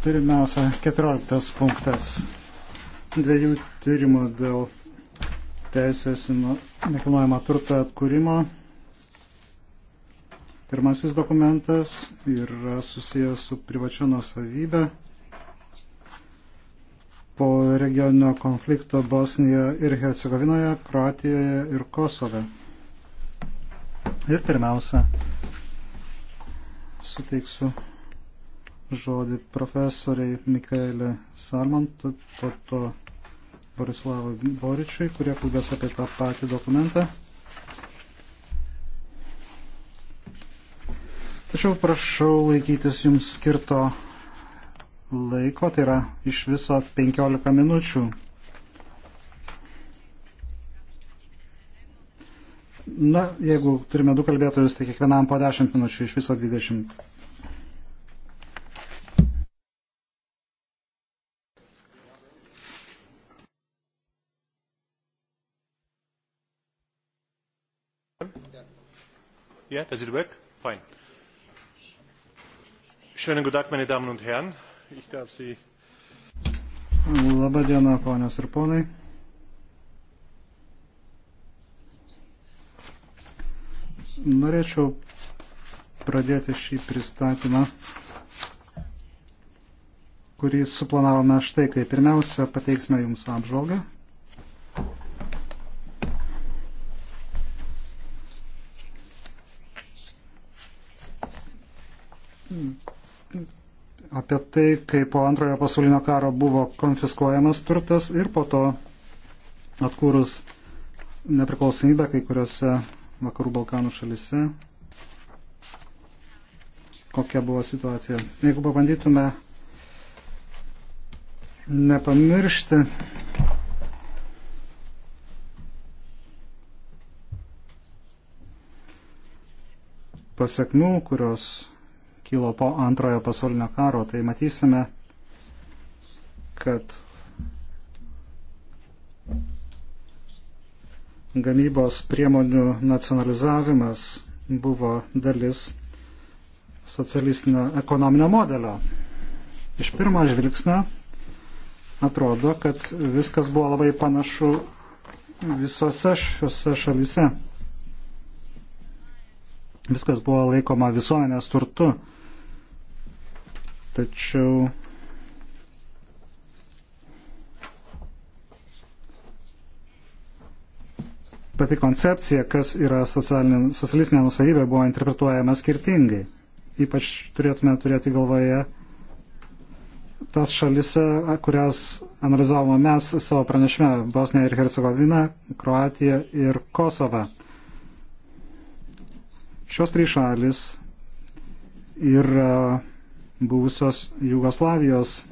Pirmiausia, 14 punktas. Dviejų tyrimų dėl teisės nu- nekilnojamo turto atkūrimo. Pirmasis dokumentas yra susijęs su privačia nusavybė po regioninio konflikto Bosnijoje ir Hercegovinoje, Kroatijoje ir Kosove. Ir pirmiausia, suteiksiu žodį profesoriai Mikaelė Sarmant, po to Borislavui Boričiui, kurie kalbės apie tą patį dokumentą. Tačiau prašau laikytis jums skirto laiko, tai yra iš viso 15 minučių. Na, jeigu turime du kalbėtojus, tai kiekvienam po 10 minučių, iš viso 20. Yeah, does it work? Fine. Schönen guten Tag, meine Damen und Herren. Ich darf Sie. Labą dieną, ponios ir ponai. Norėčiau pradėti šį pristatymą, kurį suplanavome štai, kai pirmiausia pateiksime Jums apžvalgą, apie tai, kaip po antrojo pasaulinio karo buvo konfiskuojamas turtas ir po to atkūrus nepriklausomybę kai kuriuose vakarų Balkanų šalise. Kokia buvo situacija? Jeigu pabandytume nepamiršti pasiekmių, kurios kilo po antrojo pasaulinio karo, tai matysime, kad gamybos priemonių nacionalizavimas buvo dalis socialistinio ekonominio modelio. Iš pirmo žvilgsnio atrodo, kad viskas buvo labai panašu visose šiuose šalyse. Viskas buvo laikoma visuomenės turtu Tačiau pati koncepcija, kas yra socialistinė nusavybė, buvo interpretuojama skirtingai. Ypač turėtume turėti galvoje tas šalise, kurias analizavome mes savo pranešime - Bosnija ir Hercegovina, Kroatija ir Kosova. Šios trys šalis yra buvusios Jugoslavijos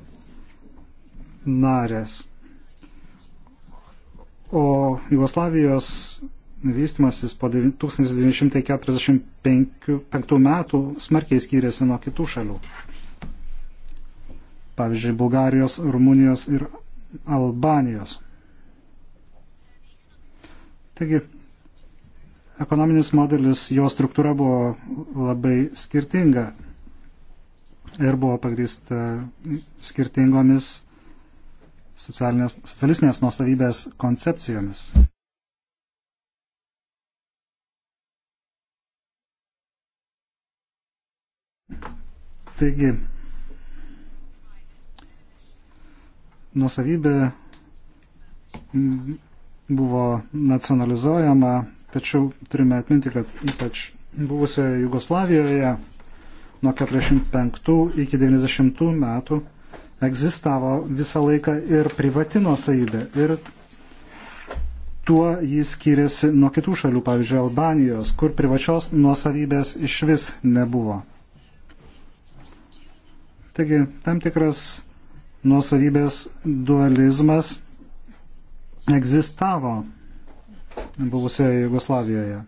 narės. O Jugoslavijos vystimasis po 1945 metų smarkiai skyrėsi nuo kitų šalių. Pavyzdžiui, Bulgarijos, Rumunijos ir Albanijos. Taigi, ekonominis modelis, jo struktūra buvo labai skirtinga ir buvo pagrįsta skirtingomis socialistinės nuosavybės koncepcijomis. Taigi, nuosavybė buvo nacionalizuojama, tačiau turime atminti, kad ypač buvusioje Jugoslavijoje nuo 45 iki 90 metų egzistavo visą laiką ir privati nuosaibė. Ir tuo jis skiriasi nuo kitų šalių, pavyzdžiui, Albanijos, kur privačios nuosavybės iš vis nebuvo. Taigi, tam tikras nuosavybės dualizmas egzistavo buvusioje Jugoslavijoje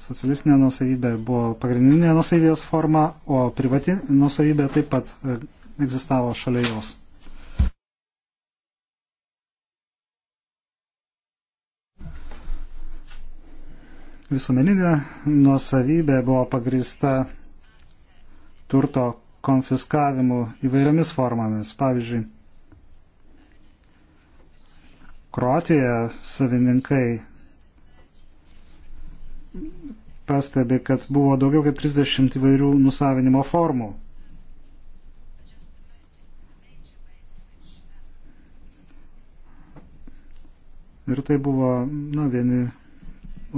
socialistinė nusavybė buvo pagrindinė nusavybės forma, o privati nusavybė taip pat e, egzistavo šalia jos. Visuomeninė nuosavybė buvo pagrįsta turto konfiskavimu įvairiomis formomis. Pavyzdžiui, Kroatijoje savininkai pastebi, kad buvo daugiau kaip 30 įvairių nusavinimo formų. Ir tai buvo na, vieni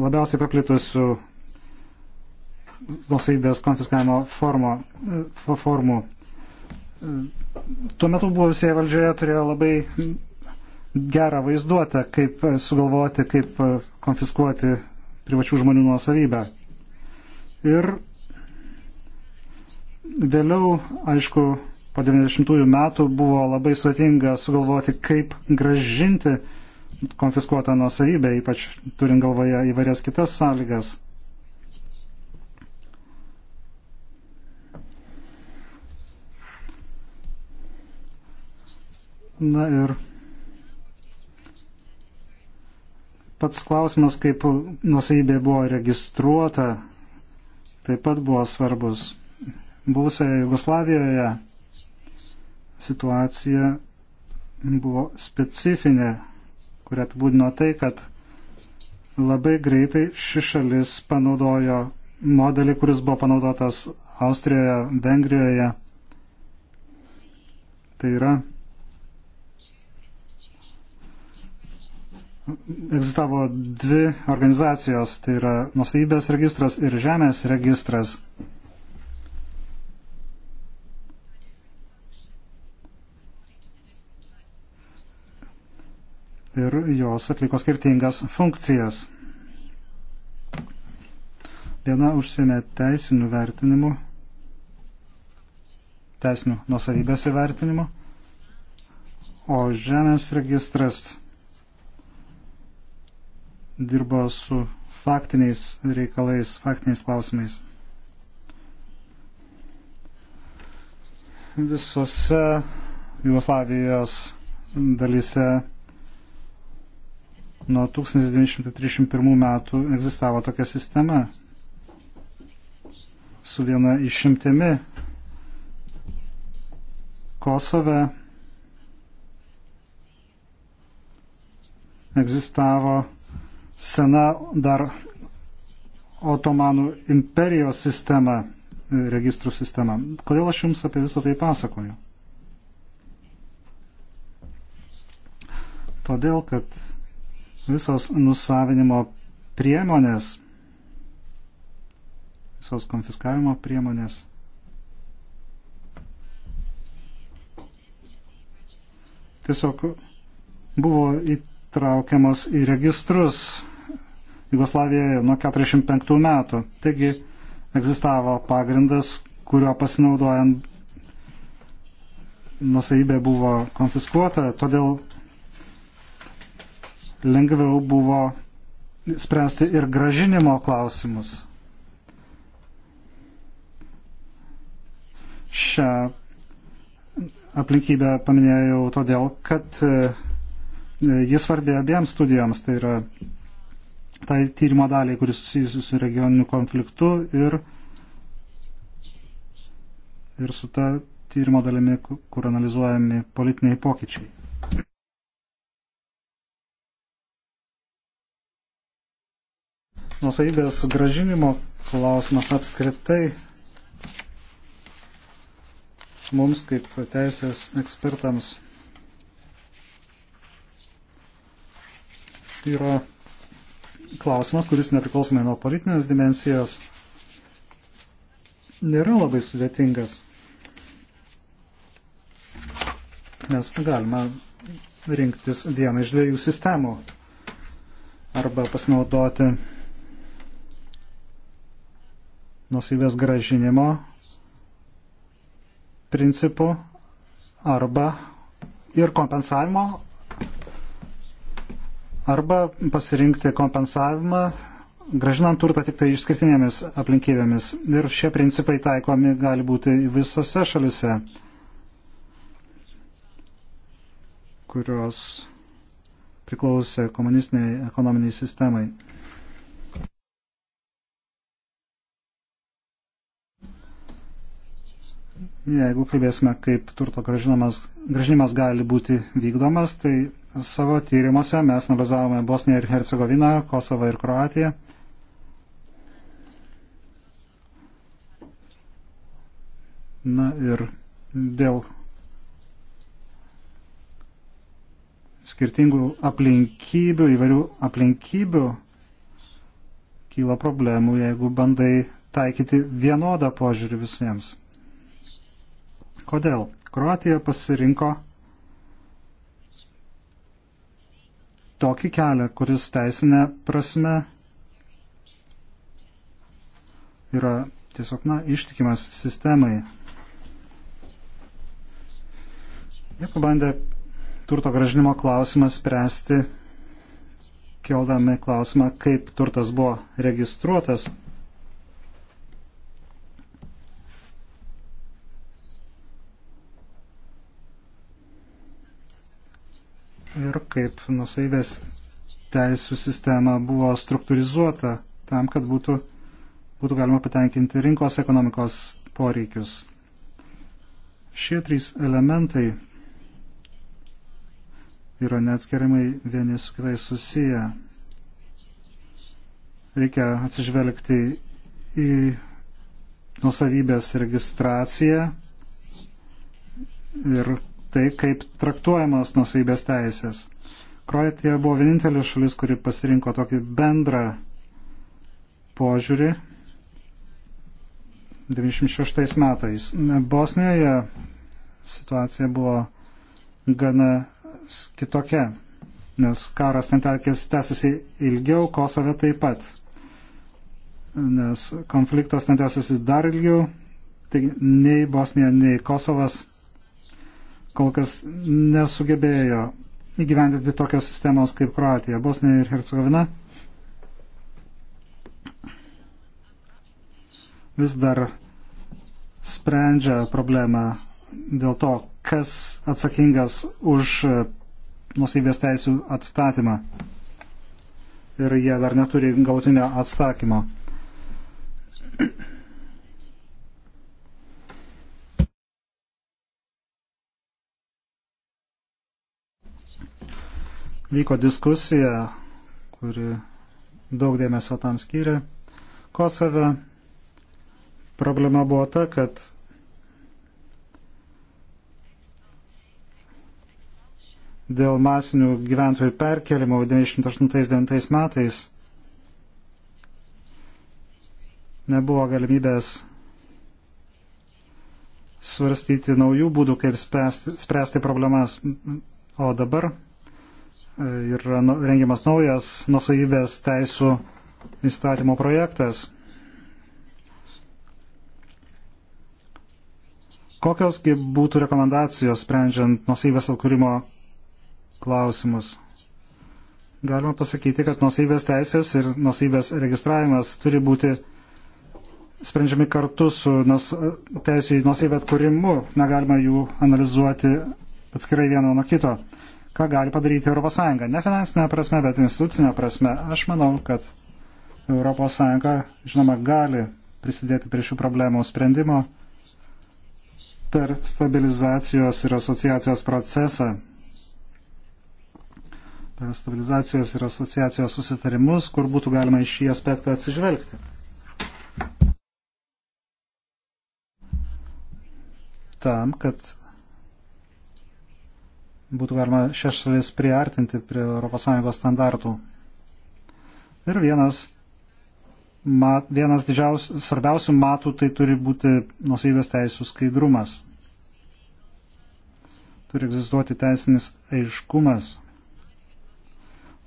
labiausiai paplitusių nusaidės konfiskavimo formo, formų. Tuo metu buvusioje valdžioje turėjo labai gerą vaizduotę, kaip sugalvoti, kaip konfiskuoti privačių žmonių nuosavybę. Ir vėliau, aišku, po 90-ųjų metų buvo labai sudėtinga sugalvoti, kaip gražinti konfiskuotą nuosavybę, ypač turint galvoje įvairias kitas sąlygas. Na ir Pats klausimas, kaip nusavybė buvo registruota, taip pat buvo svarbus. Buvusioje Jugoslavijoje situacija buvo specifinė, kurią apibūdino tai, kad labai greitai ši šalis panaudojo modelį, kuris buvo panaudotas Austrijoje, Vengrijoje. Tai yra egzistavo dvi organizacijos, tai yra nusavybės registras ir žemės registras. Ir jos atliko skirtingas funkcijas. Viena užsiemė teisinių vertinimų, teisinių nusavybės įvertinimų, o žemės registras dirbo su faktiniais reikalais, faktiniais klausimais. Visose Jugoslavijos dalyse nuo 1931 metų egzistavo tokia sistema su viena išimtimi Kosove egzistavo sena dar Otomanų imperijos sistema, registrų sistema. Kodėl aš Jums apie visą tai pasakoju? Todėl, kad visos nusavinimo priemonės, visos konfiskavimo priemonės tiesiog buvo įtraukiamas į registrus Jugoslavijoje nuo 1945 metų. Taigi egzistavo pagrindas, kurio pasinaudojant nusaibė buvo konfiskuota, todėl lengviau buvo spręsti ir gražinimo klausimus. Šią aplinkybę paminėjau todėl, kad e, jis svarbi abiems studijoms, tai yra tai tyrimo daliai, kuris susijusi su regioniniu konfliktu ir, ir su ta tyrimo dalimi, kur analizuojami politiniai pokyčiai. Nusaibės gražinimo klausimas apskritai mums kaip teisės ekspertams yra klausimas, kuris nepriklausomai nuo politinės dimensijos, nėra labai sudėtingas. Nes galima rinktis vieną iš dviejų sistemų arba pasinaudoti nusivės gražinimo principu arba ir kompensavimo arba pasirinkti kompensavimą, gražinant turtą tik tai išskirtinėmis aplinkybėmis. Ir šie principai taikomi gali būti visose šalise, kurios priklausė komunistiniai ekonominiai sistemai. Jeigu kalbėsime, kaip turto gražinimas, gražinimas gali būti vykdomas, tai savo tyrimuose mes analizavome Bosniją ir Hercegoviną, Kosovą ir Kroatiją. Na ir dėl skirtingų aplinkybių, įvairių aplinkybių kyla problemų, jeigu bandai taikyti vienodą požiūrį visiems. Kodėl? Kroatija pasirinko tokį kelią, kuris teisinė prasme yra tiesiog, na, ištikimas sistemai. Jie pabandė turto gražinimo klausimą spręsti, keldami klausimą, kaip turtas buvo registruotas ir kaip nusaivės teisų sistema buvo struktūrizuota tam, kad būtų, būtų galima patenkinti rinkos ekonomikos poreikius. Šie trys elementai yra neatskiriamai vieni su kitais susiję. Reikia atsižvelgti į nusavybės registraciją ir tai, kaip traktuojamos nusveibės teisės. Kroatija buvo vienintelė šalis, kuri pasirinko tokį bendrą požiūrį 96 metais. Bosnijoje situacija buvo gana kitokia, nes karas ten tęsiasi ilgiau, Kosove taip pat, nes konfliktas ten tęsiasi dar ilgiau, tai nei Bosnija, nei Kosovas kol kas nesugebėjo įgyvendinti tokios sistemos kaip Kroatija, Bosnija ir Hercegovina. Vis dar sprendžia problemą dėl to, kas atsakingas už nusivės teisų atstatymą. Ir jie dar neturi galutinio atsakymo. vyko diskusija, kuri daug dėmesio tam skyrė. Kosove problema buvo ta, kad dėl masinių gyventojų perkelimo 98-99 metais nebuvo galimybės svarstyti naujų būdų, kaip spręsti, spręsti problemas. O dabar yra nu, rengiamas naujas nusavybės teisų įstatymo projektas. Kokiosgi būtų rekomendacijos sprendžiant nusavybės atkūrimo klausimus? Galima pasakyti, kad nusavybės teisės ir nusavybės registravimas turi būti sprendžiami kartu su nus, teisų į nusavybę atkūrimu. Negalima jų analizuoti atskirai vieno nuo kito ką gali padaryti ES. Ne finansinė prasme, bet institucinė prasme. Aš manau, kad ES, žinoma, gali prisidėti prie šių problemų sprendimo per stabilizacijos ir asociacijos procesą, per stabilizacijos ir asociacijos susitarimus, kur būtų galima į šį aspektą atsižvelgti. Tam, kad būtų galima šias šalis priartinti prie ES standartų. Ir vienas, mat, vienas svarbiausių matų tai turi būti nusavybės teisų skaidrumas. Turi egzistuoti teisinis aiškumas.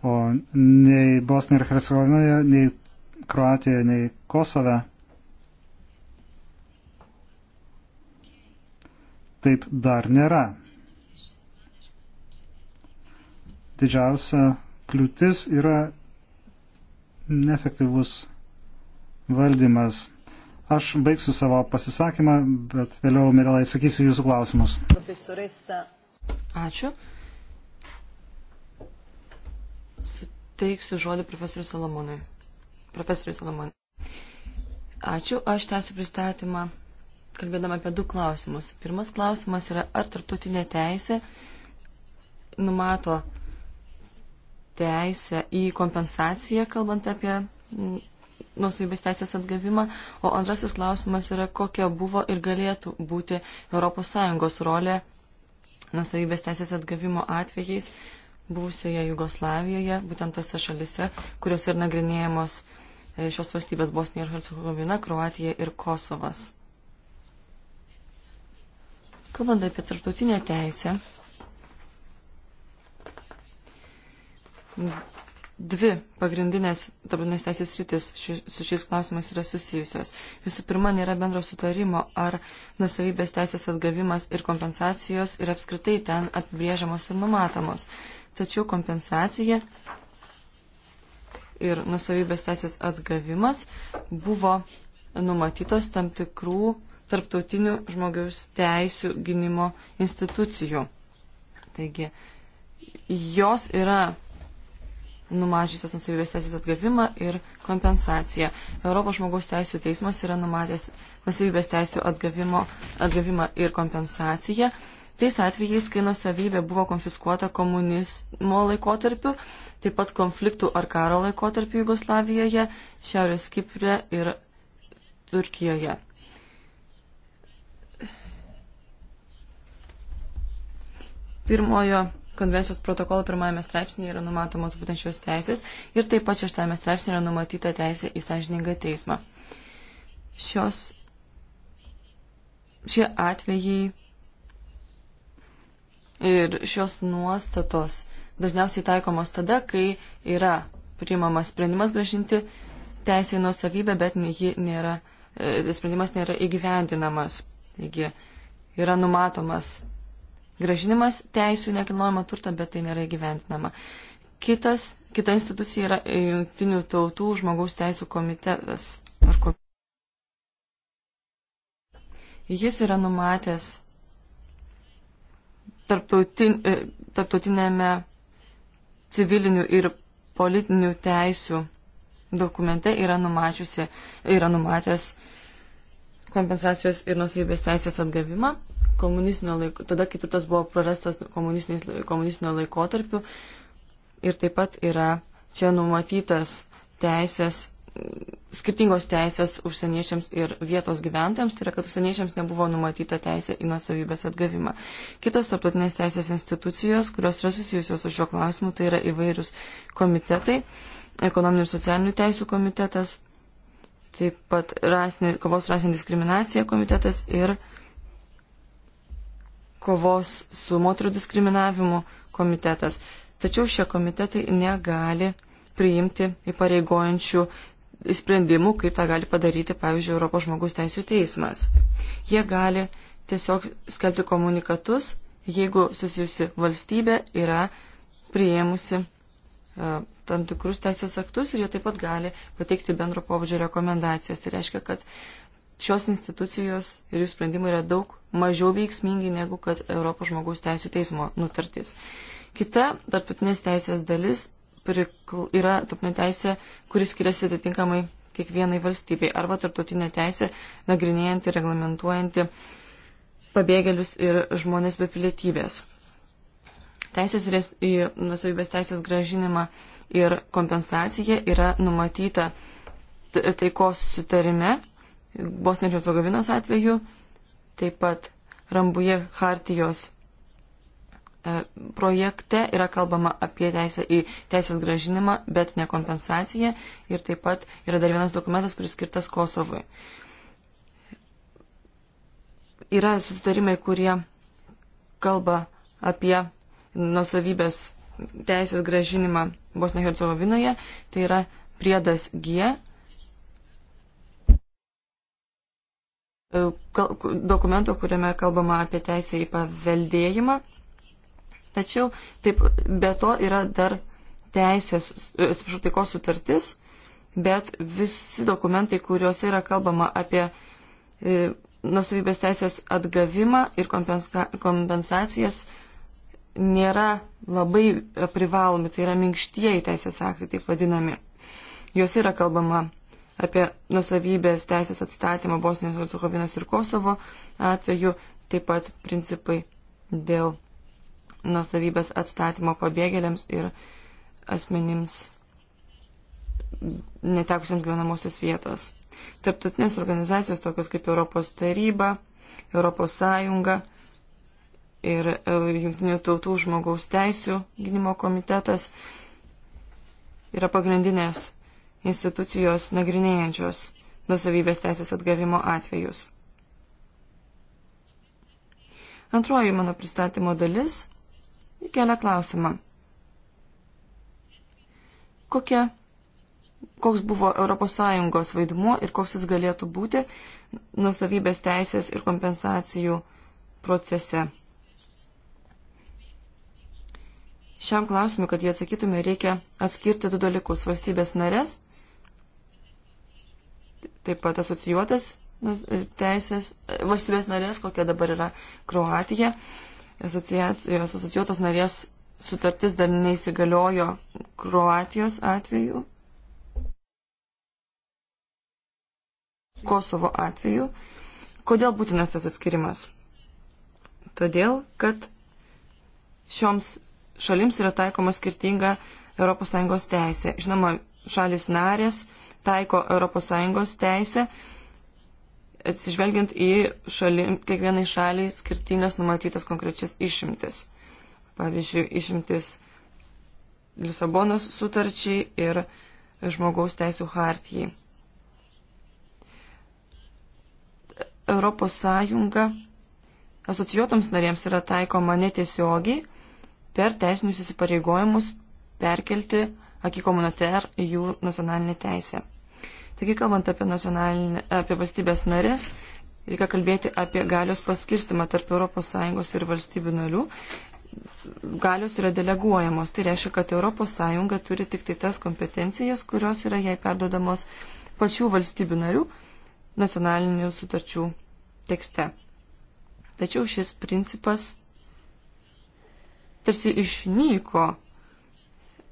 O nei Bosnija ir Hercegovinoje, nei Kroatijoje, nei Kosove taip dar nėra. didžiausia kliūtis yra neefektyvus valdymas. Aš baigsiu savo pasisakymą, bet vėliau, Mirela, atsakysiu jūsų klausimus. Ačiū. Suteiksiu žodį profesoriui Salomonui. Profesoriui Salomonui. Ačiū. Aš tęsiu pristatymą, kalbėdama apie du klausimus. Pirmas klausimas yra, ar tarptautinė teisė numato teisę į kompensaciją, kalbant apie mm, nusavybės teisės atgavimą, o antrasis klausimas yra, kokia buvo ir galėtų būti ES rolė nusavybės teisės atgavimo atvejais buvusioje Jugoslavijoje, būtent tose šalise, kurios ir nagrinėjamos e, šios valstybės Bosnija ir Hercegovina, Kroatija ir Kosovas. Kalbant apie tarptautinę teisę, dvi pagrindinės tarptautinės teisės rytis ši, su šiais klausimais yra susijusios. Visų pirma, nėra bendro sutarimo, ar nusavybės teisės atgavimas ir kompensacijos yra apskritai ten apibrėžiamos ir numatomos. Tačiau kompensacija ir nusavybės teisės atgavimas buvo numatytos tam tikrų tarptautinių žmogaus teisų gynimo institucijų. Taigi, jos yra numažysios nusavybės teisės atgavimą ir kompensaciją. Europos žmogaus teisų teismas yra numatęs nusavybės teisų atgavimo, atgavimą ir kompensaciją. Tais atvejais, kai nusavybė buvo konfiskuota komunizmo laikotarpiu, taip pat konfliktų ar karo laikotarpiu Jugoslavijoje, Šiaurės Kiprė ir Turkijoje. Pirmojo konvencijos protokolo pirmajame straipsnėje yra numatomos būtent šios teisės ir taip pat šeštame straipsnėje yra numatyta teisė į sąžiningą teismą. Šios, šie atvejai ir šios nuostatos dažniausiai taikomos tada, kai yra priimamas sprendimas gražinti teisę į nuosavybę, bet ji nėra, e, sprendimas nėra įgyvendinamas. Taigi yra numatomas gražinimas teisų nekilnojama turta, bet tai nėra įgyventinama. Kitas, kita institucija yra Junktinių tautų žmogaus teisų komitetas. Ar ko... Jis yra numatęs tarptautin, e, tarptautinėme civilinių ir politinių teisių dokumente yra, numačiusi, yra numatęs kompensacijos ir nusavybės teisės atgavimą komunistinio laiko, tada, kai turtas buvo prarastas komunistinio laikotarpiu. Ir taip pat yra čia numatytas teisės, skirtingos teisės užsieniečiams ir vietos gyventojams, tai yra, kad užsieniečiams nebuvo numatyta teisė į nusavybės atgavimą. Kitos tarptautinės teisės institucijos, kurios yra susijusios su šiuo klausimu, tai yra įvairius komitetai, ekonominių ir socialinių teisų komitetas, taip pat rasinė, kovos rasinė diskriminacija komitetas ir uh, kovos su moterų diskriminavimu komitetas. Tačiau šie komitetai negali priimti įpareigojančių sprendimų, kaip tą gali padaryti, pavyzdžiui, Europos žmogus teisų teismas. Jie gali tiesiog skelbti komunikatus, jeigu susijusi valstybė yra priėmusi uh, tam tikrus teisės aktus ir jie taip pat gali pateikti bendro pobūdžio rekomendacijas. Tai reiškia, kad šios institucijos ir jų sprendimai yra daug mažiau veiksmingi negu kad Europos žmogaus teisų teismo nutartis. Kita tarptautinės teisės dalis prikl... yra tarptautinė teisė, kuris skiriasi atitinkamai kiekvienai valstybei arba tarptautinė teisė nagrinėjanti, reglamentuojanti pabėgėlius ir žmonės be pilietybės. Teisės res... į nusavybės teisės gražinimą ir kompensacija yra numatyta taikos susitarime Bosnijos Hercegovinos atveju, taip pat Rambuje Hartijos e, projekte yra kalbama apie teisę į teisės gražinimą, bet ne kompensaciją ir taip pat yra dar vienas dokumentas, kuris skirtas Kosovui. Yra sustarimai, kurie kalba apie nusavybės teisės gražinimą Bosnijoje Hercegovinoje, tai yra priedas G dokumento, kuriame kalbama apie teisę į paveldėjimą. Tačiau taip, be to yra dar teisės, atsiprašau, taikos sutartis, bet visi dokumentai, kuriuose yra kalbama apie e, nusavybės teisės atgavimą ir kompenska, kompensacijas, nėra labai privalomi, tai yra minkštieji teisės aktai, taip vadinami. Juose yra kalbama apie nusavybės teisės atstatymą Bosnijos Hercegovinos ir Kosovo atveju, taip pat principai dėl nusavybės atstatymo pabėgėliams ir asmenims netekusiems gyvenamosios vietos. Tarptautinės organizacijos tokios kaip Europos taryba, Europos sąjunga ir e, Junktinių tautų žmogaus teisų gynimo komitetas yra pagrindinės institucijos nagrinėjančios nusavybės teisės atgavimo atvejus. Antroji mano pristatymo dalis kelia klausimą. Kokia, koks buvo ES vaidmuo ir koks jis galėtų būti nusavybės teisės ir kompensacijų procese? Šiam klausimui, kad jį atsakytume, reikia atskirti du dalykus - valstybės narės taip pat asocijuotas e, teisės e, valstybės narės, kokia dabar yra Kroatija. Asociacijos e, asocijuotos narės sutartis dar neįsigaliojo Kroatijos atveju, Kosovo atveju. Kodėl būtinas tas atskirimas? Todėl, kad šioms šalims yra taikoma skirtinga ES teisė. Žinoma, šalis narės taiko ES teisę, atsižvelgiant į šalim, kiekvienai šaliai skirtingas numatytas konkrečias išimtis. Pavyzdžiui, išimtis Lisabonos sutarčiai ir žmogaus teisų hartijai. Europos Sąjunga asocijuotoms narėms yra taikoma netiesiogiai per teisinius įsipareigojimus perkelti akikomunater į jų nacionalinę teisę. Taigi, kalbant apie, apie valstybės narės, reikia kalbėti apie galios paskirstimą tarp ES ir valstybių narių. Galios yra deleguojamos, tai reiškia, kad ES turi tik tai tas kompetencijas, kurios yra jai perdodamos pačių valstybių narių nacionalinių sutarčių tekste. Tačiau šis principas tarsi išnyko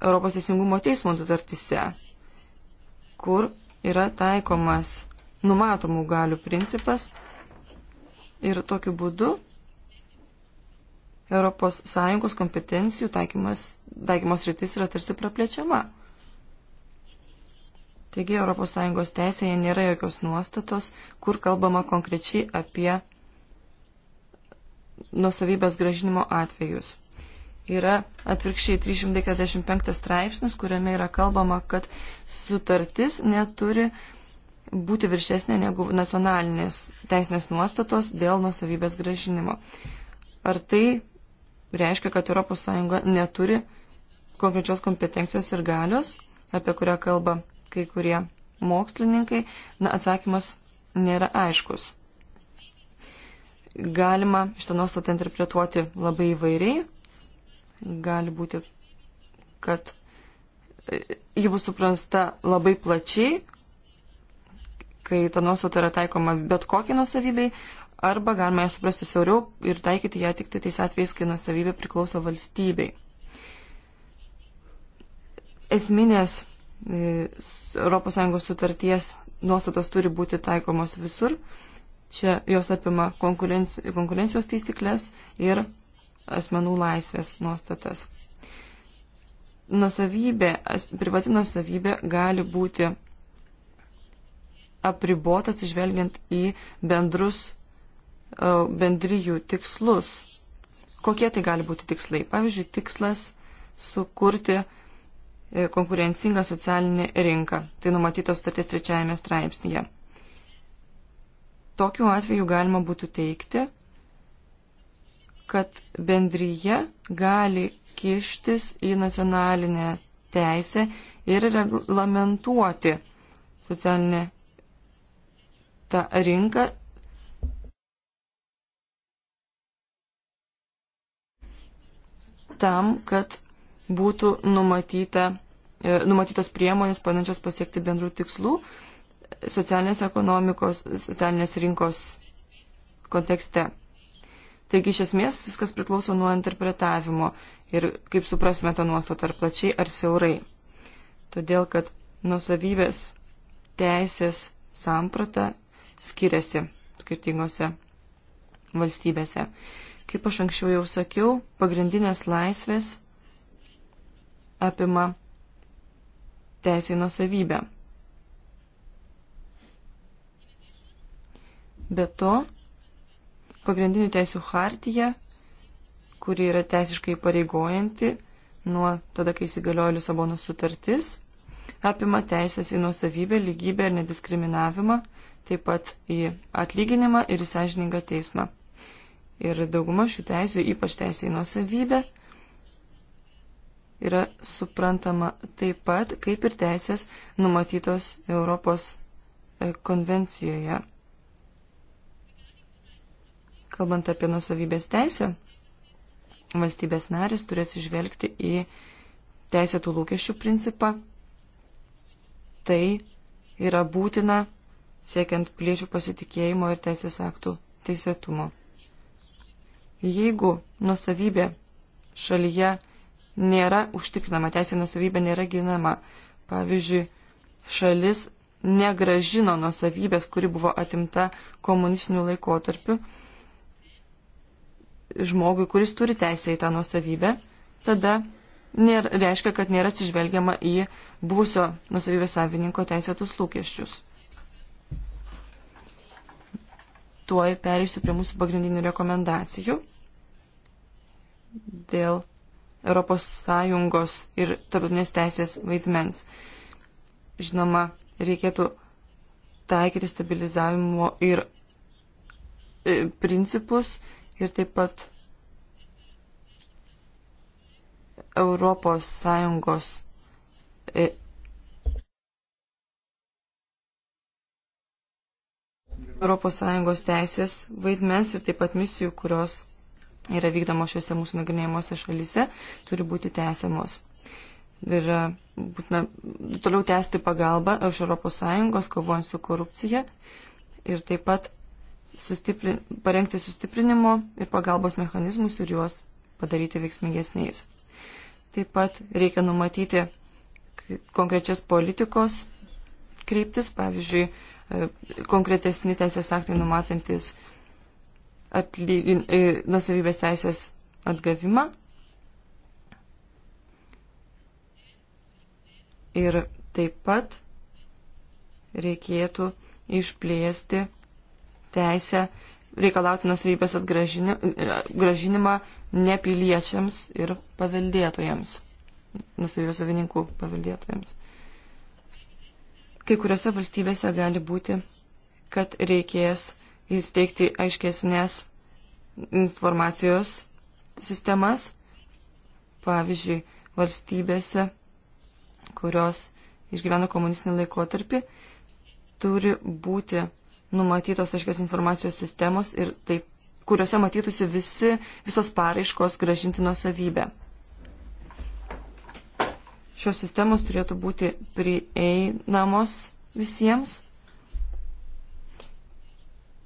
Europos teisingumo teismo sutartise, kur yra taikomas numatomų galių principas ir tokiu būdu ES kompetencijų taikymas, taikymos rytis yra tarsi praplečiama. Taigi ES teisėje nėra jokios nuostatos, kur kalbama konkrečiai apie nusavybės gražinimo atvejus yra atvirkščiai 345 straipsnis, kuriame yra kalbama, kad sutartis neturi būti viršesnė negu nacionalinės teisinės nuostatos dėl nusavybės gražinimo. Ar tai reiškia, kad ES neturi konkrečios kompetencijos ir galios, apie kurią kalba kai kurie mokslininkai? Na, atsakymas nėra aiškus. Galima šitą nuostatą interpretuoti labai įvairiai, gali būti, kad ji bus suprasta labai plačiai, kai ta nuostata yra taikoma bet kokiai nusavybei, arba galima ją suprasti siauriau ir taikyti ją tik tai tais atvejais, kai nusavybė priklauso valstybei. Esminės ES sutarties nuostatos turi būti taikomos visur. Čia jos apima konkurencijos taisyklės ir asmenų laisvės nuostatas. Nusavybė, privati nusavybė gali būti apribotas išvelgiant į bendrus e, bendryjų tikslus. Kokie tai gali būti tikslai? Pavyzdžiui, tikslas sukurti e, konkurencingą socialinę rinką. Tai numatytos statės trečiajame straipsnėje. Tokiu atveju galima būtų teikti, kad bendryje gali kištis į nacionalinę teisę ir reglamentuoti socialinę tą rinką. tam, kad būtų numatyta, e, numatytos priemonės panašios pasiekti bendrų tikslų socialinės ekonomikos, socialinės rinkos kontekste. Taigi iš esmės viskas priklauso nuo interpretavimo ir kaip suprasime tą nuostatą ar plačiai ar siaurai. Todėl, kad nusavybės teisės samprata skiriasi skirtingose valstybėse. Kaip aš anksčiau jau sakiau, pagrindinės laisvės apima teisė į nusavybę. Be to, pagrindinių teisų hartiją, kuri yra teisiškai pareigojanti nuo tada, kai įsigaliojo Lisabono sutartis, apima teisės į nuosavybę, lygybę ir nediskriminavimą, taip pat į atlyginimą ir į sąžiningą teismą. Ir dauguma šių teisų, ypač teisė į nuosavybę, yra suprantama taip pat, kaip ir teisės numatytos Europos e, konvencijoje Kalbant apie nusavybės teisę, valstybės narės turės išvelgti į teisėtų lūkesčių principą. Tai yra būtina siekiant piliečių pasitikėjimo ir teisės aktų teisėtumo. Jeigu nusavybė šalyje nėra užtikrinama, teisė nusavybė nėra ginama, pavyzdžiui, šalis negražino nusavybės, kuri buvo atimta komunistiniu laikotarpiu, žmogui, kuris turi teisę į tą nusavybę, tada nėra, reiškia, kad nėra atsižvelgiama į būsio nusavybės savininko teisėtus lūkesčius. Tuoj perėsiu prie mūsų pagrindinių rekomendacijų dėl ES ir tarptautinės teisės vaidmens. Žinoma, reikėtų taikyti stabilizavimo ir e, principus ir taip pat Europos Sąjungos e, Europos Sąjungos teisės vaidmens ir taip pat misijų, kurios yra vykdomos šiuose mūsų nagrinėjimuose šalyse, turi būti tęsiamos. Ir e, būtina toliau tęsti pagalbą iš Europos Sąjungos, kovojant su korupcija ir taip pat sustiprin, parengti sustiprinimo ir pagalbos mechanizmus ir juos padaryti veiksmingesniais. Taip pat reikia numatyti konkrečias politikos kryptis, pavyzdžiui, e, konkretesni teisės aktai numatantis e, nusavybės teisės atgavimą. Ir taip pat reikėtų išplėsti teisę reikalauti nusavybės atgražinimą ne piliečiams ir paveldėtojams, nusavybės savininkų paveldėtojams. Kai kuriuose valstybėse gali būti, kad reikės įsteigti aiškesnės informacijos sistemas, pavyzdžiui, valstybėse, kurios išgyveno komunistinį laikotarpį, turi būti numatytos aiškios informacijos sistemos ir taip, kuriuose matytųsi visi, visos paraiškos gražinti nuosavybę. Šios sistemos turėtų būti prieinamos visiems.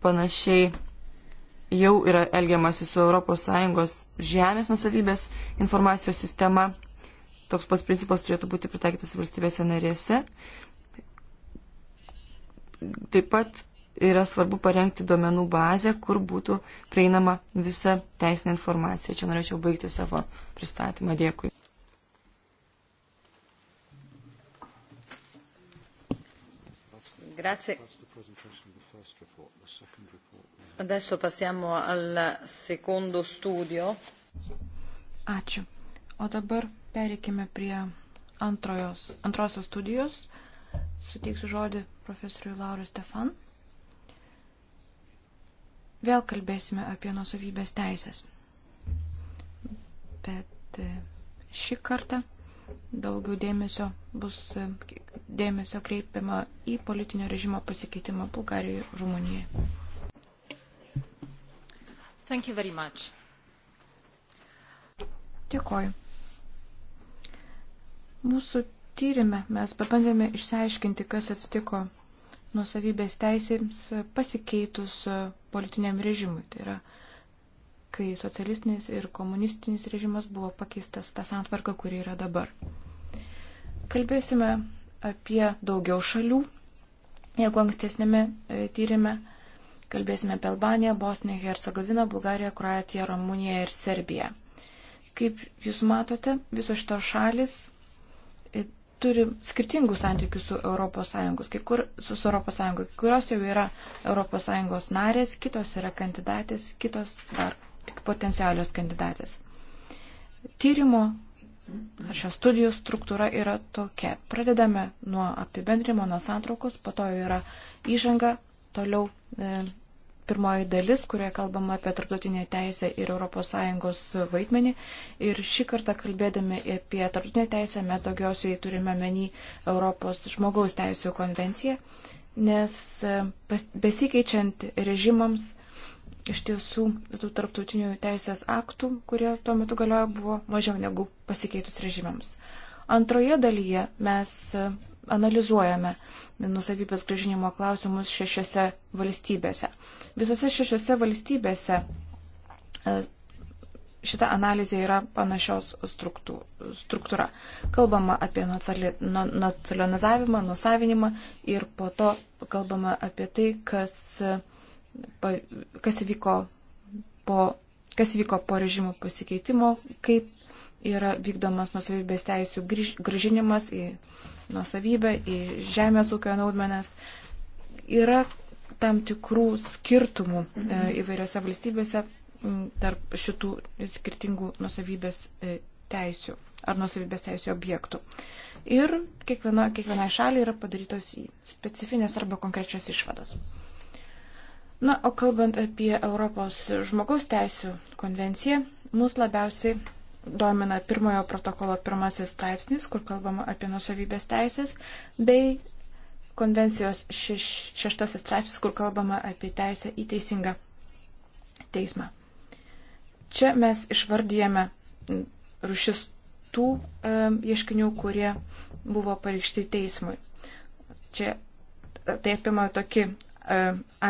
Panašiai jau yra elgiamasi su ES žemės nusavybės informacijos sistema. Toks pats principas turėtų būti pritaikytas valstybėse narėse. Taip pat yra svarbu parengti duomenų bazę, kur būtų prieinama visa teisinė informacija. Čia norėčiau baigti savo pristatymą. Dėkui. Grazie. Adesso passiamo al secondo studio. Ačiū. O dabar pereikime prie antrojos, antrosios studijos. Suteiksiu žodį profesoriui Laurui Stefan vėl kalbėsime apie nusavybės teisės. Bet e, šį kartą daugiau dėmesio bus e, dėmesio kreipiama į politinio režimo pasikeitimą Bulgarijoje ir Rumunijoje. Thank you very much. Dėkoju. Mūsų tyrimė mes pabandėme išsiaiškinti, kas atsitiko nusavybės teisėms pasikeitus e, politiniam režimui. Tai yra, kai socialistinis ir komunistinis režimas buvo pakeistas tą santvarką, kuri yra dabar. Kalbėsime apie daugiau šalių, jeigu ankstesnėme e, tyrimė. Kalbėsime apie Albaniją, Bosniją, Hercegoviną, Bulgariją, Kroatiją, Rumuniją ir Serbiją. Kaip jūs matote, visos šitos šalis e, turi skirtingų santykių su ES, kai kur su, su ES, kai kurios jau yra ES narės, kitos yra kandidatės, kitos dar tik potencialios kandidatės. Tyrimo ar šios studijos struktūra yra tokia. Pradedame nuo apibendrimo, nuo santraukos, po to yra įžanga, toliau e, pirmoji dalis, kurioje kalbama apie tarptautinę teisę ir ES vaidmenį. Ir šį kartą kalbėdami apie tarptautinę teisę mes daugiausiai turime menį Europos žmogaus teisų konvenciją, nes e, besikeičiant režimams iš tiesų tų tarptautinių teisės aktų, kurie tuo metu galiojo, buvo mažiau negu pasikeitus režimams. Antroje dalyje mes e, analizuojame nusavybės gražinimo klausimus šešiose valstybėse. Visose šešiose valstybėse e, šita analizė yra panašios struktūra. Kalbama apie nu, nacionalizavimą, nusavinimą ir po to kalbama apie tai, kas, kas, įvyko, po, kas įvyko po režimo pasikeitimo, kaip yra vykdomas nusavybės teisų gražinimas į nusavybę, į žemės ūkio naudmenas. Yra tam tikrų skirtumų e, mhm. įvairiose valstybėse tarp šitų skirtingų nusavybės e, teisių ar nusavybės teisų objektų. Ir kiekvieno, kiekvienai šaliai yra padarytos specifinės arba konkrečios išvados. Na, o kalbant apie Europos žmogaus teisų konvenciją, mus labiausiai domina pirmojo protokolo pirmasis straipsnis, kur kalbama apie nusavybės teisės, bei konvencijos šeš, šeštasis straipsnis, kur kalbama apie teisę į teisingą teismą. Čia mes išvardyjame rušis tų e, ieškinių, kurie buvo pareikšti teismui. Čia e, tai apima tokį e,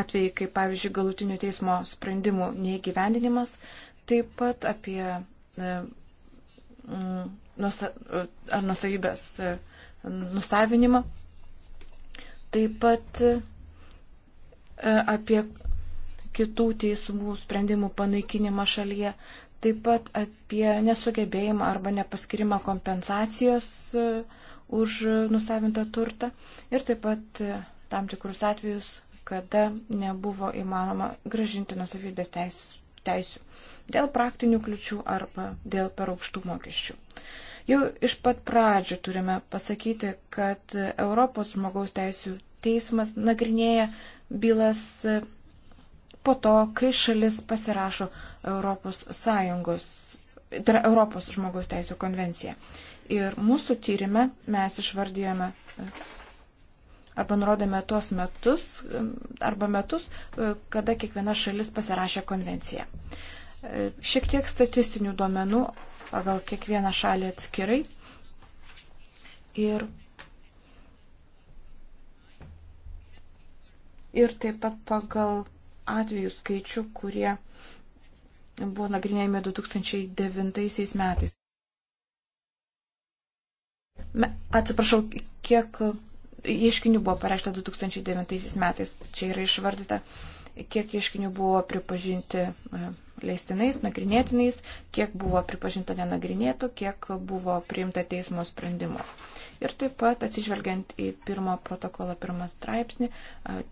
atvejį, kaip pavyzdžiui galutinių teismo sprendimų neįgyvendinimas, taip pat apie e, nusa, e, nusavybės e, nusavinimą taip pat e, apie kitų teismų sprendimų panaikinimą šalyje, taip pat apie nesugebėjimą arba nepaskirimą kompensacijos e, už nusavintą turtą ir taip pat e, tam tikrus atvejus, kada nebuvo įmanoma gražinti nusavybės teisų dėl praktinių kliučių arba dėl per aukštų mokesčių. Jau iš pat pradžių turime pasakyti, kad Europos žmogaus teisų teismas nagrinėja bylas po to, kai šalis pasirašo Europos Sąjungos, tai yra Europos žmogaus teisų konvenciją. Ir mūsų tyrimė mes išvardėjome arba nurodėme tuos metus, arba metus, kada kiekviena šalis pasirašė konvenciją. Šiek tiek statistinių duomenų pagal kiekvieną šalį atskirai. Ir, ir taip pat pagal atvejų skaičių, kurie buvo nagrinėjami 2009 metais. Me, atsiprašau, kiek ieškinių buvo pareikšta 2009 metais, čia yra išvardyta, kiek ieškinių buvo pripažinti e, leistinais, nagrinėtinais, kiek buvo pripažinta nenagrinėtų, kiek buvo priimta teismo sprendimo. Ir taip pat, atsižvelgiant į pirmo protokolo pirmą straipsnį,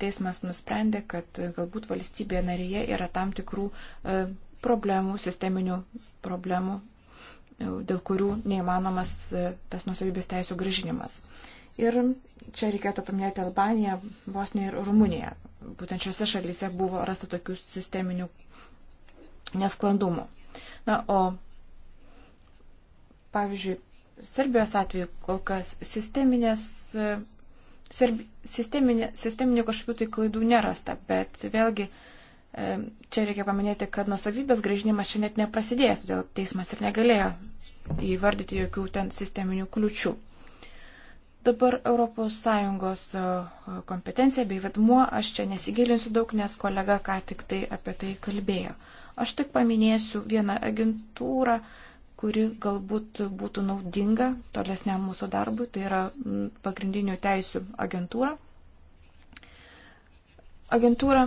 teismas nusprendė, kad galbūt valstybėje narėje yra tam tikrų problemų, sisteminių problemų, dėl kurių neįmanomas tas nusavybės teisų gražinimas. Ir čia reikėtų paminėti Albaniją, Bosniją ir Rumuniją. Būtent šiuose šalyse buvo rasta tokių sisteminių nesklandumų. Na, o pavyzdžiui, Serbijos atveju kol kas sisteminės, e, serbi, sisteminė, sisteminių kažkokių tai klaidų nerasta, bet vėlgi e, čia reikia paminėti, kad nusavybės gražinimas čia net neprasidėjęs, todėl teismas ir negalėjo įvardyti jokių ten sisteminių kliučių. Dabar ES e, kompetencija bei vedmuo, aš čia nesigilinsiu daug, nes kolega ką tik tai apie tai kalbėjo. Aš tik paminėsiu vieną agentūrą, kuri galbūt būtų naudinga tolesniam mūsų darbui, tai yra pagrindinių teisių agentūra. Agentūra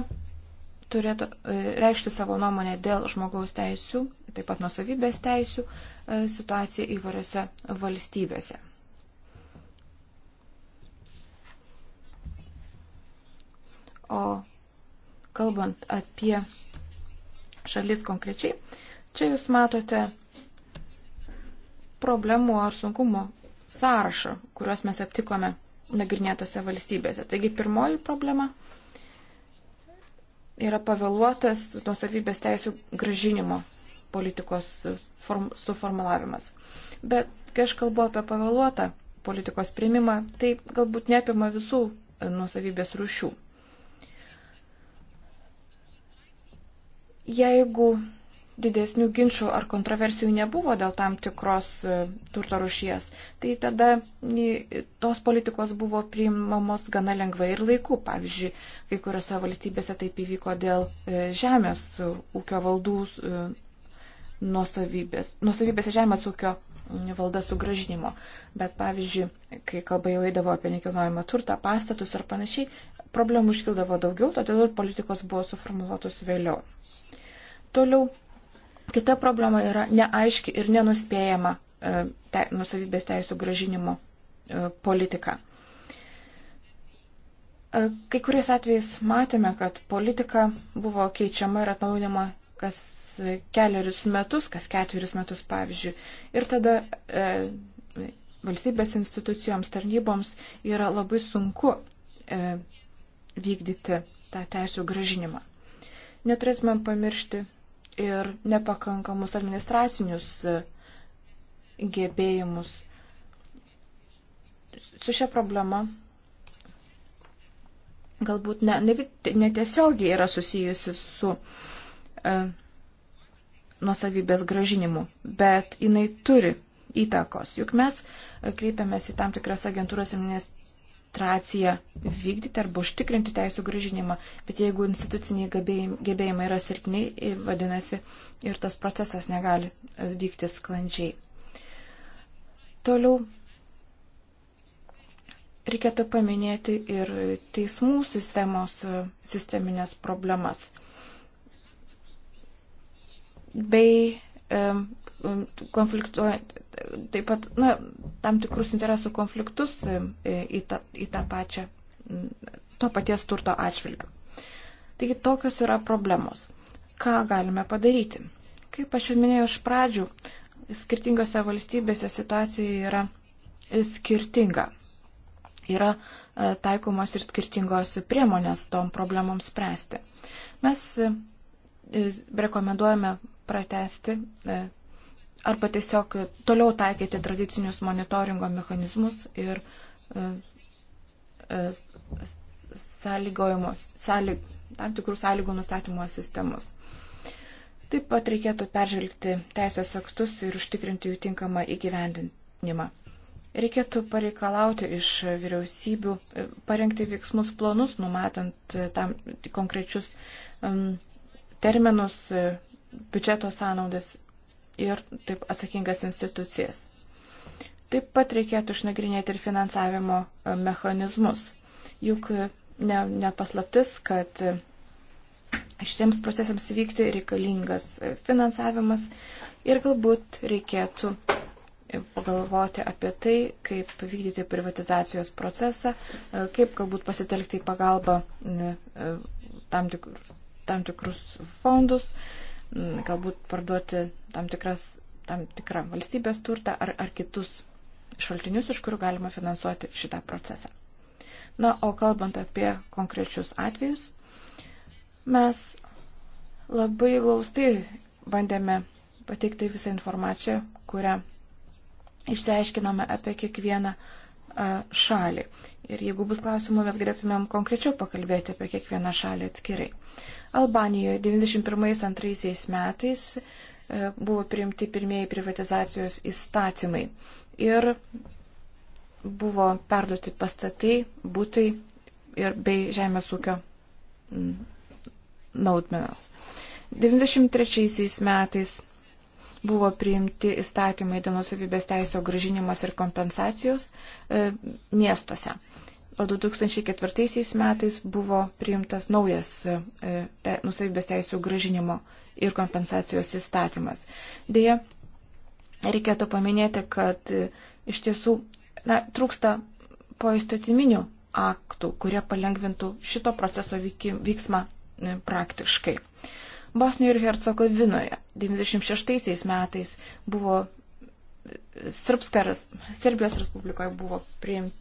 turėtų e, reikšti savo nuomonę dėl žmogaus teisių, taip pat nusavybės teisių e, situaciją įvairiose valstybėse. O kalbant apie šalis konkrečiai. Čia jūs matote problemų ar sunkumų sąrašą, kuriuos mes aptikome nagrinėtose valstybėse. Taigi pirmoji problema yra pavėluotas nuosavybės teisų gražinimo politikos form, suformulavimas. Bet kai aš kalbu apie pavėluotą politikos priimimą, tai galbūt neapima visų nuosavybės rušių. Jeigu didesnių ginčių ar kontroversijų nebuvo dėl tam tikros e, turto rušies, tai tada tos politikos buvo priimamos gana lengvai ir laiku. Pavyzdžiui, kai kuriuose valstybėse taip įvyko dėl e, žemės ūkio valdų e, nuosavybės, nuosavybės žemės ūkio valda sugražinimo. Bet pavyzdžiui, kai kalba jau eidavo apie nekilnojamą turtą, pastatus ar panašiai, problemų iškildavo daugiau, todėl ir politikos buvo suformuoluotos vėliau. Toliau kita problema yra neaiški ir nenuspėjama e, te, nusavybės teisų gražinimo e, politika. E, kai kuriais atvejais matėme, kad politika buvo keičiama ir atnaujinama kas keliarius metus, kas ketverius metus, pavyzdžiui. Ir tada e, valstybės institucijoms, tarnyboms yra labai sunku e, vykdyti tą teisų gražinimą. Neturėtume pamiršti ir nepakankamus administracinius e, gebėjimus. Su šia problema galbūt netiesiogiai ne, ne yra susijusi su e, nuosavybės gražinimu, bet jinai turi įtakos. Juk mes e, kreipiamės į tam tikras agentūras ir administraciją vykdyti arba užtikrinti teisų gražinimą. Bet jeigu instituciniai gebėjimai yra silpni, vadinasi, ir tas procesas negali e, vykti sklandžiai. Toliau reikėtų paminėti ir teismų sistemos e, sisteminės problemas bei konfliktuojant, taip pat, na, tam tikrus interesų konfliktus e, e, į tą, į tą pačią, to paties turto atžvilgių. Taigi tokios yra problemos. Ką galime padaryti? Kaip aš jau minėjau iš pradžių, skirtingose valstybėse situacija yra skirtinga. Yra e, taikomos ir skirtingos priemonės tom problemams spręsti. Mes rekomenduojame pratesti arba tiesiog toliau taikyti tradicinius monitoringo mechanizmus ir e, e, sąlygojimos, sąlyg, tam tikrų sąlygų nustatymo sistemus. Taip pat reikėtų peržvelgti teisės aktus ir užtikrinti jų tinkamą įgyvendinimą. Reikėtų pareikalauti iš vyriausybių e, parengti veiksmus planus, numatant tam konkrečius um, terminus, biudžeto sąnaudas ir taip atsakingas institucijas. Taip pat reikėtų išnagrinėti ir finansavimo e, mechanizmus. Juk e, ne, ne paslaptis, kad e, šitiems procesams vykti reikalingas finansavimas ir galbūt reikėtų pagalvoti apie tai, kaip vykdyti privatizacijos procesą, kaip galbūt pasitelkti į pagalbą tam, tik, tam tikrus fondus, Mm, galbūt parduoti tam, tikras, tam tikrą valstybės turtą ar, ar kitus šaltinius, iš kurių galima finansuoti šitą procesą. Na, o kalbant apie konkrečius atvejus, mes labai glaustai bandėme pateikti visą informaciją, kurią išsiaiškinome apie kiekvieną šalį. Ir jeigu bus klausimų, mes galėtumėm konkrečiau pakalbėti apie kiekvieną šalį atskirai. Albanijoje 91-2 metais e, buvo priimti pirmieji privatizacijos įstatymai ir buvo perduoti pastatai, būtai ir bei žemės ūkio naudmenos. 93 metais buvo priimti įstatymai dėl nusavybės teisio gražinimas ir kompensacijos e, miestuose. O 2004 metais buvo priimtas naujas e, te, nusavybės teisų gražinimo ir kompensacijos įstatymas. Deja, reikėtų paminėti, kad e, iš tiesų na, trūksta poistatyminių aktų, kurie palengvintų šito proceso vykim, vyksmą e, praktiškai. Bosnijoje ir Hercegovinoje 96 metais buvo Srpskaras, Serbijos Respublikoje buvo priimti.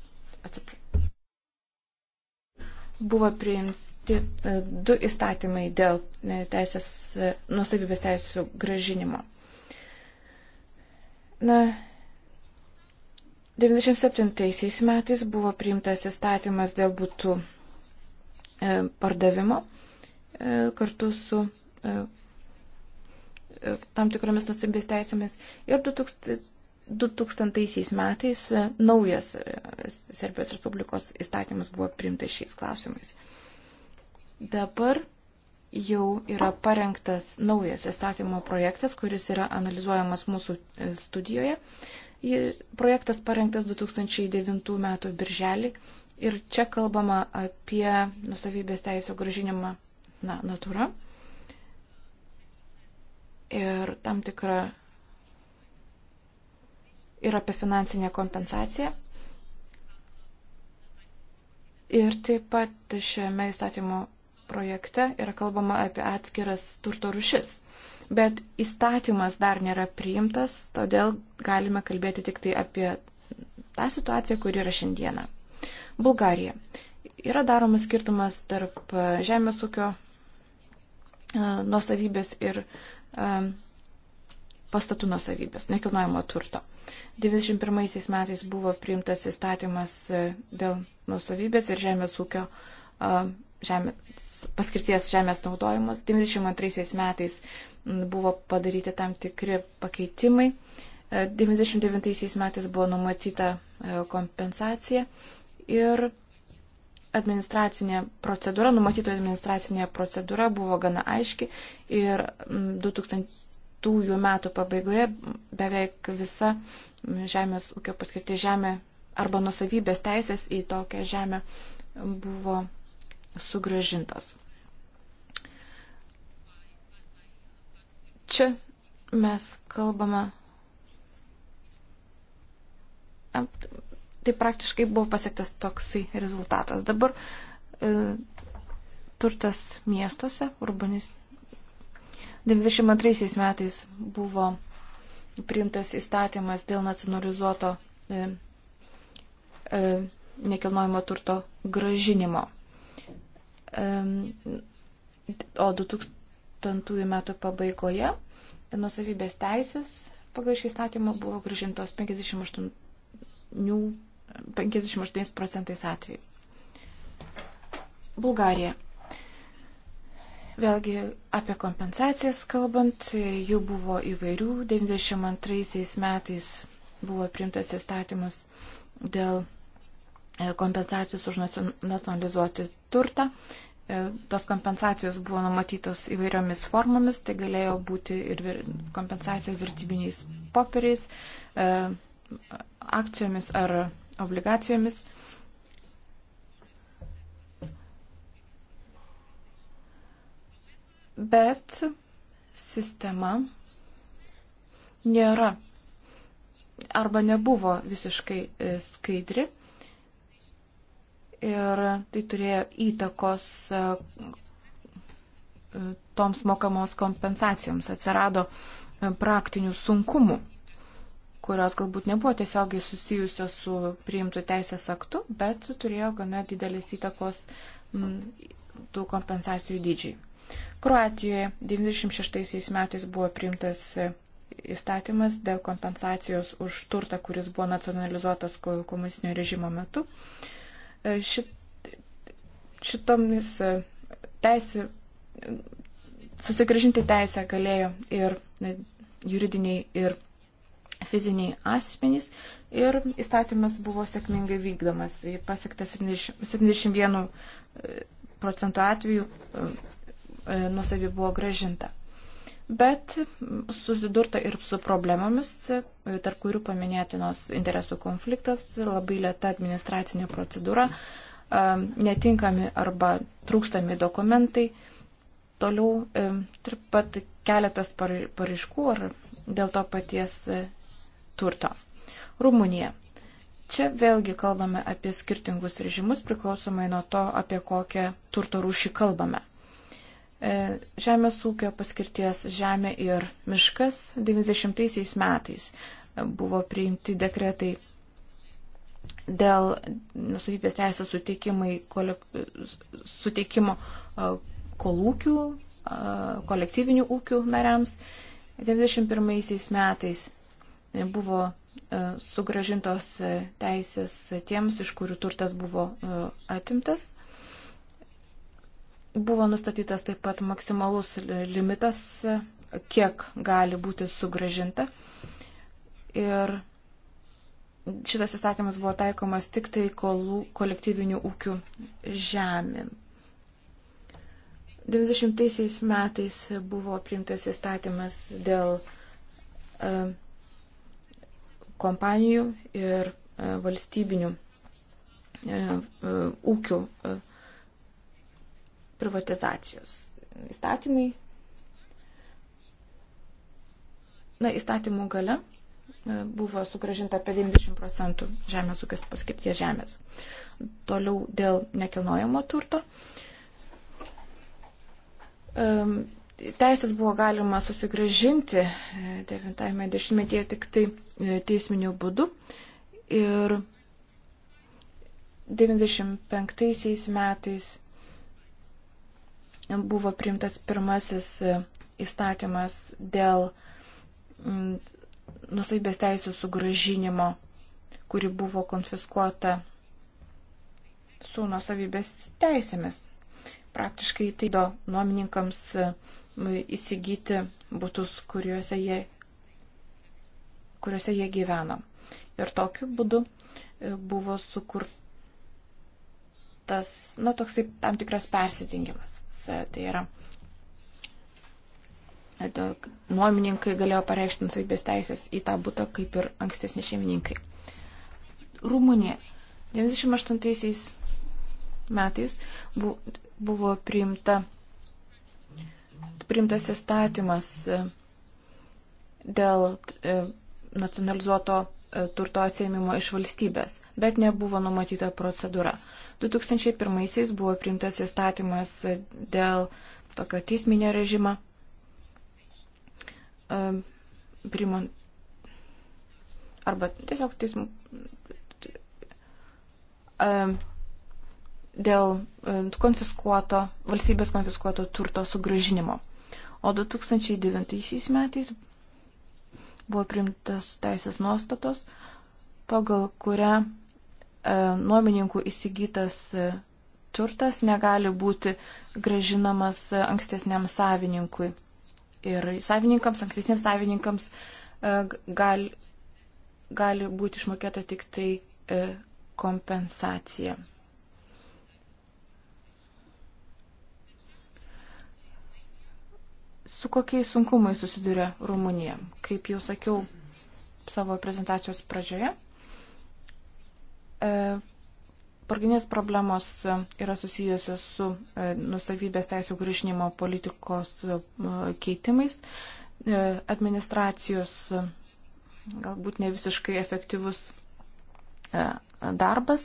Buvo priimti e, du įstatymai dėl e, teisės, e, nusavybės teisų gražinimo. Na, 97 metais buvo priimtas įstatymas dėl būtų pardavimo kartu su E, e, tam tikromis nusibės teisėmis. Ir 2000 metais e, naujas Serbijos Respublikos įstatymas buvo priimtas šiais klausimais. Dabar jau yra parengtas naujas įstatymo projektas, kuris yra analizuojamas mūsų studijoje. Projektas parengtas 2009 metų birželį ir čia kalbama apie nusavybės teisų gražinimą na, natūra ir tam tikrą ir apie finansinę kompensaciją. Ir taip pat šiame įstatymo projekte yra kalbama apie atskiras turto rušis. Bet įstatymas dar nėra priimtas, todėl galime kalbėti tik tai apie tą situaciją, kuri yra šiandieną. Bulgarija. Yra daromas skirtumas tarp žemės ūkio e, nuosavybės ir uh, E, pastatų nusavybės, nekilnojamo turto. 1991 metais buvo priimtas įstatymas e, dėl nusavybės ir žemės ūkio e, žemės, paskirties žemės naudojimas. 1992 metais buvo padaryti tam tikri pakeitimai. 1999 metais buvo numatyta kompensacija ir administracinė procedūra, numatyta administracinė procedūra buvo gana aiški ir 2000 mm, metų pabaigoje beveik visa žemės ūkio paskirti žemė arba nusavybės teisės į tokią žemę buvo sugražintos. Čia mes kalbame tai praktiškai buvo pasiektas toksai rezultatas. Dabar e, turtas miestuose, urbanis. 92 metais buvo priimtas įstatymas dėl nacionalizuoto e, e, nekilnojimo turto gražinimo. E, o 2000 metų pabaigoje nusavybės teisės pagal šį įstatymą buvo gražintos 58 žmonių 58 procentais atveju. Bulgarija. Vėlgi apie kompensacijas kalbant, jų buvo įvairių. 92 metais buvo primtas įstatymas dėl e, kompensacijos už nacionalizuoti turtą. E, tos kompensacijos buvo numatytos įvairiomis formomis, tai galėjo būti ir kompensacija vertybiniais popieriais, e, akcijomis ar obligacijomis. Bet sistema nėra arba nebuvo visiškai e, skaidri ir tai turėjo įtakos e, toms mokamos kompensacijoms. Atsirado e, praktinių sunkumų kurios galbūt nebuvo tiesiogiai susijusios su priimtų teisės aktu, bet turėjo gana didelės įtakos m, mm, tų kompensacijų dydžiai. Kroatijoje 96 metais buvo priimtas įstatymas dėl kompensacijos už turtą, kuris buvo nacionalizuotas komunistinio režimo metu. E, šit, šitomis e, teisė, susigražinti teisę galėjo ir e, juridiniai, ir fiziniai asmenys ir įstatymas buvo sėkmingai vykdomas. Pasiektas 71 e, procentų atvejų e, e, nusavy buvo gražinta. Bet susidurta ir su problemomis, tarp kurių paminėtinos interesų konfliktas, labai lėta administracinė procedūra, netinkami arba trūkstami dokumentai. Toliau taip pat keletas paraiškų ar dėl to paties turto. Rumunija. Čia vėlgi kalbame apie skirtingus režimus priklausomai nuo to, apie kokią turto rūšį kalbame. E, žemės ūkio paskirties žemė ir miškas 90 metais buvo priimti dekretai dėl nusavybės teisės suteikimo e, kolūkių, e, kolektyvinių ūkių nariams. 91 metais buvo e, sugražintos e, teisės tiems, iš kurių turtas buvo e, atimtas. Buvo nustatytas taip pat maksimalus limitas, kiek gali būti sugražinta. Ir šitas įsakymas buvo taikomas tik tai kolų, kolektyvinių ūkių žemėm. 90 metais buvo priimtas įstatymas dėl uh, kompanijų ir e, valstybinių e, e, ūkių privatizacijos įstatymai. Na, įstatymų gale buvo sugražinta apie 90 procentų žemės ūkės paskirties žemės. Toliau dėl nekilnojamo turto teisės buvo galima susigražinti 90-metyje e, tik tai e, teisminiu būdu. Ir 95 metais buvo priimtas pirmasis e, įstatymas dėl nusaibės teisų sugražinimo, kuri buvo konfiskuota su nusavybės teisėmis. Praktiškai tai do nuomininkams įsigyti būtus, kuriuose jie, kuriuose jie gyveno. Ir tokiu būdu e, buvo sukurtas, na, toksai tam tikras persitingimas. E, tai yra, e, nuomininkai galėjo pareikšti nusavybės teisės į tą būtą, kaip ir ankstesni šeimininkai. Rumunija 98 metais buvo priimta priimtas įstatymas e, dėl e, nacionalizuoto e, turto atsėmimo iš valstybės, bet nebuvo numatyta procedūra. 2001-aisiais buvo priimtas įstatymas dėl tokio teisminio režimo, primant arba tiesiog teismų dėl e, konfiskuoto, valstybės konfiskuoto turto sugražinimo. O 2009 metais buvo primtas teisės nuostatos, pagal kurią e, nuomininkų įsigytas e, turtas negali būti gražinamas ankstesniam savininkui. Ir savininkams, ankstesniems savininkams e, gal, gali būti išmokėta tik tai e, kompensacija. Su kokiais sunkumai susiduria Rumunija? Kaip jau sakiau savo prezentacijos pradžioje, e, Pagrindinės problemos e, yra susijusios su e, nusavybės teisų grįžnimo politikos keitimais, administracijos galbūt ne visiškai efektyvus darbas,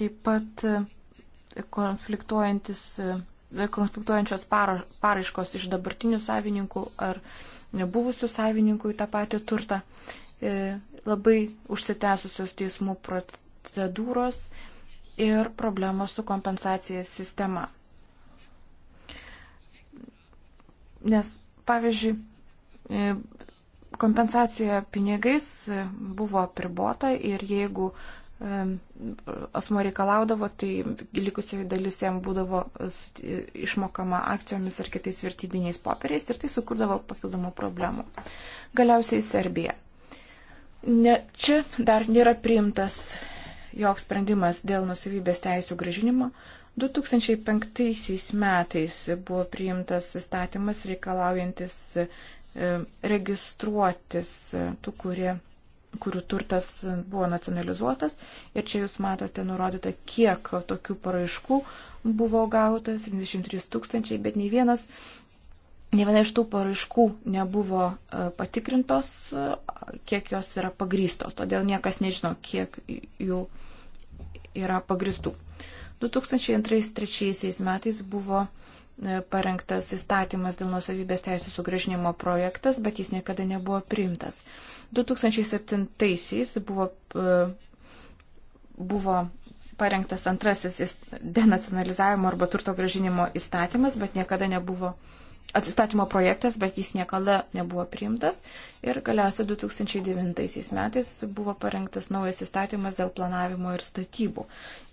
taip pat konfliktuojantis konfliktuojančios paraiškos iš dabartinių savininkų ar buvusių savininkų į tą patį turtą. E, labai užsitęsusios teismų procedūros ir problemos su kompensacija sistema. Nes, pavyzdžiui, e, kompensacija pinigais buvo pribota ir jeigu asmo reikalaudavo, tai likusioji dalis jam būdavo e, e, išmokama akcijomis ar kitais vertybiniais popieriais ir tai sukurdavo papildomų problemų. Galiausiai Serbija. Ne, čia dar nėra priimtas joks sprendimas dėl nusivybės teisų gražinimo. 2005 metais buvo priimtas įstatymas reikalaujantis e, registruotis tų, kurie kurių turtas buvo nacionalizuotas. Ir čia jūs matote nurodyta, kiek tokių paraiškų buvo gauta - 73 tūkstančiai, bet nei vienas. Ne viena iš tų paraiškų nebuvo e, patikrintos, e, kiek jos yra pagrystos, todėl niekas nežino, kiek jų yra pagristų. 2002-2003 metais buvo parengtas įstatymas dėl nusavybės teisų sugražinimo projektas, bet jis niekada nebuvo priimtas. 2007-aisiais buvo, buvo parengtas antrasis denacionalizavimo arba turto gražinimo įstatymas, bet niekada nebuvo atsistatymo projektas, bet jis niekada nebuvo priimtas. Ir galiausiai 2009 metais buvo parengtas naujas įstatymas dėl planavimo ir statybų.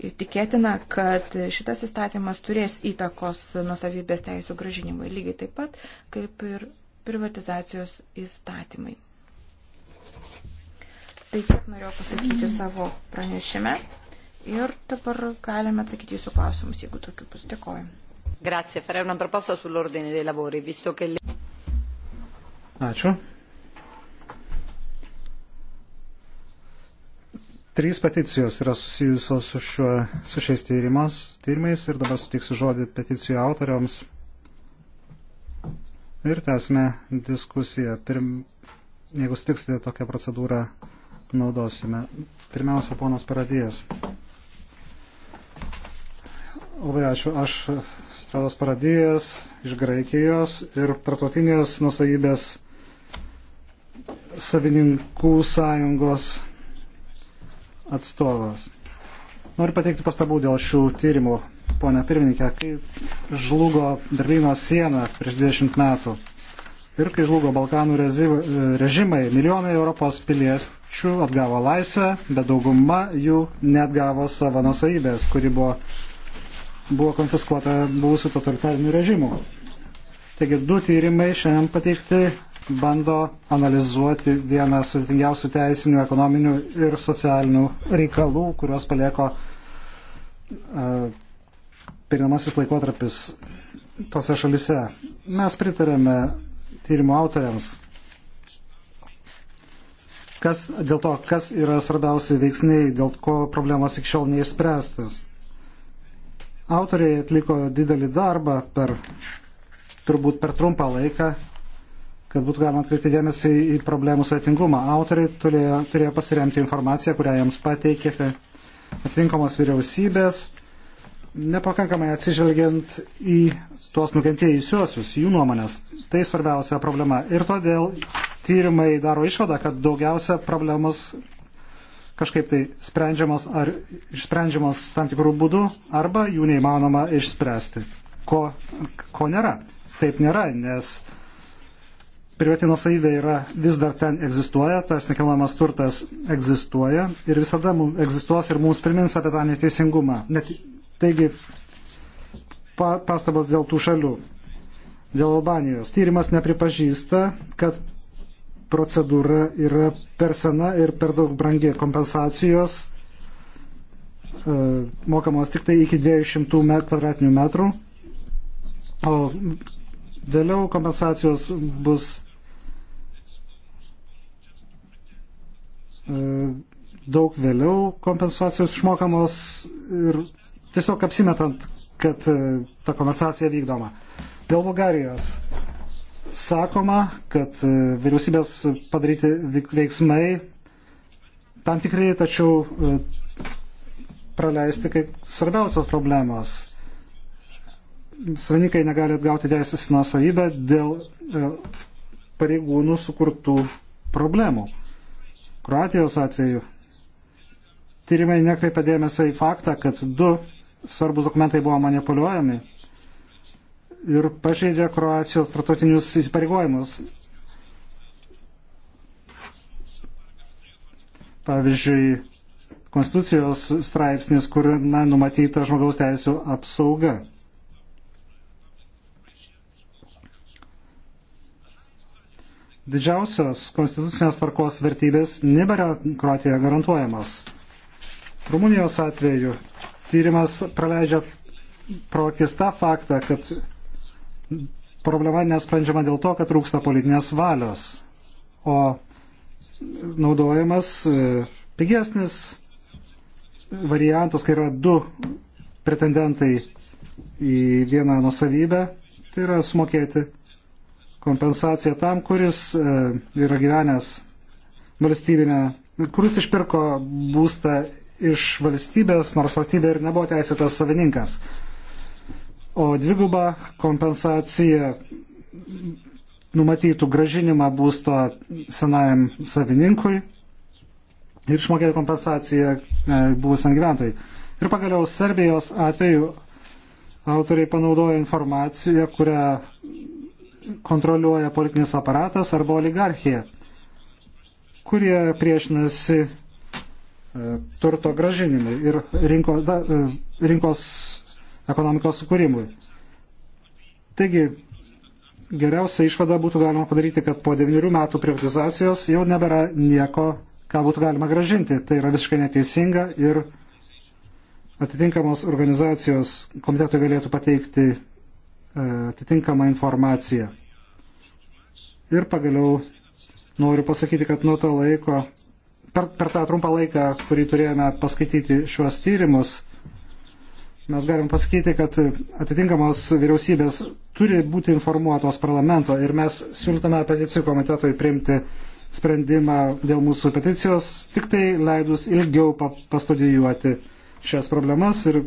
Ir tikėtina, kad šitas įstatymas turės įtakos nusavybės teisų gražinimui, lygiai taip pat kaip ir privatizacijos įstatymai. Tai tiek norėjau pasakyti savo pranešime. Ir dabar galime atsakyti jūsų klausimus, jeigu tokių bus. Dėkoju. Grazie, farei una proposta sull'ordine dei lavori, visto che... Ačiū. Trys peticijos yra susijusios su, šiuo, su šiais tyrimos, tyrimais ir dabar sutiksiu žodį peticijų autoriams. Ir tęsime diskusiją. Pirm, jeigu sutiksite tokią procedūrą, naudosime. Pirmiausia, ponas Paradijas. Labai ačiū. Aš Stratos Paradijas iš Graikijos ir Tartotinės nusavybės savininkų sąjungos atstovas. Noriu pateikti pastabų dėl šių tyrimų, ponia pirmininkė, kai žlugo Berlyno siena prieš 20 metų ir kai žlugo Balkanų režimai, milijonai Europos piliečių atgavo laisvę, bet dauguma jų net gavo savo nusavybės, kuri buvo buvo konfiskuota buvusių totalitarinių režimų. Taigi du tyrimai šiandien pateikti bando analizuoti vieną sudėtingiausių teisinių, ekonominių ir socialinių reikalų, kuriuos palieko uh, e, perinamasis laikotarpis tose šalise. Mes pritarėme tyrimo autoriams. Kas, dėl to, kas yra svarbiausi veiksniai, dėl ko problemos iki šiol neišspręstas. Autoriai atliko didelį darbą per turbūt per trumpą laiką, kad būtų galima atkreipti dėmesį į problemų svetingumą. Autoriai turėjo, turėjo pasiremti informaciją, kurią jiems pateikėte atitinkamos vyriausybės, nepakankamai atsižvelgiant į tuos nukentėjusiuosius, jų nuomonės. Tai svarbiausia problema. Ir todėl tyrimai daro išvadą, kad daugiausia problemos kažkaip tai sprendžiamos ar išsprendžiamos tam tikrų būdų, arba jų neįmanoma išspręsti. Ko, ko nėra? Taip nėra, nes privati nusavybė yra vis dar ten egzistuoja, tas nekilnojamas turtas egzistuoja ir visada egzistuos ir mums primins apie tą neteisingumą. Net, taigi, pa, pastabas dėl tų šalių. Dėl Albanijos. Tyrimas nepripažįsta, kad procedūra yra per sena ir per daug brangi. Kompensacijos e, mokamos tik tai iki 200 kvadratinių metrų, o vėliau kompensacijos bus e, daug vėliau kompensacijos išmokamos ir tiesiog apsimetant, kad e, ta kompensacija vykdoma. Dėl Bulgarijos sakoma, kad e, vyriausybės padaryti veiksmai tam tikrai, tačiau e, praleisti kaip svarbiausios problemos. Savininkai negali atgauti teisės į nuosavybę dėl e, pareigūnų sukurtų problemų. Kroatijos atveju tyrimai nekreipia dėmesio į faktą, kad du svarbus dokumentai buvo manipuliuojami ir pažeidė Kroacijos tartotinius įsipareigojimus. Pavyzdžiui, Konstitucijos straipsnis, kur na, numatyta žmogaus teisų apsauga. Didžiausios konstitucinės tvarkos vertybės nebėra Kroatijoje garantuojamas. Rumunijos atveju tyrimas praleidžia pro akis tą faktą, kad problema nesprendžiama dėl to, kad trūksta politinės valios, o naudojamas e, pigesnis variantas, kai yra du pretendentai į vieną nusavybę, tai yra sumokėti kompensaciją tam, kuris e, yra gyvenęs valstybinę, kuris išpirko būstą iš valstybės, nors valstybė ir nebuvo teisėtas savininkas o dviguba kompensacija numatytų gražinimą būsto senajam savininkui ir išmokėti kompensaciją e, buvusiam gyventojui. Ir pagaliau Serbijos atveju autoriai panaudoja informaciją, kurią kontroliuoja politinis aparatas arba oligarchija, kurie priešinasi e, turto gražinimui ir rinko, da, e, rinkos ekonomikos sukūrimui. Taigi, geriausia išvada būtų galima padaryti, kad po devynių metų privatizacijos jau nebėra nieko, ką būtų galima gražinti. Tai yra visiškai neteisinga ir atitinkamos organizacijos komitetui galėtų pateikti e, atitinkamą informaciją. Ir pagaliau noriu pasakyti, kad nuo to laiko, per, per tą trumpą laiką, kurį turėjome paskaityti šiuos tyrimus, mes galim pasakyti, kad atitinkamos vyriausybės turi būti informuotos parlamento ir mes siūlytume peticijų komitetui priimti sprendimą dėl mūsų peticijos, tik tai leidus ilgiau pastudijuoti šias problemas ir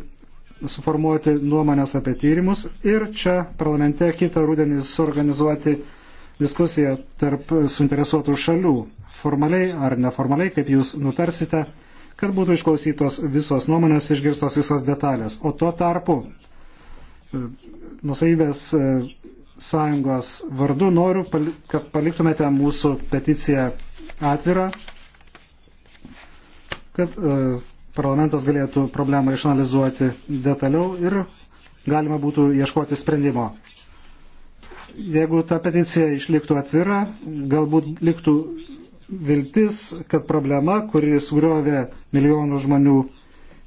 suformuoti nuomonės apie tyrimus ir čia parlamente kitą rudenį suorganizuoti diskusiją tarp suinteresuotų šalių, formaliai ar neformaliai, kaip jūs nutarsite kad būtų išklausytos visos nuomonės, išgirstos visas detalės. O tuo tarpu e, nusavybės e, sąjungos vardu noriu, kad paliktumėte mūsų peticiją atvirą, kad e, parlamentas galėtų problemą išanalizuoti detaliau ir galima būtų ieškoti sprendimo. Jeigu ta peticija išliktų atvira, galbūt liktų viltis, kad problema, kuri sugriovė milijonų žmonių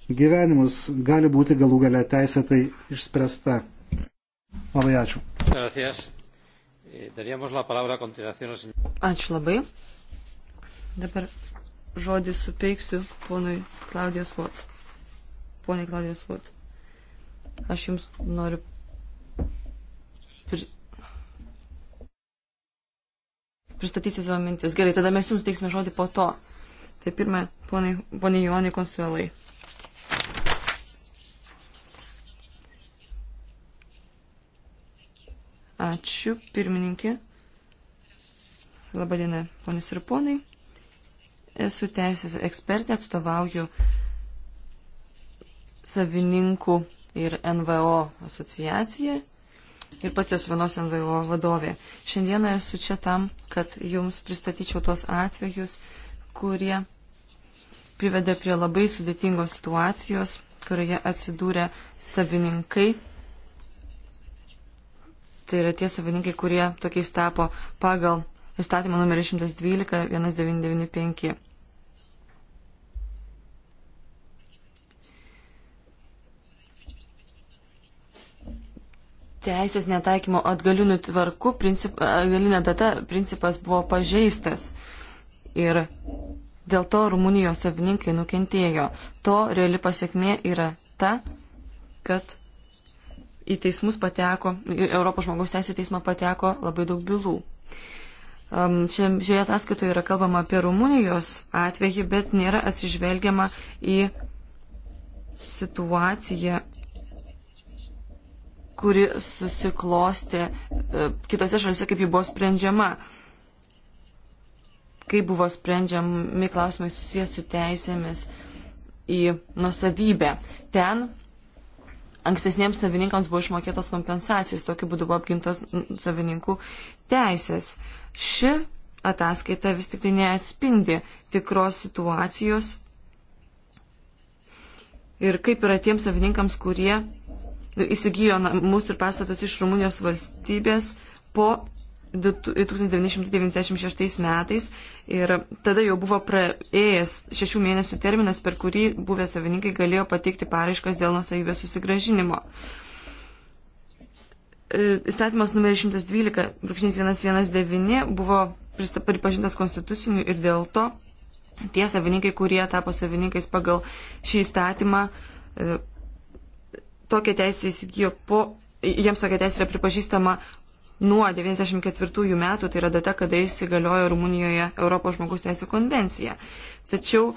gyvenimus, gali būti galų gale teisėtai išspręsta. Labai ačiū. Eh, ačiū labai. Dabar žodį suteiksiu ponui Klaudijos Vot. Pone Klaudijos Vot. Aš jums noriu pristatysiu savo mintis. Gerai, tada mes jums teiksime žodį po to. Tai pirmą, poniai Jonai Konsuelai. Ačiū, pirmininkė. Labadiena, ponis ir ponai. Esu teisės ekspertė, atstovauju savininkų ir NVO asociacijai ir pati esu vienos NVO vadovė. Šiandieną esu čia tam, kad jums pristatyčiau tuos atvejus, kurie privedė prie labai sudėtingos situacijos, kurioje atsidūrė savininkai. Tai yra tie savininkai, kurie tokiais tapo pagal įstatymą numeris 112 195. teisės netaikymo atgalinių tvarkų princip, atgalinė data principas buvo pažeistas ir dėl to Rumunijos savininkai nukentėjo. To reali pasiekmė yra ta, kad į teismus pateko, į Europos žmogaus teisų teismą pateko labai daug bylų. Um, čia, šioje ataskaitoje yra kalbama apie Rumunijos atvejį, bet nėra atsižvelgiama į situaciją kuri susiklostė e, kitose šalise, kaip ji buvo sprendžiama, kaip buvo sprendžiami klausimai susijęs su teisėmis į nusavybę. Ten ankstesniems savininkams buvo išmokėtos kompensacijos, tokiu būdu buvo apgintos savininkų teisės. Ši ataskaita vis tik tai neatspindi tikros situacijos ir kaip yra tiems savininkams, kurie įsigijo namus ir pastatus iš Rumunijos valstybės po 1996 metais ir tada jau buvo praėjęs šešių mėnesių terminas, per kurį buvę savininkai galėjo pateikti paraiškas dėl nusavybės susigražinimo. E, įstatymas numeris 112.119 buvo pripažintas konstituciniu ir dėl to tie savininkai, kurie tapo savininkais pagal šį įstatymą, e, tokia teisė įsigijo po, jiems tokia teisė yra pripažįstama nuo 94 metų, tai yra data, kada įsigaliojo Rumunijoje Europos žmogus teisų konvencija. Tačiau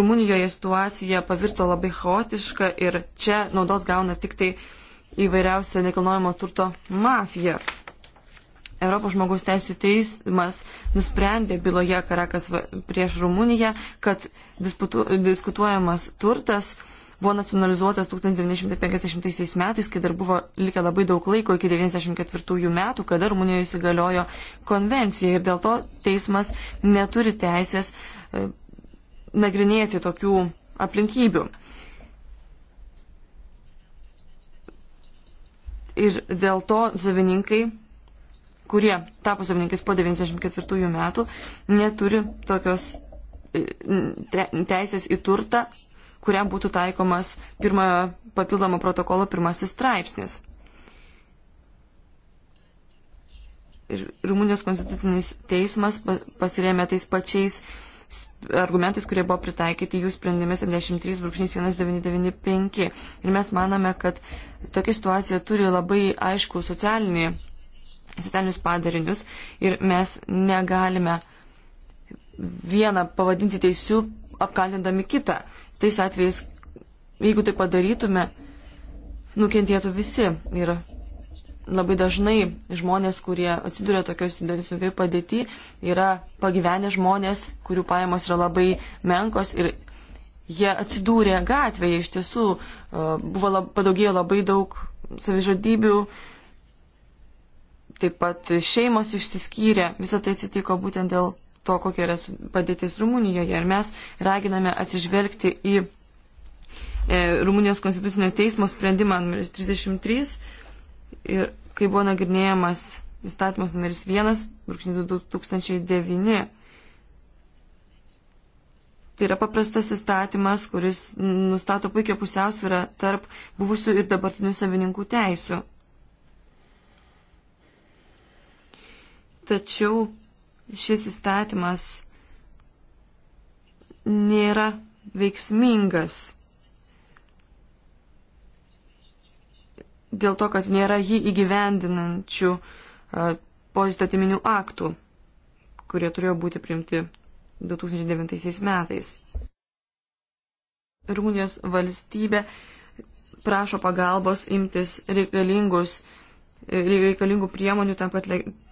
Rumunijoje situacija pavirto labai chaotiška ir čia naudos gauna tik tai įvairiausio nekilnojamo turto mafija. Europos žmogaus teisų teismas nusprendė byloje Karakas prieš Rumuniją, kad disputu, diskutuojamas turtas buvo nacionalizuotas 1950 metais, kai dar buvo likę labai daug laiko iki 1994 metų, kada Rumunijoje įsigaliojo konvencija ir dėl to teismas neturi teisės e, nagrinėti tokių aplinkybių. Ir dėl to savininkai, kurie tapo savininkais po 94 metų, neturi tokios e, teisės į turtą kuriam būtų taikomas pirmojo papildomo protokolo pirmasis straipsnis. Ir Rumunijos konstitucinis teismas pasirėmė tais pačiais argumentais, kurie buvo pritaikyti jų sprendime 73.1995. Ir mes manome, kad tokia situacija turi labai aišku socialinį, socialinius padarinius ir mes negalime vieną pavadinti teisiu apkaltindami kitą tais atvejais, jeigu tai padarytume, nukentėtų visi. Ir labai dažnai žmonės, kurie atsiduria tokios sudėtingoje padėti, yra pagyvenę žmonės, kurių pajamos yra labai menkos ir jie atsidūrė gatvėje. Iš tiesų e, buvo lab, padaugėjo labai daug savižudybių, taip pat šeimos išsiskyrė. Visą tai atsitiko būtent dėl to, kokia yra padėtis Rumunijoje. Ir mes raginame atsižvelgti į e, Rumunijos konstitucinio teismo sprendimą numeris 33 ir kai buvo nagrinėjamas įstatymas numeris 1, 2009. Tai yra paprastas įstatymas, kuris nustato puikia pusiausvyrą tarp buvusių ir dabartinių savininkų teisių. Tačiau šis įstatymas nėra veiksmingas dėl to, kad nėra jį įgyvendinančių poįstatyminių aktų, kurie turėjo būti priimti 2009 metais. Rumunijos valstybė prašo pagalbos imtis reikalingus reikalingų priemonių tam, kad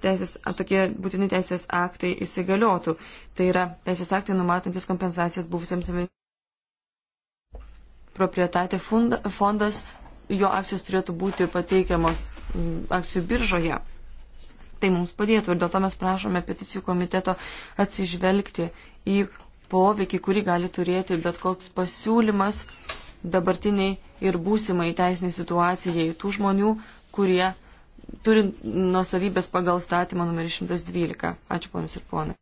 teisės, tokie būtini teisės aktai įsigaliotų. Tai yra teisės aktai numatantis kompensacijas buvusiems proprietatė fondas, jo akcijos turėtų būti pateikiamos akcijų biržoje. Tai mums padėtų ir dėl to mes prašome peticijų komiteto atsižvelgti į poveikį, kurį gali turėti bet koks pasiūlymas dabartiniai ir būsimai teisiniai situacijai tų žmonių, kurie turint nuosavybės pagal statymą numeris 112. Ačiū, ponus ir ponai.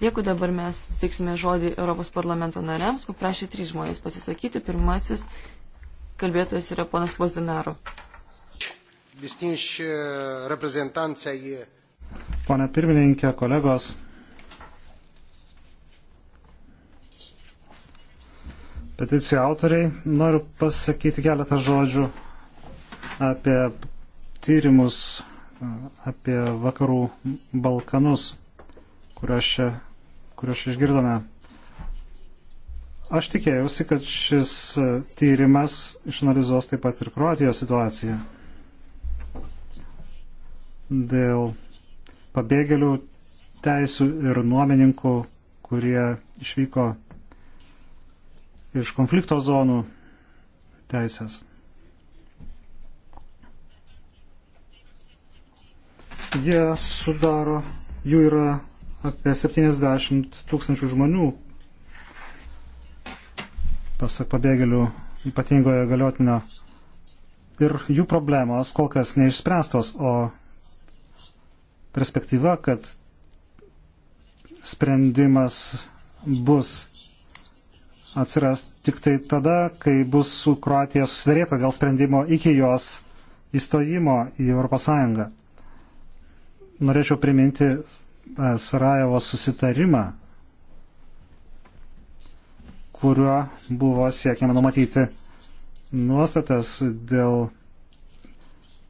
Dėkui, dabar mes suteiksime žodį Europos parlamento nariams. Paprašė trys žmonės pasisakyti. Pirmasis kalbėtojas yra ponas Pozdinaro. Uh, uh, Pone pirmininkė, kolegos. Peticijų autoriai, noriu pasakyti keletą žodžių apie tyrimus apie vakarų Balkanus, kuriuos čia, kuriuos čia išgirdome. Aš tikėjausi, kad šis tyrimas išanalizuos taip pat ir Kroatijos situaciją dėl pabėgėlių teisų ir nuomeninkų, kurie išvyko iš konflikto zonų teisės. Jie sudaro, jų yra apie 70 tūkstančių žmonių, pasak pabėgėlių ypatingoje galiotinio. Ir jų problemos kol kas neišspręstos, o perspektyva, kad sprendimas bus atsiras tik tai tada, kai bus su Kroatija susidarėta dėl sprendimo iki jos įstojimo į ES. Norėčiau priminti e, Sarajevo susitarimą, kuriuo buvo siekiama numatyti nuostatas dėl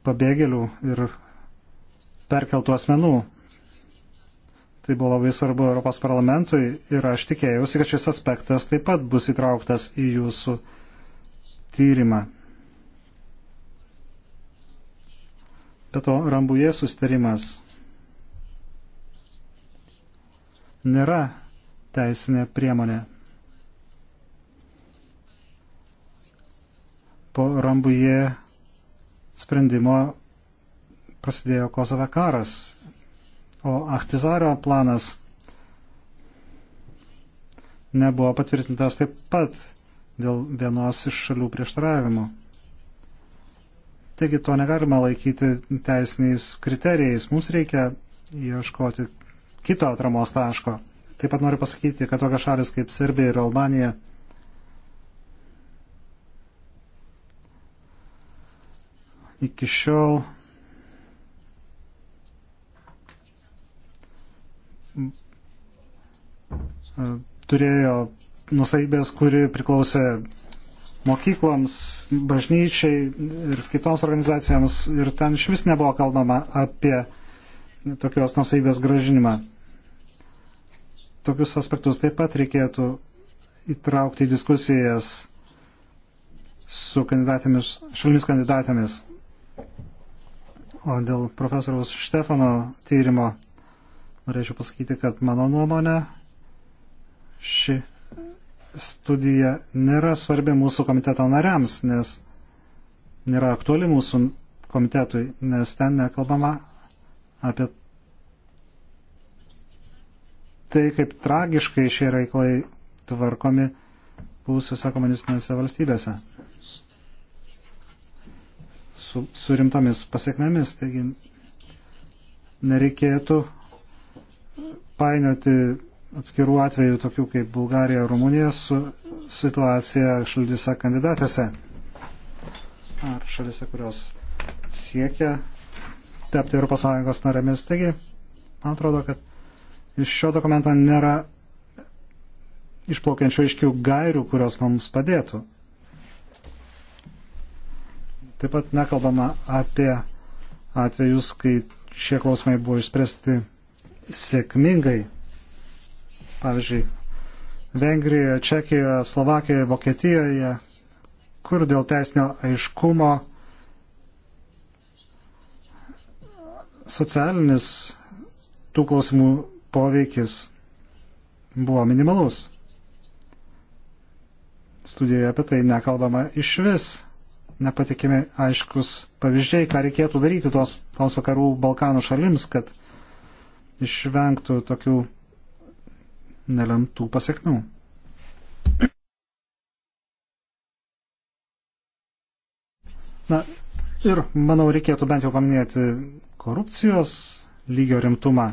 pabėgėlių ir perkeltų asmenų. Tai buvo labai svarbu Europos parlamentui ir aš tikėjausi, kad šis aspektas taip pat bus įtrauktas į jūsų tyrimą. Be to, Rambuje sustarimas nėra teisinė priemonė. Po Rambuje sprendimo prasidėjo Kosove karas, o Ahtizario planas nebuvo patvirtintas taip pat dėl vienos iš šalių prieštaravimų. Taigi to negalima laikyti teisiniais kriterijais. Mums reikia ieškoti kito atramos taško. Taip pat noriu pasakyti, kad tokios šalis kaip Serbija ir Albanija iki šiol turėjo nusaibės, kuri priklausė mokykloms, bažnyčiai ir kitoms organizacijoms ir ten iš vis nebuvo kalbama apie tokios nusavybės gražinimą. Tokius aspektus taip pat reikėtų įtraukti į diskusijas su kandidatėmis, šalimis kandidatėmis. O dėl profesoriaus Štefano tyrimo norėčiau pasakyti, kad mano nuomonė ši studija nėra svarbi mūsų komiteto nariams, nes nėra aktuali mūsų komitetui, nes ten nekalbama apie tai, kaip tragiškai šie reiklai tvarkomi buvusiuose komunistinėse valstybėse su, su rimtomis pasiekmėmis. Taigi nereikėtų painioti atskirų atvejų, tokių kaip Bulgarija ir Rumunija, su situacija šalyse kandidatėse ar šalyse, kurios siekia tapti ES narėmis. Taigi, man atrodo, kad iš šio dokumento nėra išplaukiančių aiškių gairių, kurios mums padėtų. Taip pat nekalbama apie atvejus, kai šie klausimai buvo išspręsti sėkmingai. Pavyzdžiui, Vengrijoje, Čekijoje, Slovakijoje, Vokietijoje, kur dėl teisinio aiškumo socialinis tų klausimų poveikis buvo minimalus. Studijoje apie tai nekalbama iš vis. Nepatikimi aiškus pavyzdžiai, ką reikėtų daryti tos, tos vakarų Balkanų šalims, kad išvengtų tokių nelemtų pasiekmių. Na ir manau reikėtų bent jau paminėti korupcijos lygio rimtumą.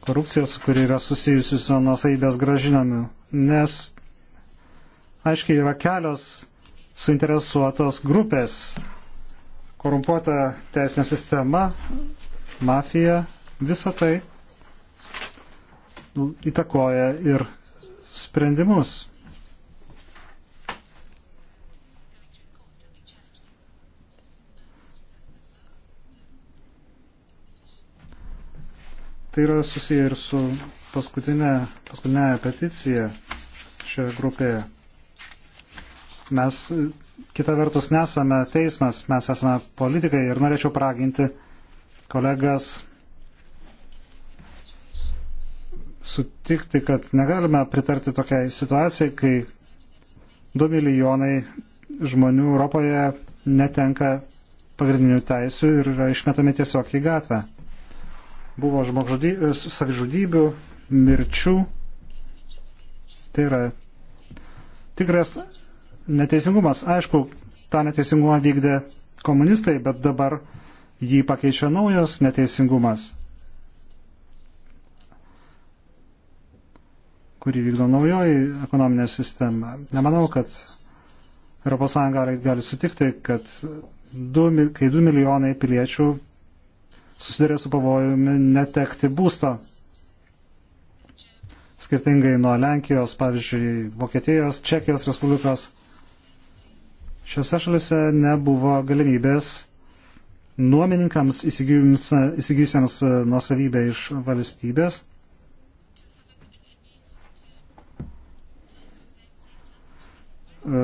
Korupcijos, kuri yra susijusi su nusaibės gražinamiu, nes aiškiai yra kelios suinteresuotos grupės - korumpuota teisinė sistema, mafija, visa tai įtakoja ir sprendimus. Tai yra susiję ir su paskutinė, paskutinė peticija šioje grupėje. Mes, kita vertus, nesame teismas, mes esame politikai ir norėčiau praginti kolegas sutikti, kad negalime pritarti tokiai situacijai, kai 2 milijonai žmonių Europoje netenka pagrindinių teisų ir yra išmetami tiesiog į gatvę. Buvo e, savižudybių, mirčių. Tai yra tikras neteisingumas. Aišku, tą neteisingumą vykdė komunistai, bet dabar jį pakeičia naujas neteisingumas, kurį vykdo naujoji ekonominė sistema. Nemanau, kad ES gali sutikti, kad du, kai 2 milijonai piliečių susidarė su pavojumi netekti būsto. Skirtingai nuo Lenkijos, pavyzdžiui, Vokietijos, Čekijos Respublikos, šiuose šalise nebuvo galimybės nuomininkams įsigijusiems e, nuosavybę iš valstybės e,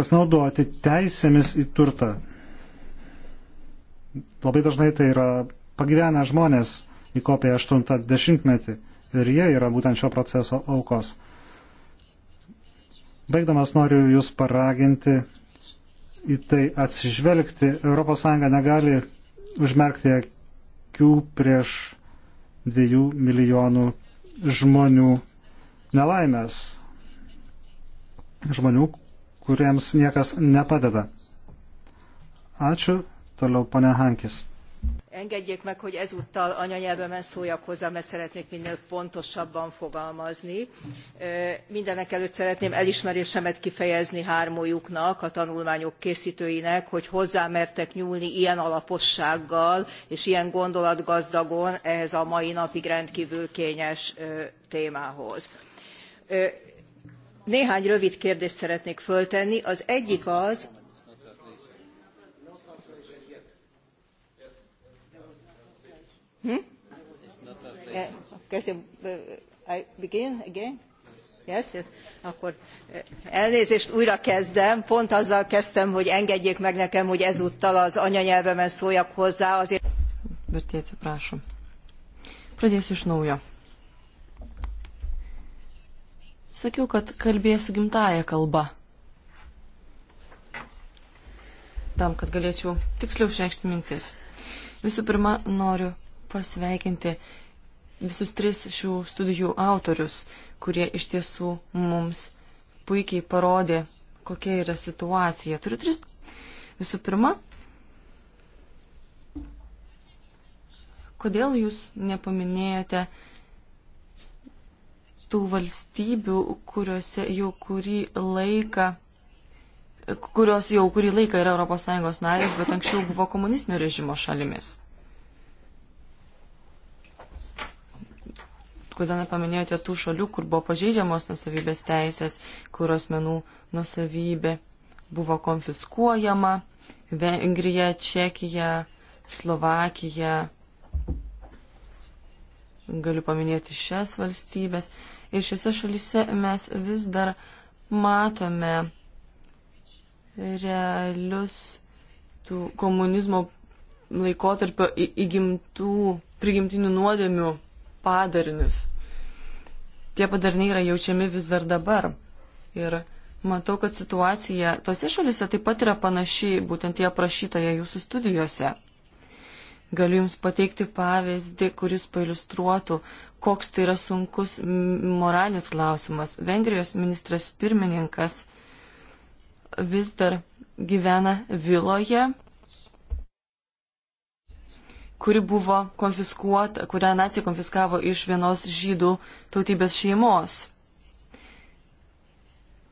pasinaudoti teisėmis į turtą. Labai dažnai tai yra pagyvenę žmonės įkopė 80-metį ir jie yra būtent šio proceso aukos. Baigdamas noriu Jūs paraginti į tai atsižvelgti. ES negali užmerkti akių prieš dviejų milijonų žmonių nelaimės. Žmonių, kuriems niekas nepadeda. Ačiū. Toliau pane Hankis. Engedjék meg, hogy ezúttal anyanyelvemen szóljak hozzá, mert szeretnék minél pontosabban fogalmazni. Mindenek előtt szeretném elismerésemet kifejezni hármójuknak, a tanulmányok készítőinek, hogy hozzámertek nyúlni ilyen alapossággal és ilyen gondolatgazdagon ehhez a mai napig rendkívül kényes témához néhány rövid kérdést szeretnék föltenni az egyik az Hmm? Uh, eh, because you, uh, eh, I begin again? Yes, yes. Akkor eh, elnézést újra kezdem. Pont azzal kezdtem, hogy engedjék meg nekem, hogy ezúttal az anyanyelvemen szóljak hozzá. Azért... Vertė, atsiprašom. Pradėsiu iš naujo. Sakiau, kad kalbėsiu gimtają kalbą. Tam, kad galėčiau tiksliau išreikšti mintis. Visų pirma, noriu pasveikinti visus tris šių studijų autorius, kurie iš tiesų mums puikiai parodė, kokia yra situacija. Turiu tris. Visų pirma, kodėl jūs nepaminėjote tų valstybių, kuriuose jau kurį laiką kurios jau kurį laiką yra ES narės, bet anksčiau buvo komunistinio režimo šalimis. kodėl nepaminėjote tų šalių, kur buvo pažeidžiamos nusavybės teisės, kur asmenų nusavybė buvo konfiskuojama - Vengrija, Čekija, Slovakija. Galiu paminėti šias valstybės. Ir šiuose šalyse mes vis dar matome realius tų komunizmo laikotarpio įgimtų, prigimtinių nuodėmių padarinius. Tie padariniai yra jaučiami vis dar dabar. Ir matau, kad situacija tose šalise taip pat yra panaši, būtent tie aprašytoje jūsų studijose. Galiu Jums pateikti pavyzdį, kuris pailustruotų, koks tai yra sunkus moralinis klausimas. Vengrijos ministras pirmininkas vis dar gyvena viloje, kuri buvo konfiskuota, kurią nacija konfiskavo iš vienos žydų tautybės šeimos.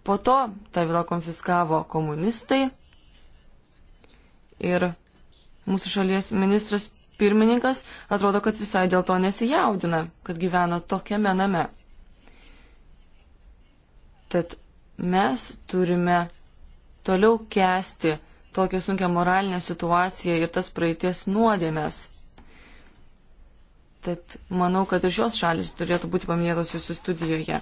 Po to tą vilą konfiskavo komunistai ir mūsų šalies ministras pirmininkas atrodo, kad visai dėl to nesijaudina, kad gyvena tokiame name. Tad mes turime toliau kesti tokią sunkę moralinę situaciją ir tas praeities nuodėmės. Tad manau, kad ir šios šalis turėtų būti paminėtos jūsų studijoje.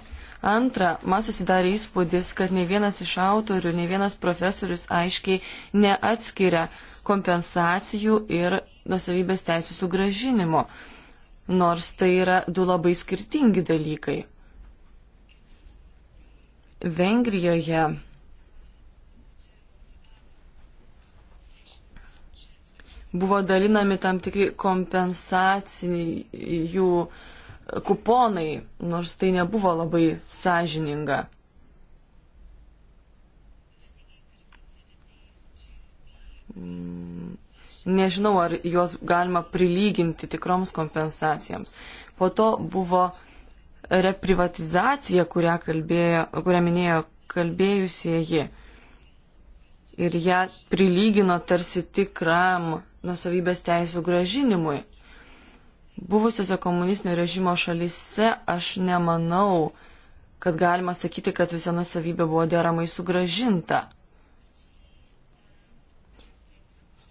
Antra, man susidarė įspūdis, kad ne vienas iš autorių, ne vienas profesorius aiškiai neatskiria kompensacijų ir nusavybės teisų sugražinimo, nors tai yra du labai skirtingi dalykai. Vengrijoje buvo dalinami tam tikri kompensaciniai jų kuponai, nors tai nebuvo labai sąžininga. Nežinau, ar juos galima prilyginti tikroms kompensacijoms. Po to buvo reprivatizacija, kurią, kalbėjo, kurią minėjo kalbėjusieji. Ir ją prilygino tarsi tikram nusavybės teisų gražinimui. Buvusiose komunistinio režimo šalyse aš nemanau, kad galima sakyti, kad visa nusavybė buvo deramai sugražinta.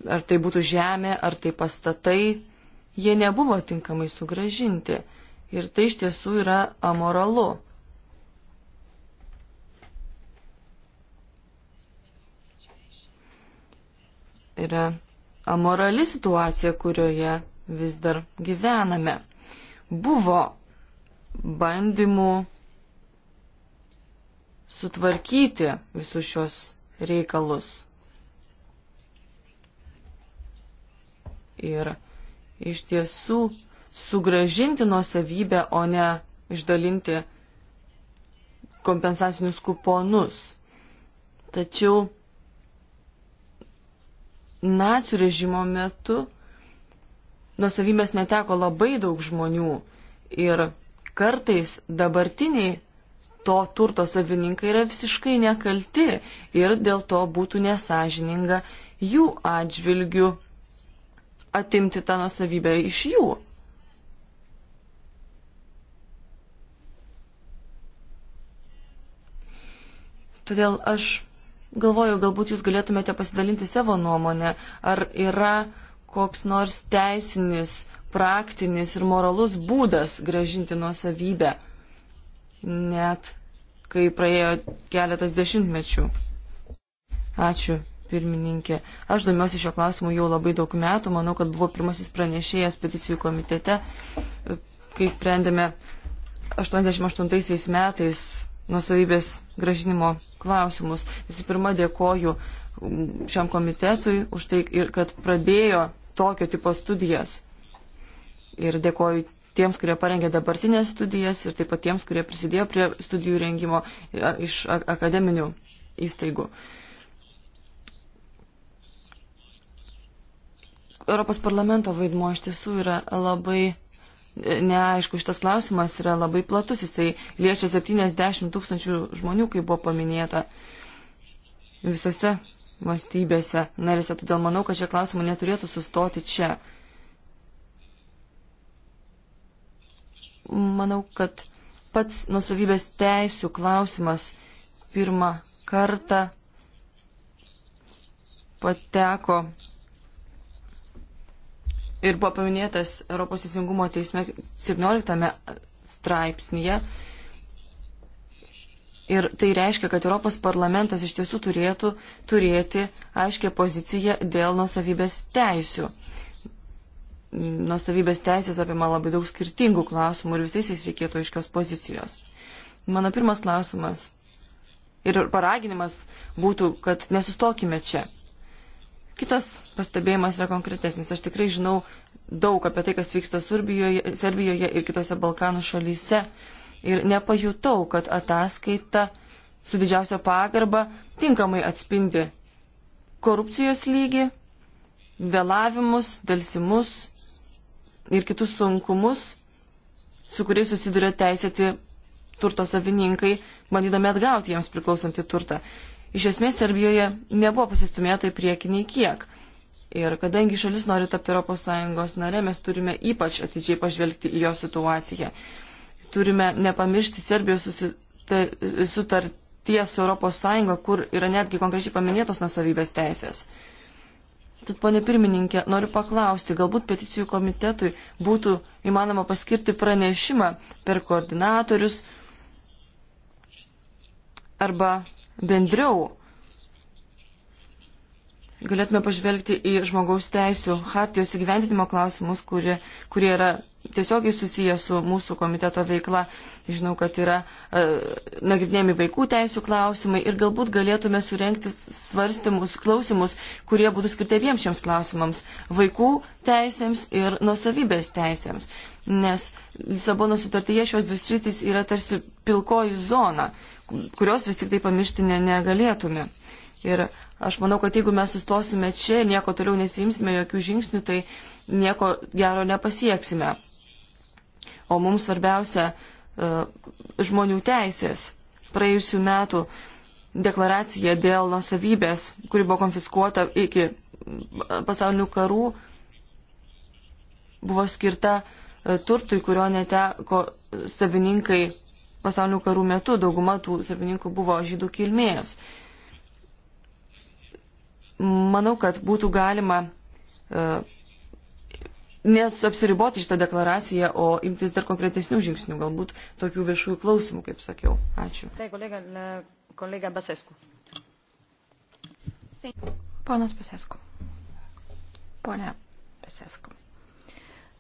Ar tai būtų žemė, ar tai pastatai, jie nebuvo tinkamai sugražinti. Ir tai iš tiesų yra amoralu. Yra amorali situacija, kurioje vis dar gyvename. Buvo bandymų sutvarkyti visus šios reikalus. Ir iš tiesų sugražinti nuosavybę, o ne išdalinti kompensacinius kuponus. Tačiau nacių režimo metu nusavybės neteko labai daug žmonių ir kartais dabartiniai to turto savininkai yra visiškai nekalti ir dėl to būtų nesažininga jų atžvilgių atimti tą nusavybę iš jų. Todėl aš galvoju, galbūt jūs galėtumėte pasidalinti savo nuomonę, ar yra koks nors teisinis, praktinis ir moralus būdas gražinti nuosavybę, net kai praėjo keletas dešimtmečių. Ačiū, pirmininkė. Aš domiuosi šio klausimu jau labai daug metų, manau, kad buvo pirmasis pranešėjas peticijų komitete, kai sprendėme 88 metais nusavybės gražinimo klausimus. Visų pirma, dėkoju šiam komitetui už tai, kad pradėjo tokio tipo studijas. Ir dėkoju tiems, kurie parengė dabartinės studijas ir taip pat tiems, kurie prisidėjo prie studijų rengimo iš akademinių įstaigų. Europos parlamento vaidmo iš tiesų yra labai neaišku, šitas klausimas yra labai platus, jisai liečia 70 tūkstančių žmonių, kaip buvo paminėta visose valstybėse narėse, todėl manau, kad šie klausimai neturėtų sustoti čia. Manau, kad pats nusavybės teisų klausimas pirmą kartą pateko ir buvo paminėtas Europos teisingumo teisme 17 straipsnėje. Ir tai reiškia, kad Europos parlamentas iš tiesų turėtų turėti aiškę poziciją dėl nusavybės teisių. Nusavybės teisės apima labai daug skirtingų klausimų ir visais jais reikėtų aiškios pozicijos. Mano pirmas klausimas ir paraginimas būtų, kad nesustokime čia. Kitas pastebėjimas yra konkretesnis. Aš tikrai žinau daug apie tai, kas vyksta Surbijoje, Serbijoje ir kitose Balkanų šalyse. Ir nepajutau, kad ataskaita su didžiausia pagarba tinkamai atspindi korupcijos lygį, vėlavimus, dalsimus ir kitus sunkumus, su kuriais susiduria teisėti turto savininkai, bandydami atgauti jiems priklausantį turtą. Iš esmės Serbijoje nebuvo pasistumėta į priekį nei kiek. Ir kadangi šalis nori tapti ES nare, mes turime ypač atidžiai pažvelgti į jo situaciją. Turime nepamiršti Serbijos sutarties su ES, kur yra netgi konkrečiai paminėtos nusavybės teisės. Tad, ponė pirmininkė, noriu paklausti, galbūt peticijų komitetui būtų įmanoma paskirti pranešimą per koordinatorius arba bendriau galėtume pažvelgti į žmogaus teisų hartijos įgyvendinimo klausimus, kurie, kurie yra tiesiogiai susijęs su mūsų komiteto veikla. Žinau, kad yra e, nagrinėjami vaikų teisų klausimai ir galbūt galėtume surenkti svarstymus, klausimus, kurie būtų skirti abiems šiems klausimams - vaikų teisėms ir nusavybės teisėms. Nes Lisabono sutartyje šios dvi sritys yra tarsi pilkoji zona, kurios vis tik tai pamiršti ne, negalėtume. Ir aš manau, kad jeigu mes sustosime čia, nieko toliau nesimsime, jokių žingsnių, tai nieko gero nepasieksime o mums svarbiausia e, žmonių teisės. Praėjusių metų deklaracija dėl nusavybės, kuri buvo konfiskuota iki e, pasaulinių karų, buvo skirta e, turtui, kurio neteko savininkai pasaulinių karų metu. Dauguma tų savininkų buvo žydų kilmės. Manau, kad būtų galima nesapsiriboti šitą deklaraciją, o imtis dar konkretesnių žingsnių, galbūt tokių viešųjų klausimų, kaip sakiau. Ačiū. Tai kolega, kolega Basescu. Ponas Basescu. Pone Basescu.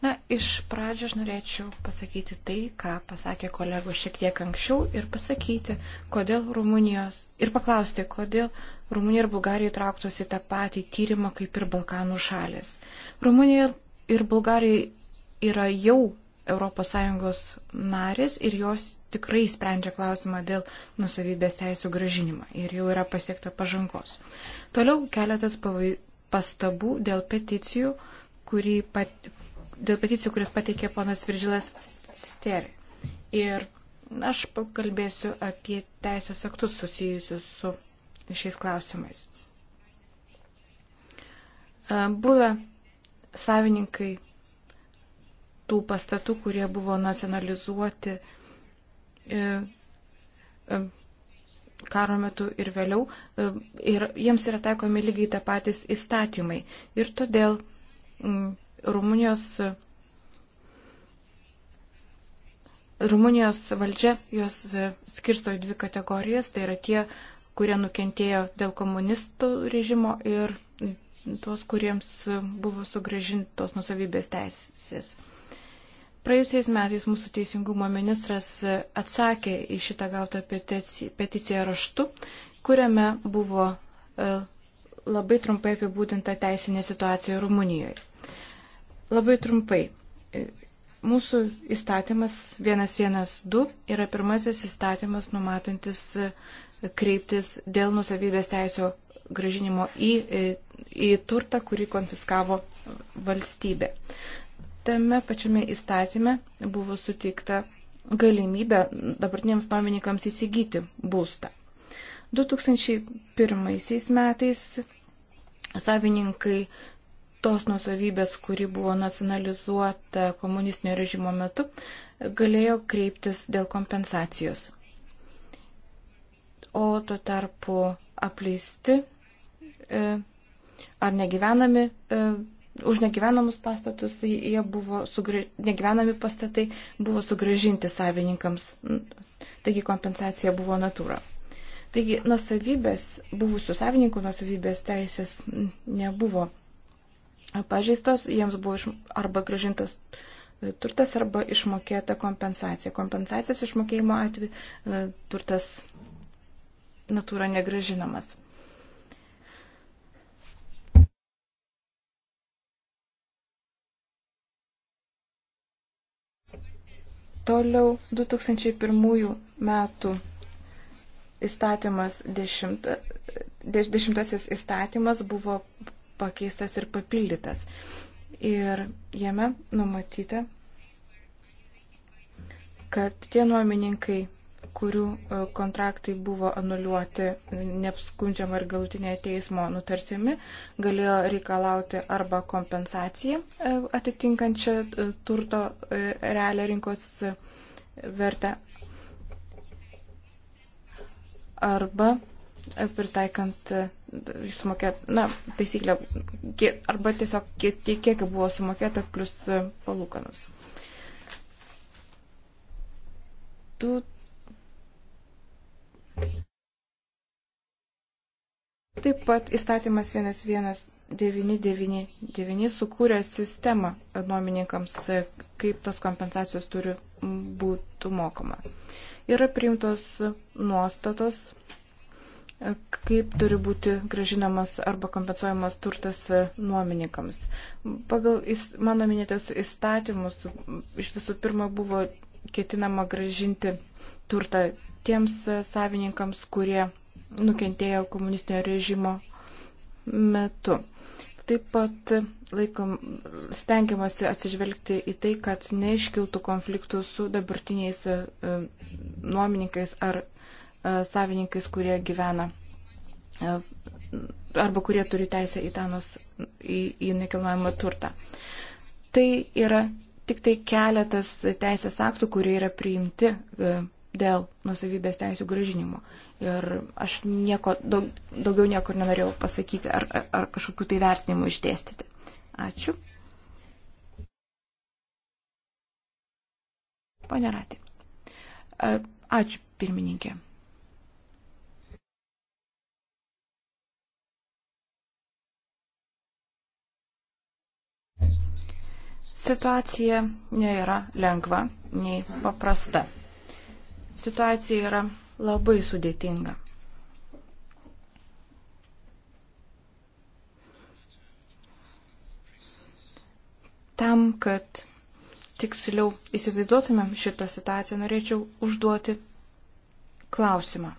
Na, iš pradžio aš norėčiau pasakyti tai, ką pasakė kolegų šiek tiek anksčiau ir pasakyti, kodėl Rumunijos ir paklausti, kodėl Rumunija ir Bulgarija įtrauktos į tą patį tyrimą kaip ir Balkanų šalis. Rumunija ir Bulgarija yra jau ES narės ir jos tikrai sprendžia klausimą dėl nusavybės teisų gražinimo ir jau yra pasiekta pažangos. Toliau keletas pavai, pastabų dėl peticijų, pat, dėl peticijų kuris pateikė ponas Viržilas Steri. Ir aš pakalbėsiu apie teisės aktus susijusius su šiais klausimais. Buvę savininkai tų pastatų, kurie buvo nacionalizuoti e, e, karo metu ir vėliau, e, ir jiems yra taikomi lygiai tą patys įstatymai. Ir todėl Rumunijos, Rumunijos valdžia juos skirsto į dvi kategorijas, tai yra tie, kurie nukentėjo dėl komunistų režimo ir tuos, kuriems buvo sugražintos nusavybės teisės. Praėjusiais metais mūsų teisingumo ministras atsakė į šitą gautą peticiją raštu, kuriame buvo e, labai trumpai apibūdinta teisinė situacija Rumunijoje. Labai trumpai. E, mūsų įstatymas 112 yra pirmasis įstatymas numatantis e, kreiptis dėl nusavybės teisio gražinimo į, į turtą, kurį konfiskavo valstybė. Tame pačiame įstatyme buvo suteikta galimybė dabartiniams nuomininkams įsigyti būstą. 2001 metais savininkai tos nusavybės, kuri buvo nacionalizuota komunistinio režimo metu, galėjo kreiptis dėl kompensacijos. O tuo tarpu apleisti E, ar negyvenami, e, už negyvenamus pastatus jie buvo, sugra... negyvenami pastatai buvo sugražinti savininkams, taigi kompensacija buvo natūra. Taigi nusavybės, buvusių savininkų nusavybės teisės nebuvo pažeistos, jiems buvo iš... arba gražintas turtas arba išmokėta kompensacija. Kompensacijos išmokėjimo atveju e, turtas natūra negražinamas. Toliau 2001 metų įstatymas dešimt, dešimtasis įstatymas buvo pakeistas ir papildytas. Ir jame numatyta, kad tie nuomininkai kurių e, kontraktai buvo anuliuoti neapskundžiama ir galutinėje teismo nutartimi, galėjo reikalauti arba kompensaciją e, atitinkančią e, turto realią rinkos vertę, arba pritaikant sumokėt, na, taisyklę, arba tiesiog kiek, kiek buvo sumokėta plus palūkanus. Tų Taip pat įstatymas 11999 sukūrė sistemą nuomininkams, kaip tos kompensacijos turi būti mokama. Yra priimtos nuostatos, kaip turi būti gražinamas arba kompensuojamas turtas nuomininkams. Pagal mano minėtos įstatymus iš visų pirma buvo ketinama gražinti turtą tiems e, savininkams, kurie nukentėjo komunistinio režimo metu. Taip pat e, laikom, stengiamasi atsižvelgti į tai, kad neiškiltų konfliktų su dabartiniais e, nuomininkais ar savininkais, kurie gyvena arba kurie turi teisę į, tanus, į, į nekilnojamą turtą. Tai yra tik tai keletas teisės aktų, kurie yra priimti dėl nusavybės teisų gražinimo. Ir aš nieko, daug, daugiau nieko nenorėjau pasakyti ar, ar, ar kažkokių tai vertinimų išdėstyti. Ačiū. Pane Ratė. Ačiū, pirmininkė. Situacija nėra lengva nei paprasta situacija yra labai sudėtinga. Tam, kad tiksliau įsivaizduotumėm šitą situaciją, norėčiau užduoti klausimą.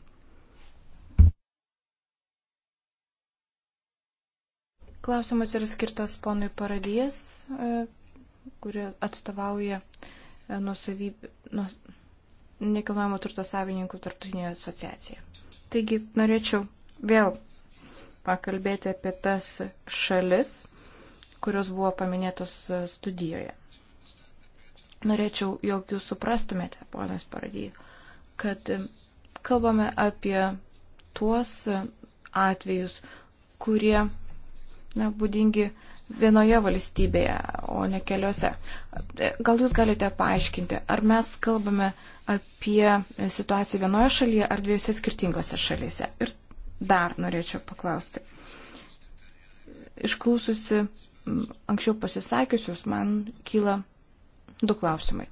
Klausimas yra skirtas ponui Paradijas, e, kuri atstovauja e, nusavybę. Nus, nekilnojamo turto savininkų tarptautinė asociacija. Taigi norėčiau vėl pakalbėti apie tas šalis, kurios buvo paminėtos studijoje. Norėčiau, jog jūs suprastumėte, ponas Paradį, kad kalbame apie tuos atvejus, kurie na, būdingi uh, vienoje valstybėje, o ne keliose. Gal jūs galite paaiškinti, ar mes kalbame apie situaciją vienoje šalyje ar dviejose skirtingose šalyse? Ir dar norėčiau paklausti. Išklaususi anksčiau pasisakiusius, man kyla du klausimai.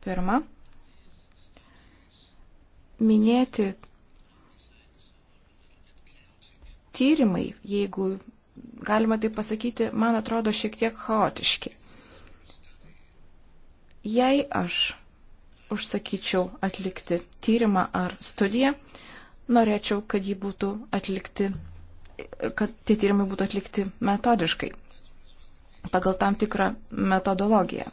Pirma, minėti tyrimai, jeigu galima tai pasakyti, man atrodo šiek tiek chaotiški. Jei aš užsakyčiau atlikti tyrimą ar studiją, norėčiau, kad jį būtų atlikti, kad tie tyrimai būtų atlikti metodiškai, pagal tam tikrą metodologiją.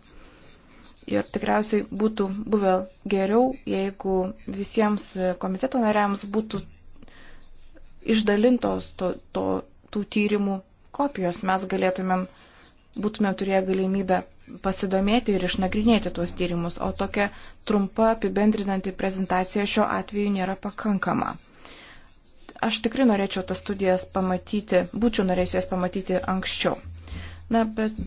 Ir tikriausiai būtų buvę geriau, jeigu visiems komiteto nariams būtų išdalintos to, to, tų tyrimų kopijos mes galėtumėm, būtume turėję galimybę pasidomėti ir išnagrinėti tuos tyrimus, o tokia trumpa apibendrinanti prezentacija šiuo atveju nėra pakankama. Aš tikrai norėčiau tas studijas pamatyti, būčiau norėjęs jas pamatyti anksčiau. Na, bet.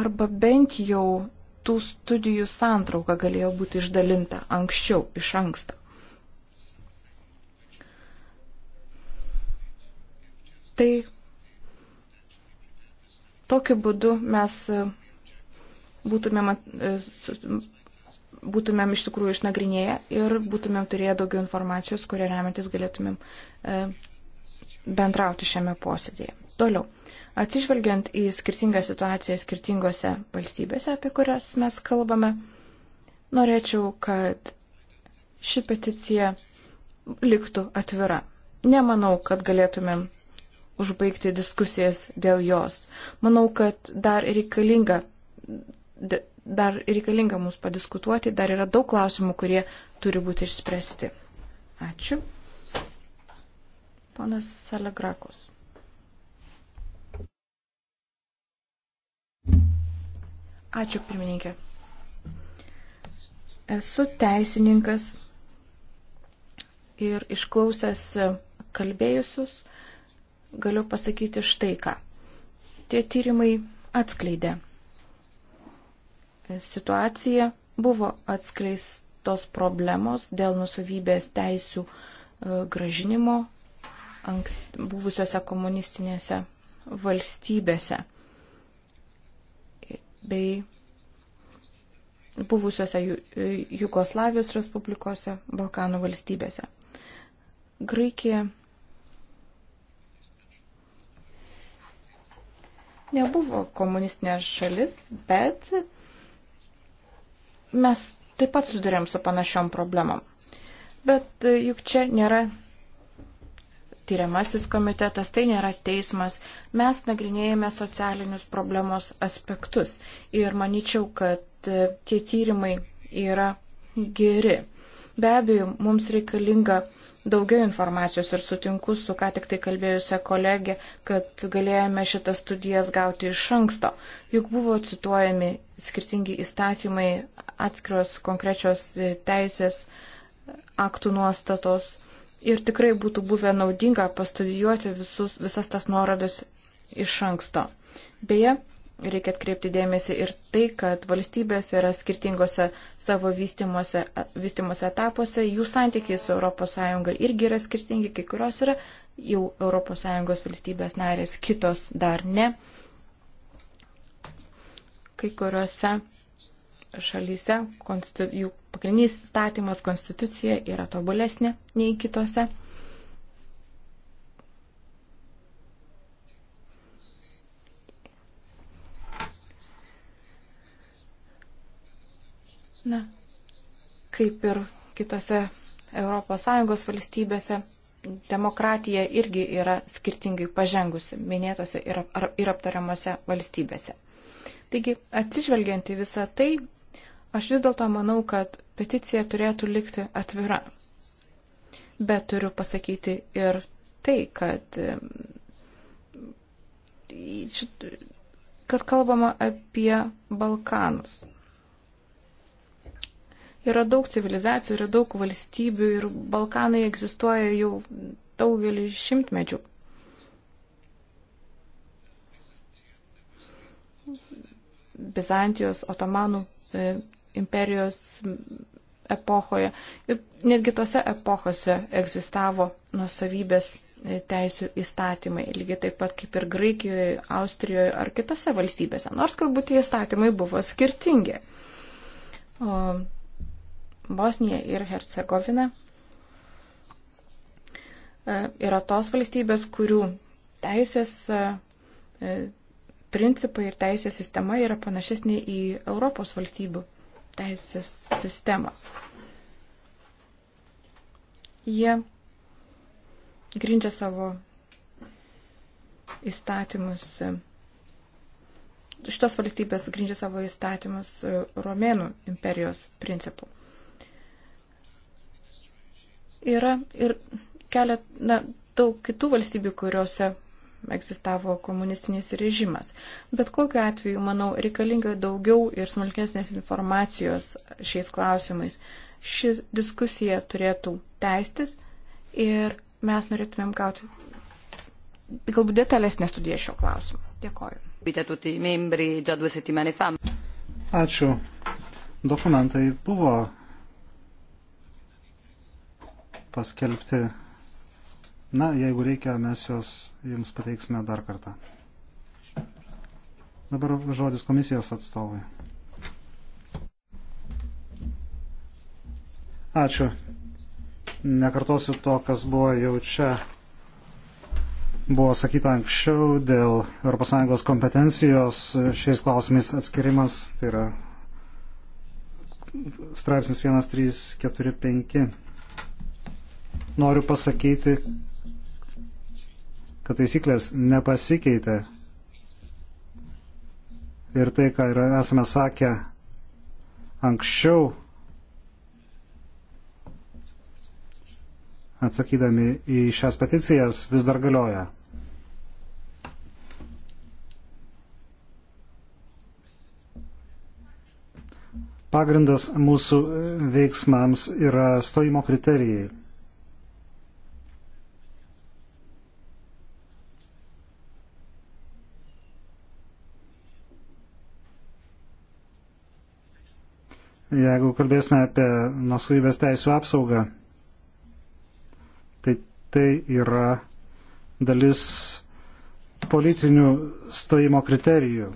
Arba bent jau tų studijų santrauka galėjo būti išdalinta anksčiau, iš anksto. Tai tokiu būdu mes e, būtumėm, e, būtumėm iš tikrųjų išnagrinėję ir būtumėm turėję daugiau informacijos, kurie remiantis galėtumėm e, bendrauti šiame posėdėje. Toliau. Atsižvelgiant į skirtingą situaciją skirtingose valstybėse, apie kurias mes kalbame, norėčiau, kad ši peticija liktų atvira. Nemanau, kad galėtumėm užbaigti diskusijas dėl jos. Manau, kad dar reikalinga, dar reikalinga mums padiskutuoti, dar yra daug klausimų, kurie turi būti išspręsti. Ačiū. Ponas Salegrakos. Ačiū, pirmininkė. Esu teisininkas ir išklausęs kalbėjusius galiu pasakyti štai ką. Tie tyrimai atskleidė. Situacija buvo atskleistos problemos dėl nusavybės teisių e, gražinimo ankst, buvusiose komunistinėse valstybėse bei buvusiose e, Jugoslavijos Respublikose, Balkanų valstybėse. Graikija nebuvo komunistinė šalis, bet mes taip pat susidurėm su panašiom problemom. Bet e, juk čia nėra tyriamasis komitetas, tai nėra teismas. Mes nagrinėjame socialinius problemos aspektus. Ir manyčiau, kad e, tie tyrimai yra geri. Be abejo, mums reikalinga daugiau informacijos ir sutinku su ką tik tai kalbėjusią kolegę, kad galėjome šitas studijas gauti iš anksto. Juk buvo cituojami skirtingi įstatymai, atskiros konkrečios e, teisės, aktų nuostatos ir tikrai būtų buvę naudinga pastudijuoti visus, visas tas nuorodas iš anksto. Beje, reikia atkreipti dėmesį ir tai, kad valstybės yra skirtingose savo vystimuose, vystimuose etapuose, jų santykiai su ES irgi yra skirtingi, kai kurios yra jau ES valstybės narės, kitos dar ne. Kai kuriuose šalyse jų pagrindinis statymas, konstitucija yra tobulesnė nei kitose. Na, kaip ir kitose ES valstybėse, demokratija irgi yra skirtingai pažengusi minėtose ir, ir aptariamose valstybėse. Taigi, atsižvelgiant į visą tai, aš vis dėlto manau, kad peticija turėtų likti atvira. Bet turiu pasakyti ir tai, kad, kad kalbama apie Balkanus. Yra daug civilizacijų, yra daug valstybių ir Balkanai egzistuoja jau daugelį šimtmečių. Bizantijos, Otomanų e, imperijos epochoje. Ir netgi tose epochose egzistavo nusavybės e, teisų įstatymai, lygiai taip pat kaip ir Graikijoje, Austrijoje ar kitose valstybėse, nors galbūt tie įstatymai buvo skirtingi. O Bosnija ir Hercegovina e, yra tos valstybės, kurių teisės e, e, principai ir teisės sistema yra panašesnė į Europos valstybių teisės sistemą. Jie grindžia savo įstatymus, šitos valstybės grindžia savo įstatymus Romėnų imperijos principų. Yra ir kelet, na, daug kitų valstybių, kuriuose egzistavo komunistinis režimas. Bet kokiu atveju, manau, reikalinga daugiau ir smulkesnės informacijos šiais klausimais. Ši diskusija turėtų teistis ir mes norėtumėm gauti galbūt detalesnę studiją šio klausimu. Dėkoju. Ačiū. Dokumentai buvo paskelbti. Na, jeigu reikia, mes juos jums pateiksime dar kartą. Dabar žodis komisijos atstovui. Ačiū. Nekartosiu to, kas buvo jau čia. Buvo sakyta anksčiau dėl ES kompetencijos šiais klausimais atskirimas, tai yra straipsnis 1345 noriu pasakyti, kad taisyklės nepasikeitė. Ir tai, ką yra, esame sakę anksčiau, atsakydami į šias peticijas, vis dar galioja. Pagrindas mūsų veiksmams yra stojimo kriterijai. Jeigu kalbėsime apie nusavybės teisų apsaugą, tai tai yra dalis politinių stojimo kriterijų.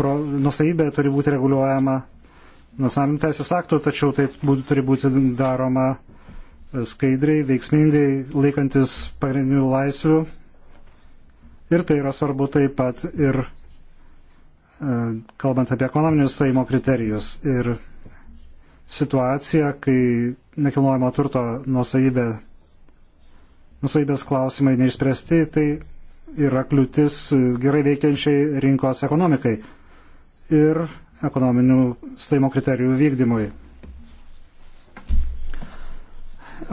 Pro, nusavybė turi būti reguliuojama nacionalinių teisės aktų, tačiau tai būtų, turi būti daroma skaidriai, veiksmingai, laikantis pagrindinių laisvių. Ir tai yra svarbu taip pat ir kalbant apie ekonominius stojimo kriterijus ir situaciją, kai nekilnojamo turto nusavybė, nusavybės klausimai neišspręsti, tai yra kliūtis gerai veikiančiai rinkos ekonomikai ir ekonominių stojimo kriterijų vykdymui.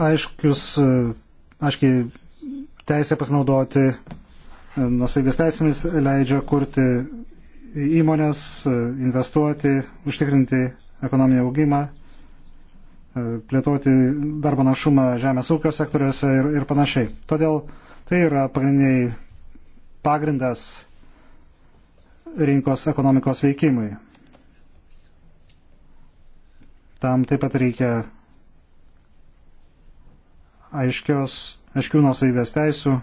Aiškius, aiškiai, teisė pasinaudoti nusaidės teisėmis leidžia kurti įmonės e, investuoti, užtikrinti ekonominį augimą, e, plėtoti darbo našumą žemės ūkio sektoriuose ir, ir panašiai. Todėl tai yra pagrindiniai pagrindas rinkos ekonomikos veikimui. Tam taip pat reikia aiškios, aiškių nusaivės teisų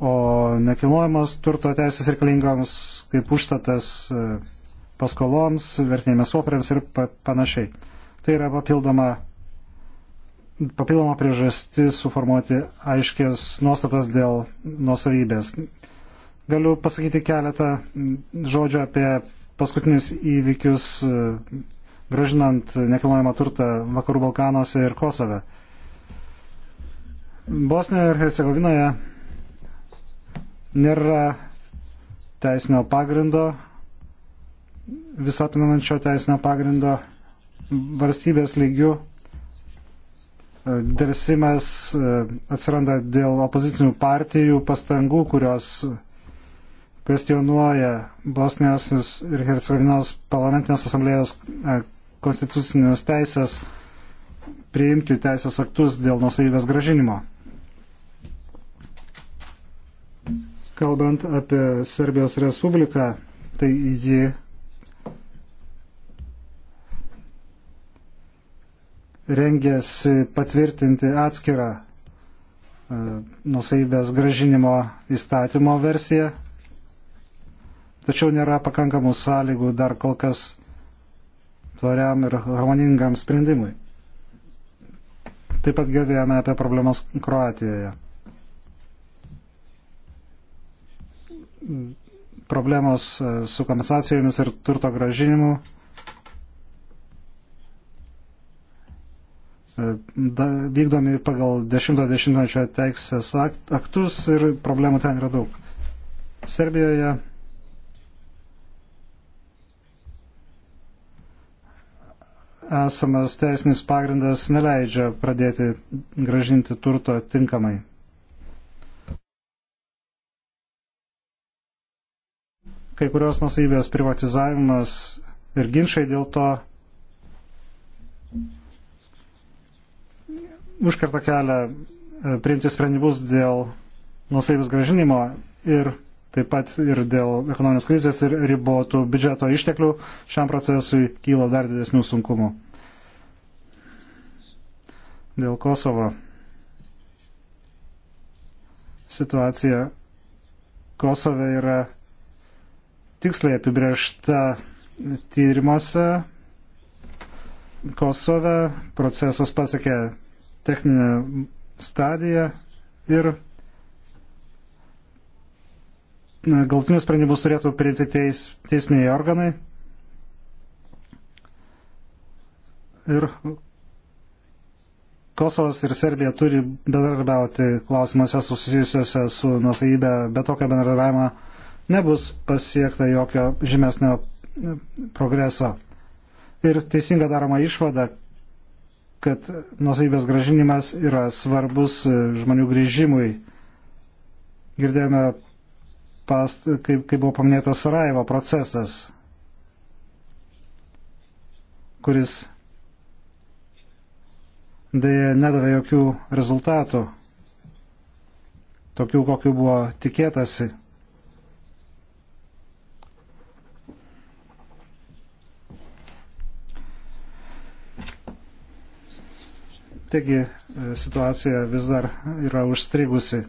o nekilnojamos turto teisės reikalingoms kaip užstatas e, paskoloms, vertinėmis popieriams ir pa panašiai. Tai yra papildoma, papildoma priežastis suformuoti aiškės nuostatas dėl nuosavybės. Galiu pasakyti keletą žodžių apie paskutinius įvykius e, gražinant nekilnojamą turtą Vakarų Balkanuose ir Kosove. Bosnijoje ir Hercegovinoje nėra teisinio pagrindo, visapimančio teisinio pagrindo valstybės lygių. E, dersimas e, atsiranda dėl opozicinių partijų pastangų, kurios kvestionuoja Bosnijos ir Hercegovinos parlamentinės asamblėjos e, konstitucinės teisės priimti teisės aktus dėl nusavybės gražinimo. Kalbant apie Serbijos Respubliką, tai ji rengėsi patvirtinti atskirą e, nusaibės gražinimo įstatymo versiją, tačiau nėra pakankamų sąlygų dar kol kas tvariam ir harmoningam sprendimui. Taip pat girdėjome apie problemas Kroatijoje. problemos e, su kompensacijomis ir turto gražinimu. E, da, vykdomi pagal 10-mečio teisės aktus ir problemų ten yra daug. Serbijoje esamas teisinis pagrindas neleidžia pradėti gražinti turto tinkamai. kai kurios nusavybės privatizavimas ir ginčiai dėl to užkerta kelią e, priimti sprendimus dėl nusavybės gražinimo ir taip pat ir dėl ekonominės krizės ir ribotų biudžeto išteklių šiam procesui kyla dar didesnių sunkumų. Dėl Kosovo situacija Kosove yra tiksliai apibriešta tyrimuose. Kosove procesas pasiekė techninę stadiją ir galtinius sprendimus turėtų priimti teis, teisminiai organai. Ir Kosovas ir Serbija turi bendradarbiauti klausimuose susijusiuose su nusavybė, bet tokio bendradarbiavimo nebus pasiekta jokio žymesnio e, progreso. Ir teisinga daroma išvada, kad nusavybės gražinimas yra svarbus e, žmonių grįžimui. Girdėjome, past, kaip, kaip buvo paminėtas Sarajevo procesas, kuris dėja nedavė jokių rezultatų, tokių, kokių buvo tikėtasi. Taigi e, situacija vis dar yra užstrigusi.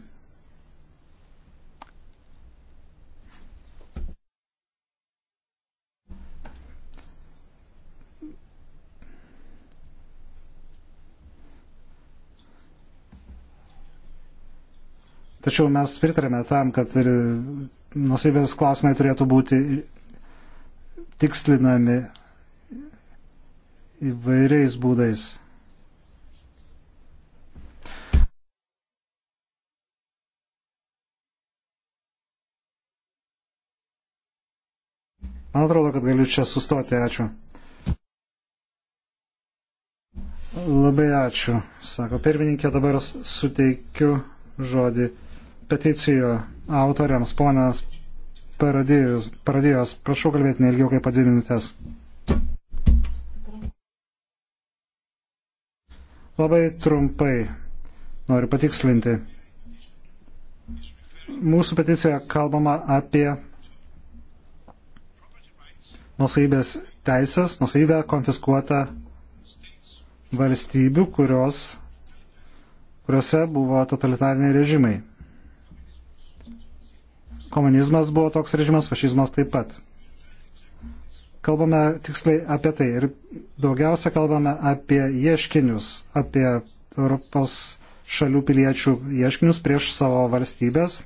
Tačiau mes pritarėme tam, kad nusavybės klausimai turėtų būti tikslinami įvairiais būdais. Man atrodo, kad galiu čia sustoti. Ačiū. Labai ačiū, sako pirmininkė, dabar suteikiu žodį peticijų autoriams, ponas Paradijos, paradijos. Prašau kalbėti neilgiau kaip po dvi minutės. Labai trumpai noriu patikslinti. Mūsų peticijoje kalbama apie nusaibės teisės, nusaibę konfiskuota valstybių, kurios, kuriuose buvo totalitariniai režimai. Komunizmas buvo toks režimas, fašizmas taip pat. Kalbame tiksliai apie tai ir daugiausia kalbame apie ieškinius, apie Europos šalių piliečių ieškinius prieš savo valstybės.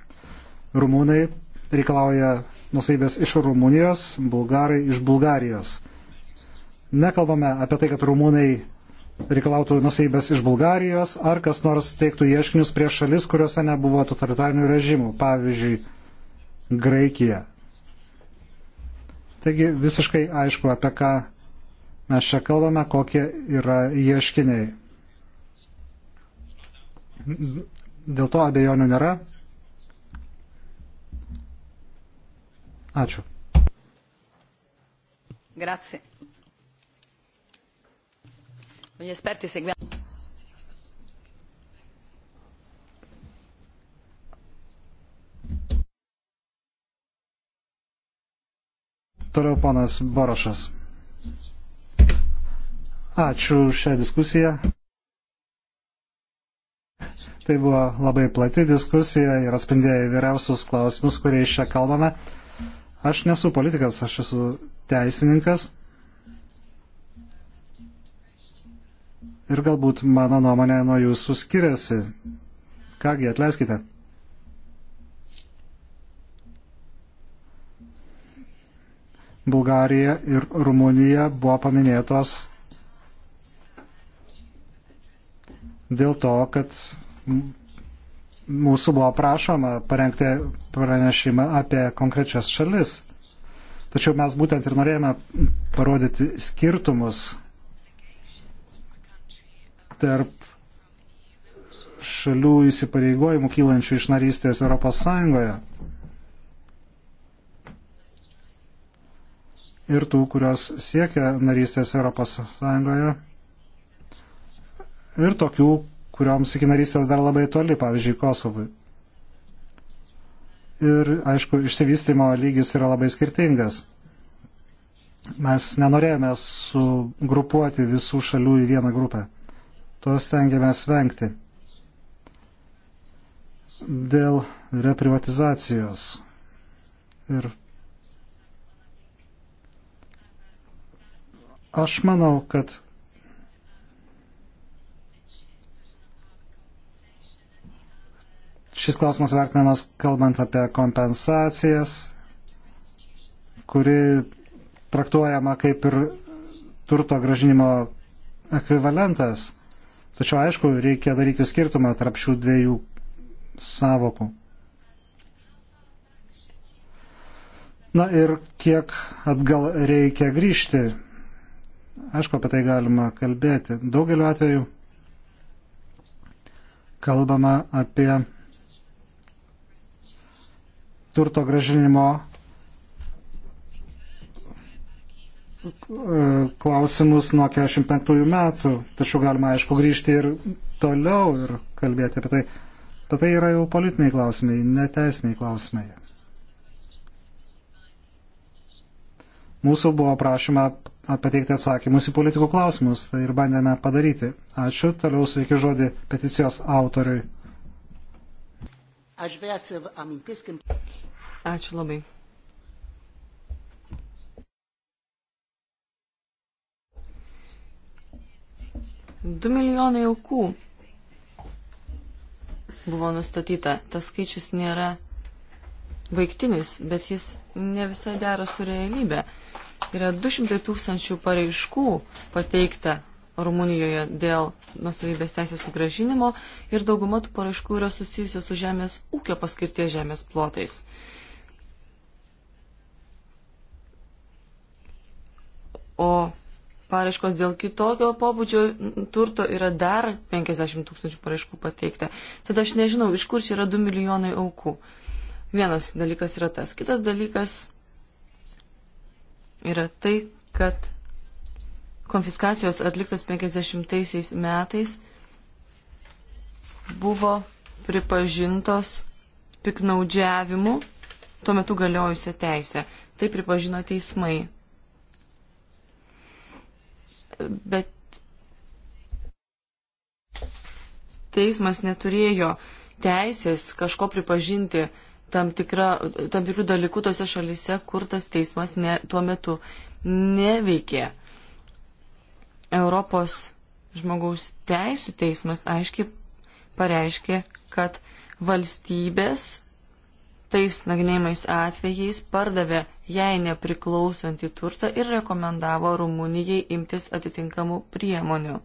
Rumūnai reikalauja nusaibės iš Rumunijos, bulgarai iš Bulgarijos. Nekalbame apie tai, kad rumūnai reikalautų nusaibės iš Bulgarijos ar kas nors teiktų ieškinius prieš šalis, kuriuose nebuvo totalitarinių režimų, pavyzdžiui, Graikija. Taigi visiškai aišku, apie ką mes čia kalbame, kokie yra ieškiniai. Dėl to abejonių nėra. Ačiū. Grazie. Gli esperti seguiamo. Toliau ponas Borošas. Ačiū šią diskusiją. Tai buvo labai plati diskusija ir atspindėjo įvairiausius klausimus, kuriais čia kalbame. Aš nesu politikas, aš esu teisininkas. Ir galbūt mano nuomonė nuo jūsų skiriasi. Kągi, atleiskite. Bulgarija ir Rumunija buvo paminėtos dėl to, kad mūsų buvo prašoma parengti pranešimą apie konkrečias šalis. Tačiau mes būtent ir norėjome parodyti skirtumus tarp šalių įsipareigojimų kylančių iš narystės Europos Sąjungoje ir tų, kurios siekia narystės Europos Sąjungoje ir tokių, kurioms iki narystės dar labai toli, pavyzdžiui, Kosovui. Ir, aišku, išsivystimo lygis yra labai skirtingas. Mes nenorėjome sugrupuoti visų šalių į vieną grupę. To stengiamės vengti. Dėl reprivatizacijos ir Aš manau, kad Šis klausimas vertinamas kalbant apie kompensacijas, kuri traktuojama kaip ir turto gražinimo ekvivalentas. Tačiau aišku, reikia daryti skirtumą tarp šių dviejų savokų. Na ir kiek atgal reikia grįžti. Aišku, apie tai galima kalbėti. Daugeliu atveju kalbama apie turto gražinimo e, klausimus nuo 45 metų, tačiau galima aišku grįžti ir toliau ir kalbėti apie tai. Bet tai yra jau politiniai klausimai, neteisiniai klausimai. Mūsų buvo prašyma pateikti atsakymus į politikų klausimus, tai ir bandėme padaryti. Ačiū, toliau sveikiu žodį peticijos autoriui. Aș vrea să vă amintesc... În... Ačiū labai. Du milijonai aukų buvo nustatyta. Tas skaičius nėra baigtinis, bet jis ne visai dera su realybė. Yra 200 tūkstančių pareiškų pateikta Rumunijoje dėl nusavybės teisės sugražinimo ir dauguma tų paraiškų yra susijusios su žemės ūkio paskirties žemės plotais. O paraiškos dėl kitokio pobūdžio turto yra dar 50 tūkstančių paraiškų pateikta. Tad aš nežinau, iš kur čia yra 2 milijonai aukų. Vienas dalykas yra tas. Kitas dalykas yra tai, kad konfiskacijos atliktos 50 metais buvo pripažintos piknaudžiavimu tuo metu galiojusią teisę. Tai pripažino teismai. Bet teismas neturėjo teisės kažko pripažinti tam, tikra, tam tikrų dalykų tose šalise, kur tas teismas ne, tuo metu neveikė. Europos žmogaus teisų teismas aiškiai pareiškė, kad valstybės tais nagrinėjimais atvejais pardavė jai nepriklausantį turtą ir rekomendavo Rumunijai imtis atitinkamų priemonių.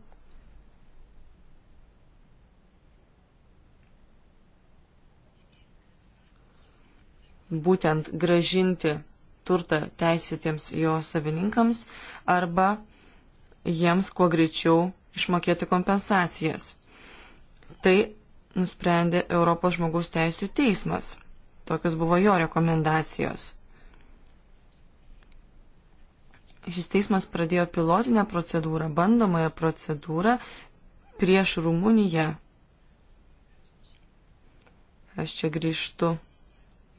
Būtent gražinti turtą teisėtiems jo savininkams arba jiems kuo greičiau išmokėti kompensacijas. Tai nusprendė Europos žmogaus teisų teismas. Tokios buvo jo rekomendacijos. Šis teismas pradėjo pilotinę procedūrą, bandomąją procedūrą prieš Rumuniją. Aš čia grįžtu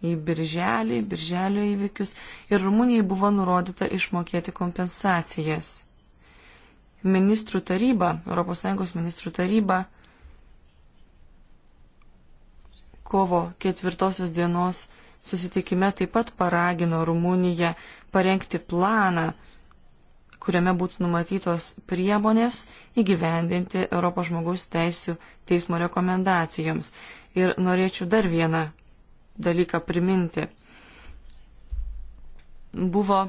į birželį, birželio įvykius ir Rumunijai buvo nurodyta išmokėti kompensacijas ministrų taryba, ES ministrų taryba kovo ketvirtosios dienos susitikime taip pat paragino Rumuniją parengti planą, kuriame būtų numatytos priemonės įgyvendinti Europos žmogaus teisų teismo rekomendacijoms. Ir norėčiau dar vieną dalyką priminti. Buvo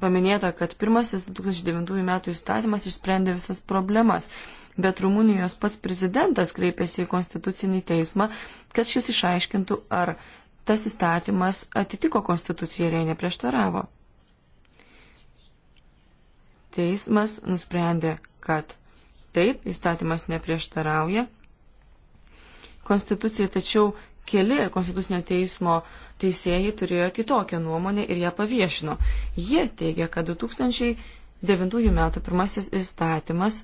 paminėta, kad pirmasis 2009 metų įstatymas išsprendė visas problemas, bet Rumunijos pats prezidentas kreipėsi į konstitucinį teismą, kad šis išaiškintų, ar tas įstatymas atitiko konstituciją ir jai neprieštaravo. Teismas nusprendė, kad taip, įstatymas neprieštarauja konstitucijai, tačiau keli konstitucinio teismo uh, teisėjai turėjo kitokią nuomonę ir ją paviešino. Jie teigia, kad 2009 metų pirmasis įstatymas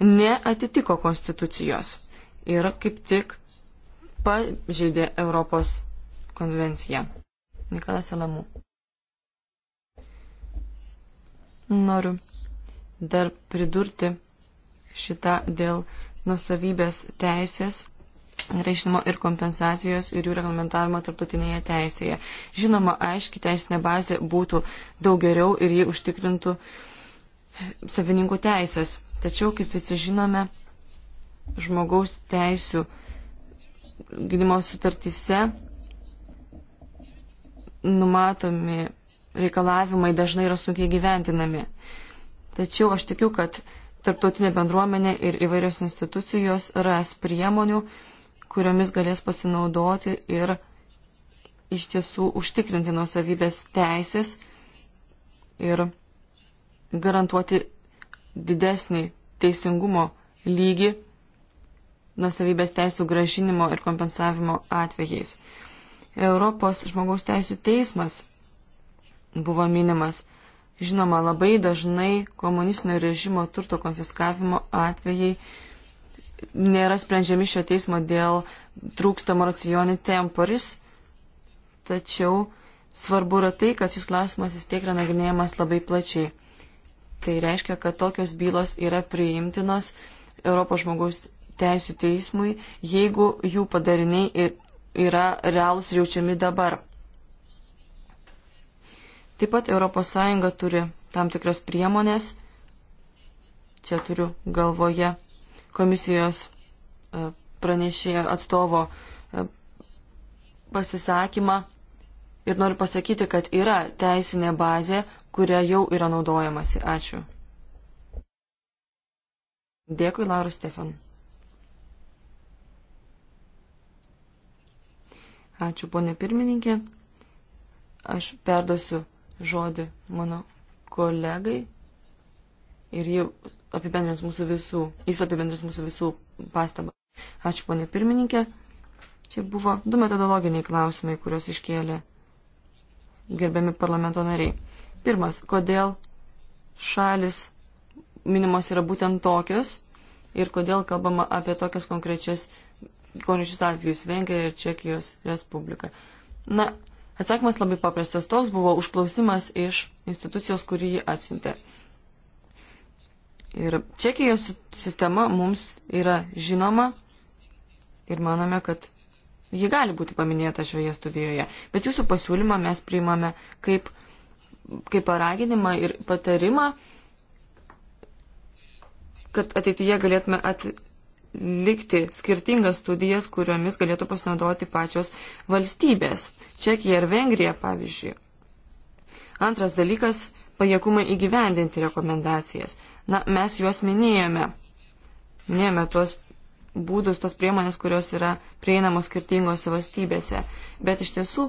neatitiko konstitucijos ir kaip tik pažeidė Europos konvenciją. Nikolas Elamų. Noriu dar pridurti šitą dėl nusavybės teisės grąžinimo ir kompensacijos ir jų reglamentavimo tarptautinėje teisėje. Žinoma, aiški teisinė bazė būtų daug geriau ir jį užtikrintų savininkų teisės. Tačiau, kaip visi žinome, žmogaus teisų gynimo sutartyse numatomi reikalavimai dažnai yra sunkiai gyventinami. Tačiau aš tikiu, kad tarptautinė bendruomenė ir įvairios institucijos ras priemonių, kuriomis galės pasinaudoti ir iš tiesų užtikrinti nuosavybės teisės ir garantuoti didesnį teisingumo lygį nuosavybės teisų gražinimo ir kompensavimo atvejais. Europos žmogaus teisų teismas buvo minimas. Žinoma, labai dažnai komunistinio režimo turto konfiskavimo atvejai nėra sprendžiami šio teismo dėl trūkstamo racijonį temporis, tačiau svarbu yra tai, kad šis klausimas vis tiek yra nagrinėjamas labai plačiai. Tai reiškia, kad tokios bylos yra priimtinos Europos žmogaus teisų teismui, jeigu jų padariniai yra realūs ir jaučiami dabar. Taip pat ES turi tam tikras priemonės, čia turiu galvoje komisijos e, pranešėjo atstovo e, pasisakymą ir noriu pasakyti, kad yra teisinė bazė, kuria jau yra naudojamasi. Ačiū. Dėkui, Laura Stefan. Ačiū, ponė pirmininkė. Aš perduosiu žodį mano kolegai ir ji apibendrins mūsų visų, jis apibendrins mūsų visų pastabą. Ačiū, ponė pirmininkė. Čia buvo du metodologiniai klausimai, kuriuos iškėlė gerbiami parlamento nariai. Pirmas, kodėl šalis minimos yra būtent tokios ir kodėl kalbama apie tokias konkrečias, konkrečius atvejus Vengrija ir Čekijos Respublika. Na, atsakymas labai paprastas toks buvo užklausimas iš institucijos, kurį jį atsiuntė. Ir Čekijos sistema mums yra žinoma ir manome, kad ji gali būti paminėta šioje studijoje. Bet jūsų pasiūlymą mes priimame kaip, kaip paraginimą ir patarimą, kad ateityje galėtume atlikti skirtingas studijas, kuriomis galėtų pasinaudoti pačios valstybės. Čekija ir Vengrija, pavyzdžiui. Antras dalykas - pajėgumai įgyvendinti rekomendacijas. Na, mes juos minėjome. Minėjome tuos būdus, tos priemonės, kurios yra prieinamos skirtingose valstybėse. Bet iš tiesų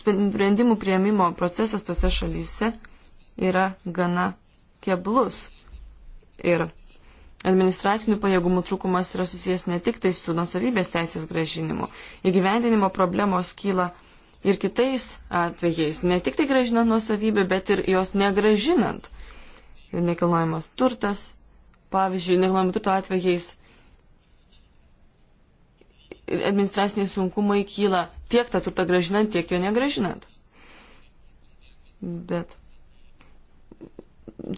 sprendimų prieimimo procesas tose šalyse yra gana keblus. Ir administracinių pajėgumų trūkumas yra susijęs ne tik tai su nusavybės teisės gražinimu. Įgyvendinimo problemos kyla ir kitais atvejais, ne tik tai gražinant nusavybę, bet ir jos negražinant nekilnojamas turtas, pavyzdžiui, nekilnojamo turto atvejais administraciniai sunkumai kyla tiek tą turtą gražinant, tiek jo negražinant. Bet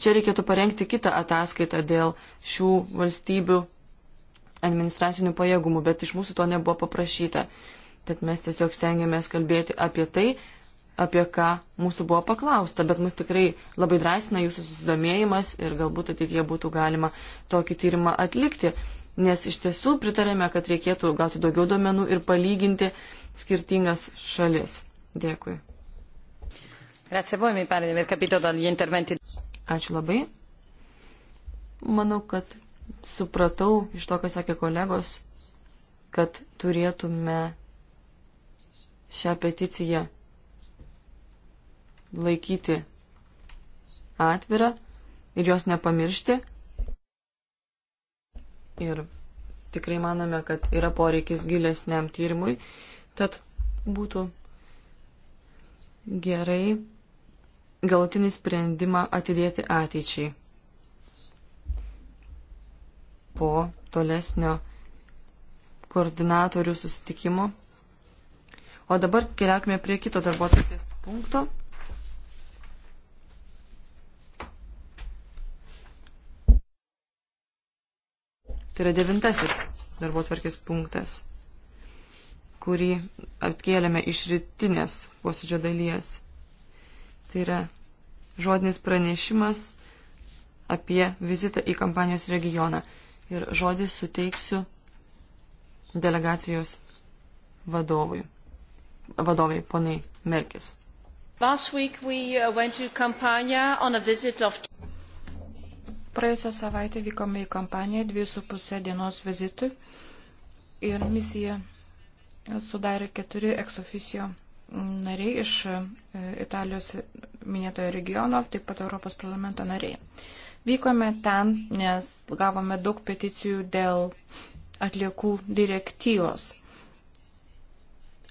čia reikėtų parengti kitą ataskaitą dėl šių valstybių administracinių pajėgumų, bet iš mūsų to nebuvo paprašyta. Tad mes tiesiog stengiamės kalbėti apie tai, apie ką mūsų buvo paklausta, bet mus tikrai labai drąsina jūsų susidomėjimas ir galbūt ateityje būtų galima tokį tyrimą atlikti, nes iš tiesų pritarėme, kad reikėtų gauti daugiau duomenų ir palyginti skirtingas šalis. Dėkui. Ačiū labai. Manau, kad supratau iš to, ką sakė kolegos, kad turėtume šią peticiją laikyti atvirą ir jos nepamiršti. Ir tikrai manome, kad yra poreikis gilesniam tyrimui, tad būtų gerai galutinį sprendimą atidėti ateičiai po tolesnio koordinatorių susitikimo. O dabar keliaukime prie kito darbo punkto. Tai yra devintasis darbo tvarkės punktas, kurį atkėlėme iš rytinės posėdžio dalies. Tai yra žodinis pranešimas apie vizitą į kampanijos regioną. Ir žodį suteiksiu delegacijos vadovui. Vadovai, poniai Merkis. Last week we uh, went to Campania on a visit of Praėjusią savaitę vykome į kampaniją 2,5 dienos vizitui ir misiją sudarė keturi eksoficijo nariai iš e, Italijos minėtojo regiono, taip pat Europos parlamento nariai. Vykome ten, nes gavome daug peticijų dėl atliekų direktyvos.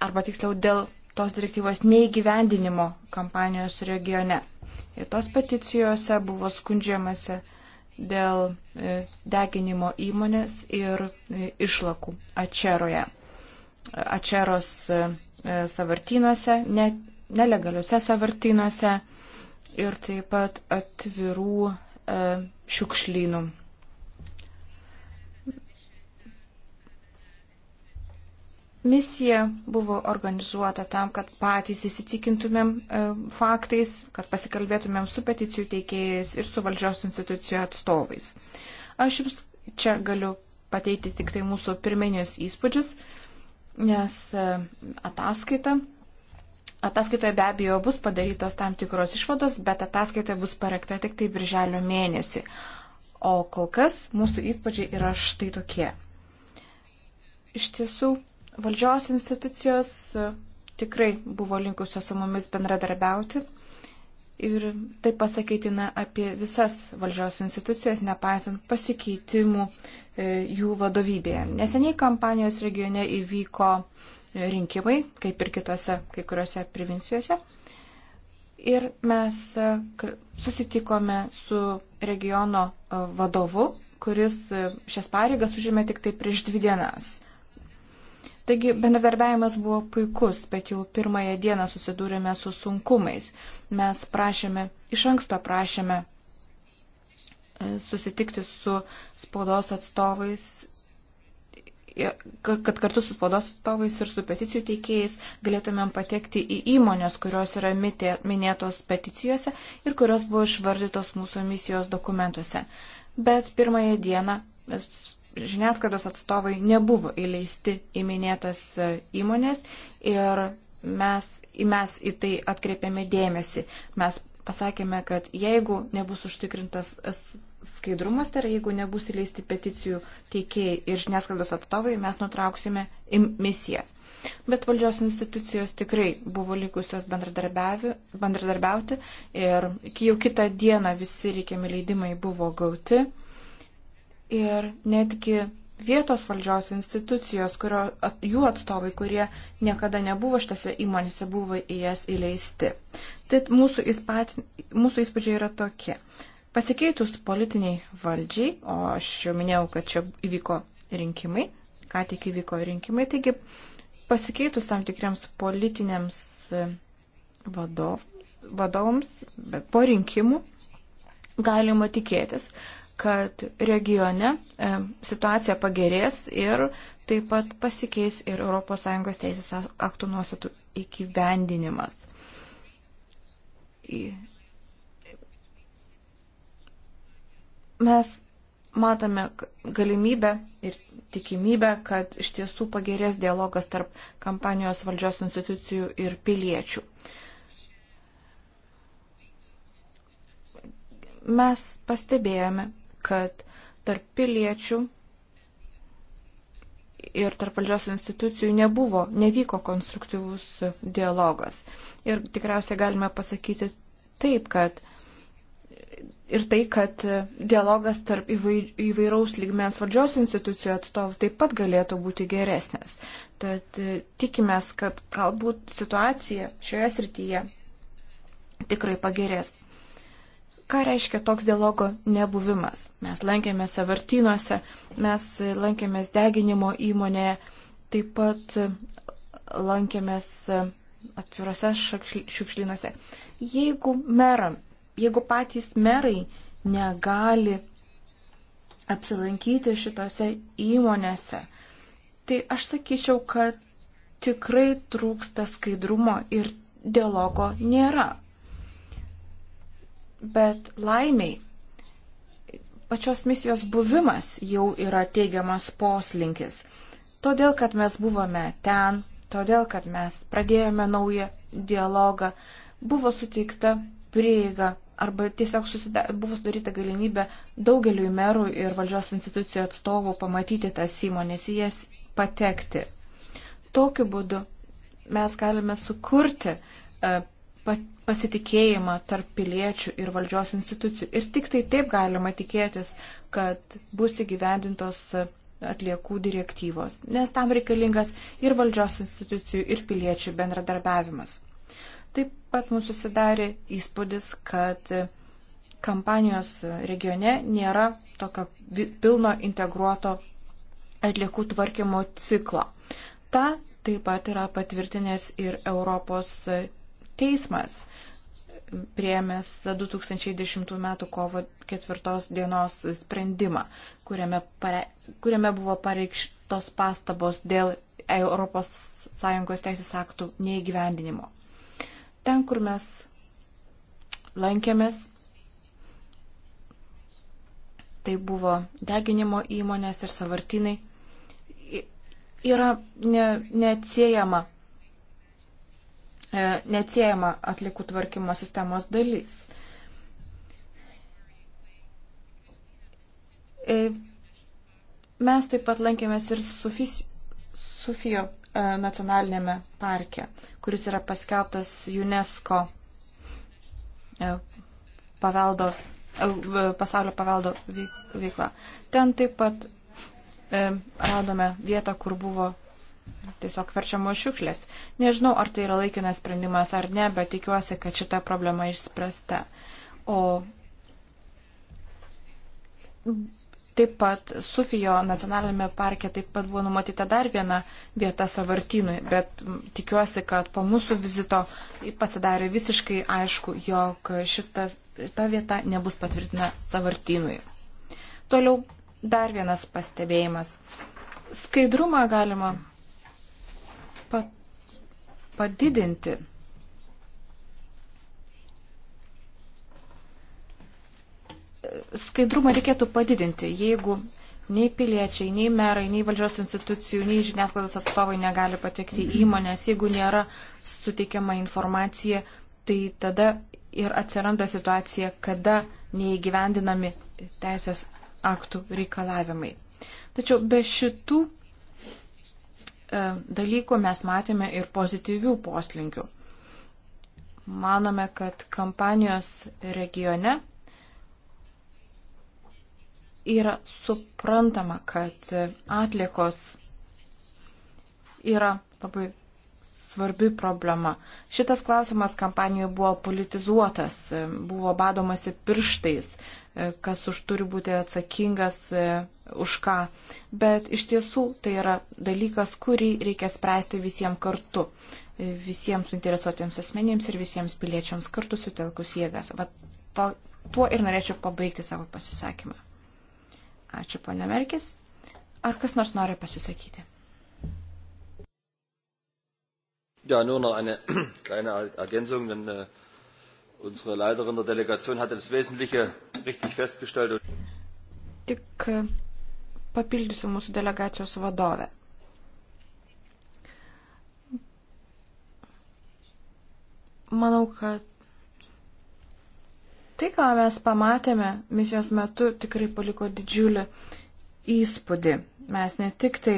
Arba tiksliau dėl tos direktyvos neįgyvendinimo kampanijos regione. Ir tos peticijose buvo skundžiamasi dėl e, deginimo įmonės ir e, išlakų Ačeroje. Ačeros e, savartynuose, ne, nelegaliuose savartynuose ir taip pat atvirų šiukšlynų Misija buvo organizuota tam, kad patys įsitikintumėm e, faktais, kad pasikalbėtumėm su peticijų teikėjais ir su valdžios institucijų atstovais. Aš jums čia galiu pateikti tik tai mūsų pirminius įspūdžius, nes e, ataskaita. Ataskaitoje be abejo bus padarytos tam tikros išvados, bet ataskaita bus parekta tik tai birželio mėnesį. O kol kas mūsų įspūdžiai yra štai tokie. Iš tiesų, Valdžios institucijos tikrai buvo linkusios su mumis bendradarbiauti. Ir tai pasakytina apie visas valdžios institucijas, nepaisant pasikeitimų e, jų vadovybėje. Neseniai kampanijos regione įvyko e, rinkimai, kaip ir kitose, kai kuriuose provincijose. Ir mes e, susitikome su regiono vadovu, kuris šias pareigas užėmė tik tai prieš dvi dienas. Taigi bendradarbiavimas buvo puikus, bet jau pirmąją dieną susidūrėme su sunkumais. Mes prašėme, iš anksto prašėme e, susitikti su spaudos atstovais e, kad kartu su spaudos atstovais ir su peticijų teikėjais galėtumėm patekti į įmonės, kurios yra mitė, minėtos peticijose ir kurios buvo išvardytos mūsų misijos dokumentuose. Bet pirmąją dieną žiniasklaidos atstovai nebuvo įleisti į minėtas e, įmonės ir mes, mes į tai atkreipėme dėmesį. Mes pasakėme, kad jeigu nebus užtikrintas skaidrumas, tai yra jeigu nebus įleisti peticijų teikėjai ir žiniasklaidos atstovai, mes nutrauksime misiją. Bet valdžios institucijos tikrai buvo likusios bendradarbiauti ir jau kitą dieną visi reikiami leidimai buvo gauti ir netgi vietos valdžios institucijos, kurio, at, jų atstovai, kurie niekada nebuvo šitose įmonėse, buvo į jas įleisti. Tai mūsų, įspat, mūsų įspūdžiai yra tokie. Pasikeitus politiniai valdžiai, o aš jau minėjau, kad čia įvyko rinkimai, ką tik įvyko rinkimai, taigi pasikeitus tam tikriams politiniams e, vadovams, vadovams po rinkimų galima tikėtis, kad regione e, situacija pagerės ir taip pat pasikeis ir ES teisės aktų nuostatų įgyvendinimas. Mes matome galimybę ir tikimybę, kad iš tiesų pagerės dialogas tarp kampanijos valdžios institucijų ir piliečių. Mes pastebėjome, kad tarp piliečių ir tarp valdžios institucijų nebuvo, nevyko konstruktyvus dialogas. Ir tikriausiai galime pasakyti taip, kad ir tai, kad dialogas tarp įvairaus lygmens valdžios institucijų atstovų taip pat galėtų būti geresnis. Tad e, tikimės, kad galbūt situacija šioje srityje tikrai pagerės. Ką reiškia toks dialogo nebuvimas? Mes lankėmės savartynuose, mes lankėmės deginimo įmonėje, taip pat lankėmės atvirose šiukšlinuose. Jeigu meram, jeigu patys merai negali apsilankyti šitose įmonėse, tai aš sakyčiau, kad tikrai trūksta skaidrumo ir dialogo nėra bet laimiai pačios misijos buvimas jau yra teigiamas poslinkis. Todėl, kad mes buvome ten, todėl, kad mes pradėjome naują dialogą, buvo suteikta prieiga arba tiesiog susida, buvo sudaryta galimybė daugeliu merų ir valdžios institucijų atstovų pamatyti tas įmonės, į jas patekti. Tokiu būdu mes galime sukurti e, pasitikėjimą tarp piliečių ir valdžios institucijų. Ir tik tai taip galima tikėtis, kad bus įgyvendintos atliekų direktyvos, nes tam reikalingas ir valdžios institucijų, ir piliečių bendradarbiavimas. Taip pat mums susidarė įspūdis, kad kampanijos regione nėra tokio pilno integruoto atliekų tvarkymo ciklo. Ta taip pat yra patvirtinęs ir Europos teismas priemęs 2010 m. kovo 4 dienos sprendimą, kuriame, pare, kuriame buvo pareikštos pastabos dėl ES teisės aktų neįgyvendinimo. Ten, kur mes lankėmės, tai buvo deginimo įmonės ir savartinai, yra ne, neatsiejama E, neatsiejama atlikų tvarkymo sistemos dalis. E, mes taip pat lankėmės ir Sufis, Sufijo e, nacionalinėme parke, kuris yra paskelbtas UNESCO paveldo, pasaulio paveldo veikla. Ten taip pat radome vietą, kur buvo tiesiog verčiamos šiuklės. Nežinau, ar tai yra laikinas sprendimas ar ne, bet tikiuosi, kad šita problema išspręsta. O taip pat Sufijo nacionalinėme parke taip pat buvo numatyta dar viena vieta savartynui, bet tikiuosi, kad po mūsų vizito pasidarė visiškai aišku, jog šita, šita vieta nebus patvirtina savartynui. Toliau dar vienas pastebėjimas. Skaidrumą galima padidinti. Skaidrumą reikėtų padidinti, jeigu nei piliečiai, nei merai, nei valdžios institucijų, nei žiniasklaidos atstovai negali patekti į įmonės, jeigu nėra suteikiama informacija, tai tada ir atsiranda situacija, kada neįgyvendinami teisės aktų reikalavimai. Tačiau be šitų E, dalykų mes matėme ir pozityvių poslinkių. Manome, kad kampanijos regione yra suprantama, kad atlikos yra labai svarbi problema. Šitas klausimas kampanijoje buvo politizuotas, buvo badomasi pirštais, kas už turi būti atsakingas e, už ką. Bet iš tiesų tai yra dalykas, kurį reikia spręsti visiems kartu, e, visiems suinteresuotiems asmenėms ir visiems piliečiams kartu sutelkus jėgas. Va, to, tuo ir norėčiau pabaigti savo pasisakymą. Ačiū, ponia Merkis. Ar kas nors nori pasisakyti? Ja, nur noch eine kleine Ergänzung, denn äh, unsere Leiterin der Delegation hat das Wesentliche richtig festgestellt. Tik papildysiu mūsų delegacijos vadovę. Manau, kad tai, ką mes pamatėme misijos metu, tikrai paliko didžiulį įspūdį. Mes ne tik tai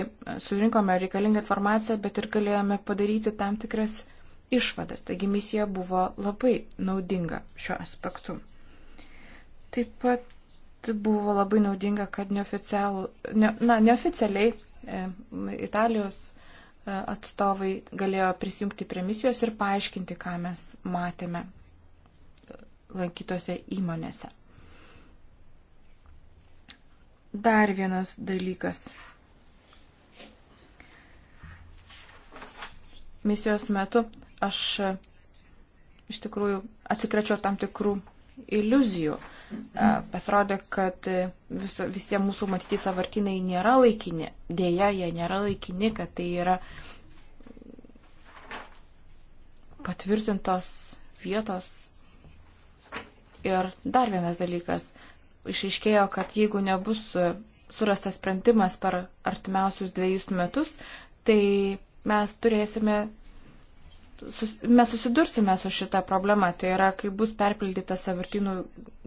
surinkome reikalingą informaciją, bet ir galėjome padaryti tam tikras išvadas. Taigi misija buvo labai naudinga šiuo aspektu. Taip pat buvo labai naudinga, kad neoficialų, ne, na, neoficialiai e, Italijos e, atstovai galėjo prisijungti prie misijos ir paaiškinti, ką mes matėme e, lankytose įmonėse. Dar vienas dalykas. Misijos metu aš e, iš tikrųjų atsikračiau tam tikrų iliuzijų. Pasirodė, kad viso, visie mūsų matyti savartinai nėra laikini. Dėja, jie nėra laikini, kad tai yra patvirtintos vietos. Ir dar vienas dalykas. Išaiškėjo, kad jeigu nebus surastas sprendimas per artimiausius dviejus metus, tai mes turėsime sus, mes susidursime su šita problema. Tai yra, kai bus perpildytas savartinų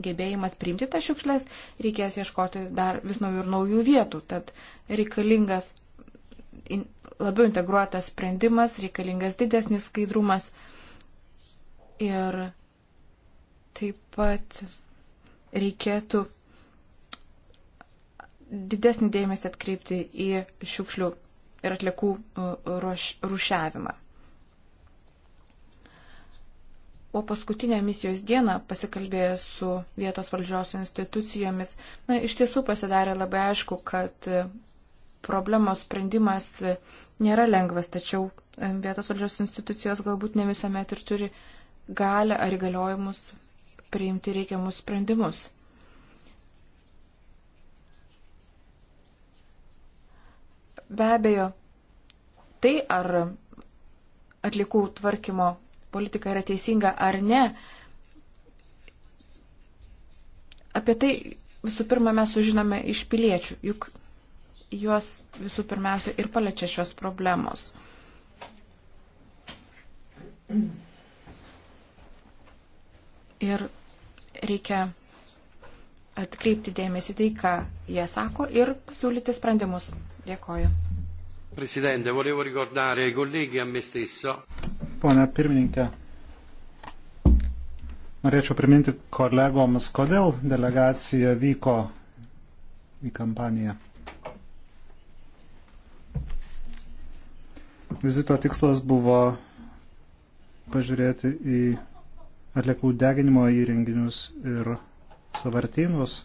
gebėjimas priimti tas šiukšlės, reikės ieškoti dar vis naujų ir naujų vietų. Tad reikalingas in, labiau integruotas sprendimas, reikalingas didesnis skaidrumas. Ir taip pat reikėtų didesnį dėmesį atkreipti į šiukšlių ir atliekų uh, rušiavimą. O paskutinę misijos dieną pasikalbėję su vietos valdžios institucijomis, na, iš tiesų pasidarė labai aišku, kad e, problemos sprendimas e, nėra lengvas, tačiau e, vietos valdžios institucijos galbūt ne visuomet ir turi galę ar įgaliojimus priimti reikiamus sprendimus. Be abejo, tai ar atlikų tvarkymo politika yra teisinga ar ne, apie tai visų pirma mes sužinome iš piliečių, juk juos visų pirmiausia ir paliečia šios problemos. Ir reikia atkreipti dėmesį tai, ką jie sako ir pasiūlyti sprendimus. Dėkoju. Presidente, volevo ricordare ai colleghi e a me stesso. Pone pirmininkė, norėčiau priminti kolegoms, kodėl delegacija vyko į kampaniją. Vizito tikslas buvo pažiūrėti į atliekų deginimo įrenginius ir savartynus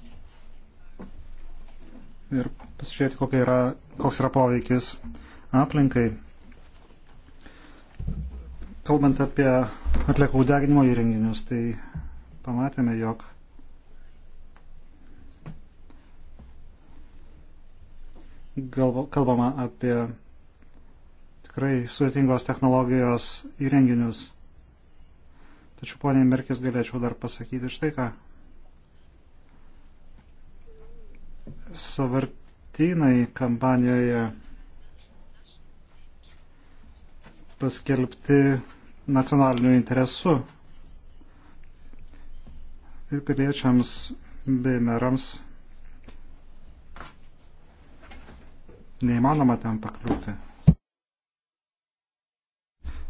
ir pasižiūrėti, yra, koks yra poveikis aplinkai. Kalbant apie atliekų deginimo įrenginius, tai pamatėme, jog galvo, kalbama apie tikrai sudėtingos technologijos įrenginius. Tačiau poniai Merkis galėčiau dar pasakyti štai ką. Savartinai kampanijoje paskelbti nacionaliniu interesu ir piliečiams bei merams neįmanoma ten pakliūti.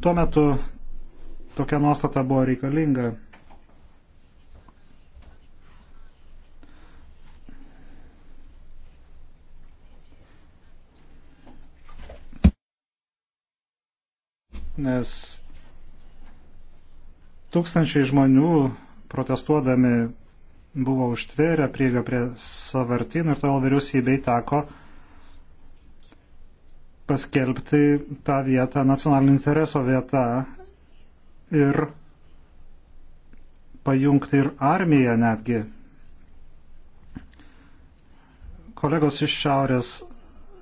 Tuo metu tokia nuostata buvo reikalinga. Nes Tūkstančiai žmonių protestuodami buvo užtvėrę prieigą prie savartynų ir todėl vyriausybei teko paskelbti tą vietą nacionalinio intereso vieta ir pajungti ir armiją netgi. Kolegos iš Šiaurės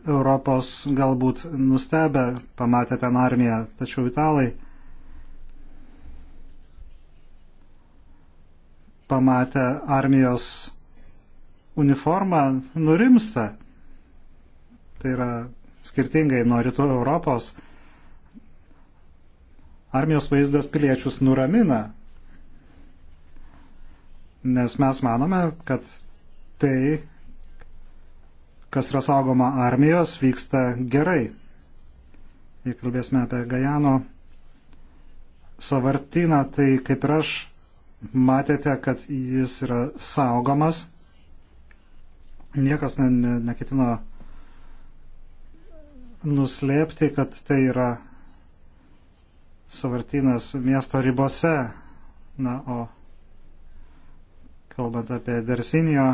Europos galbūt nustebę pamatė ten armiją, tačiau italai pamatę armijos uniformą nurimsta. Tai yra skirtingai nuo rytų Europos. Armijos vaizdas piliečius nuramina, nes mes manome, kad tai, kas yra saugoma armijos, vyksta gerai. Jei kalbėsime apie Gajano savartyną, tai kaip ir aš matėte, kad jis yra saugomas. Niekas ne, ne, neketino nuslėpti, kad tai yra savartinas miesto ribose. Na, o kalbant apie Dersinio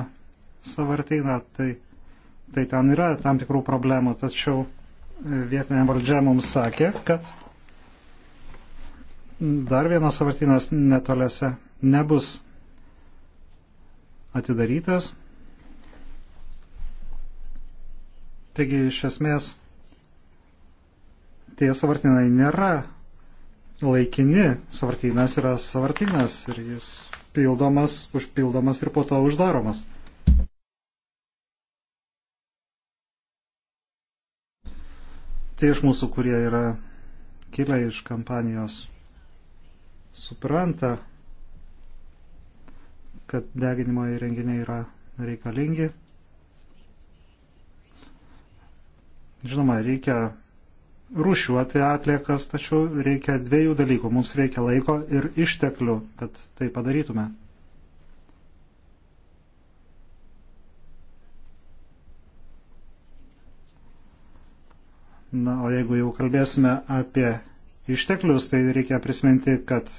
savartyną, tai, tai ten yra tam tikrų problemų, tačiau vietinė valdžia mums sakė, kad dar vienas savartinas netoliese nebus atidarytas. Taigi iš esmės tie savartinai nėra laikini, savartinas yra savartinas ir jis pildomas, užpildomas ir po to uždaromas. tie iš mūsų, kurie yra kilę iš kampanijos, supranta, kad deginimo įrenginiai yra reikalingi. Žinoma, reikia rušiuoti atliekas, tačiau reikia dviejų dalykų. Mums reikia laiko ir išteklių, kad tai padarytume. Na, o jeigu jau kalbėsime apie išteklius, tai reikia prisiminti, kad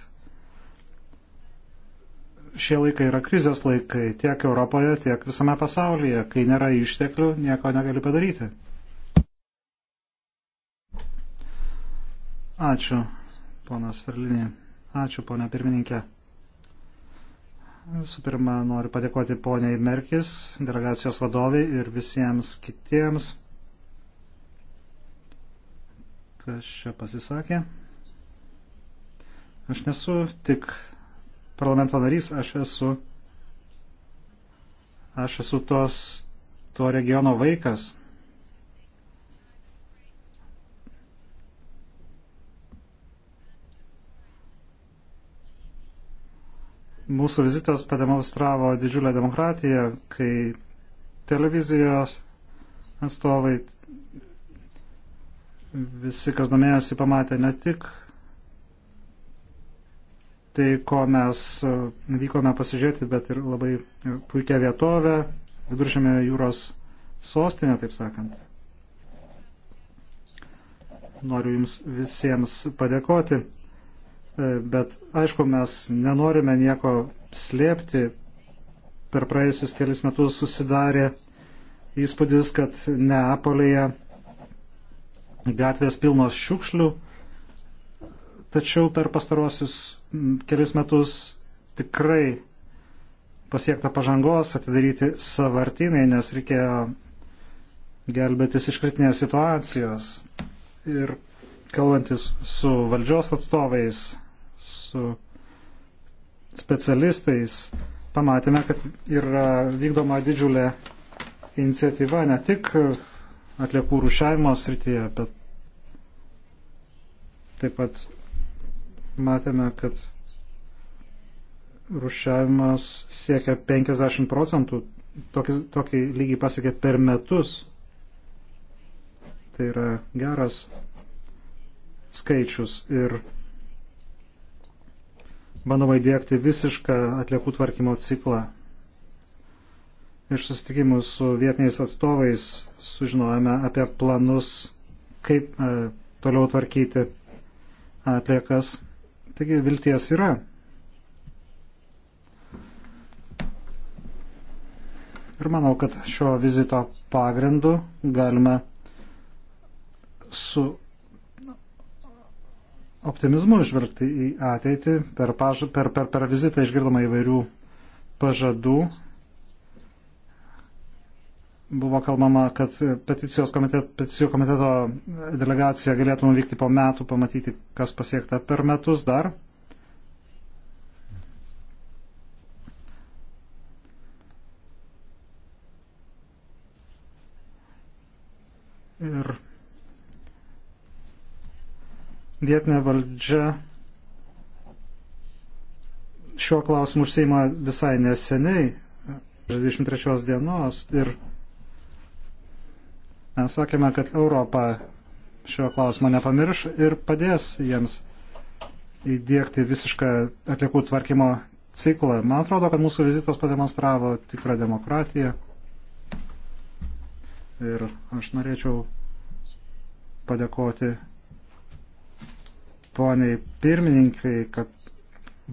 šie laikai yra krizės laikai tiek Europoje, tiek visame pasaulyje. Kai nėra išteklių, nieko negali padaryti. Ačiū, ponas Verlinė. Ačiū, ponia pirmininkė. Visų pirma, noriu padėkoti poniai Merkis, delegacijos vadoviai ir visiems kitiems, kas čia pasisakė. Aš nesu tik parlamento narys, aš esu, aš esu tos, to regiono vaikas. Mūsų vizitas pademonstravo didžiulę demokratiją, kai televizijos atstovai visi, kas domėjosi, pamatė ne tik tai, ko mes e, vykome pasižiūrėti, bet ir labai puikia vietovė, viduržėmė jūros sostinė, taip sakant. Noriu Jums visiems padėkoti, e, bet aišku, mes nenorime nieko slėpti. Per praėjusius kelis metus susidarė įspūdis, kad Neapolėje gatvės pilnos šiukšlių, tačiau per pastarosius kelis metus tikrai pasiekta pažangos atidaryti savartinai, nes reikėjo gelbėtis iš kritinės situacijos. Ir kalbantis su valdžios atstovais, su specialistais, pamatėme, kad yra vykdoma didžiulė iniciatyva ne tik atliekų rušiavimo srityje, bet taip pat matėme, kad rušiavimas siekia 50 procentų, tokį, tokį lygį pasiekia per metus. Tai yra geras skaičius ir bandoma įdėkti visišką atliekų tvarkymo ciklą. Iš susitikimų su vietiniais atstovais sužinojame apie planus, kaip e, toliau tvarkyti atliekas Taigi vilties yra. Ir manau, kad šio vizito pagrindu galime su optimizmu žvelgti į ateitį. Per, paž... per, per, per vizitą išgirdome įvairių pažadų buvo kalbama, kad peticijos komitet, peticijų komiteto delegacija galėtų nuvykti po metų, pamatyti, kas pasiekta per metus dar. Ir vietinė valdžia šiuo klausimu užsieima visai neseniai, 23 dienos ir Mes sakėme, kad Europa šio klausimo nepamirš ir padės jiems įdėkti visišką atliekų tvarkymo ciklą. Man atrodo, kad mūsų vizitas pademonstravo tikrą demokratiją. Ir aš norėčiau padėkoti poniai pirmininkai, kad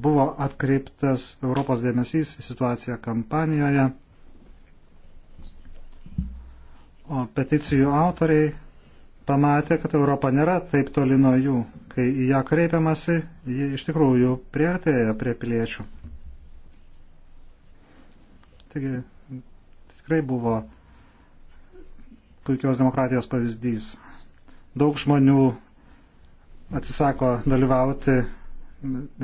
buvo atkreiptas Europos dėmesys į situaciją kampanijoje. O peticijų autoriai pamatė, kad Europa nėra taip toli nuo jų. Kai į ją kreipiamasi, ji iš tikrųjų priartėja prie piliečių. Taigi tikrai buvo puikios demokratijos pavyzdys. Daug žmonių atsisako dalyvauti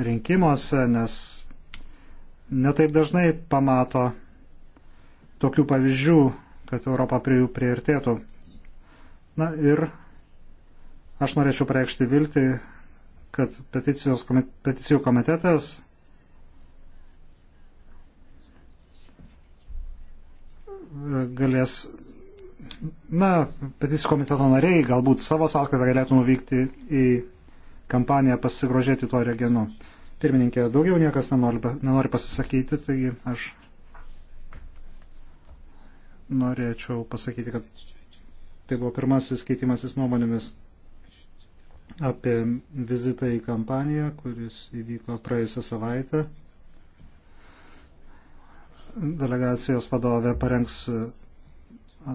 rinkimuose, nes netaip dažnai pamato tokių pavyzdžių kad Europa prie jų prieartėtų. Na ir aš norėčiau pareikšti viltį, kad komite, peticijų komitetas galės, na, peticijų komiteto nariai galbūt savo sąskaitą galėtų nuvykti į kampaniją pasigrožėti tuo regionu. Pirmininkė, daugiau niekas nenori, nenori pasisakyti, taigi aš norėčiau pasakyti, kad tai buvo pirmasis keitimasis nuomonėmis apie vizitą į kampaniją, kuris įvyko praėjusią savaitę. Delegacijos vadovė parengs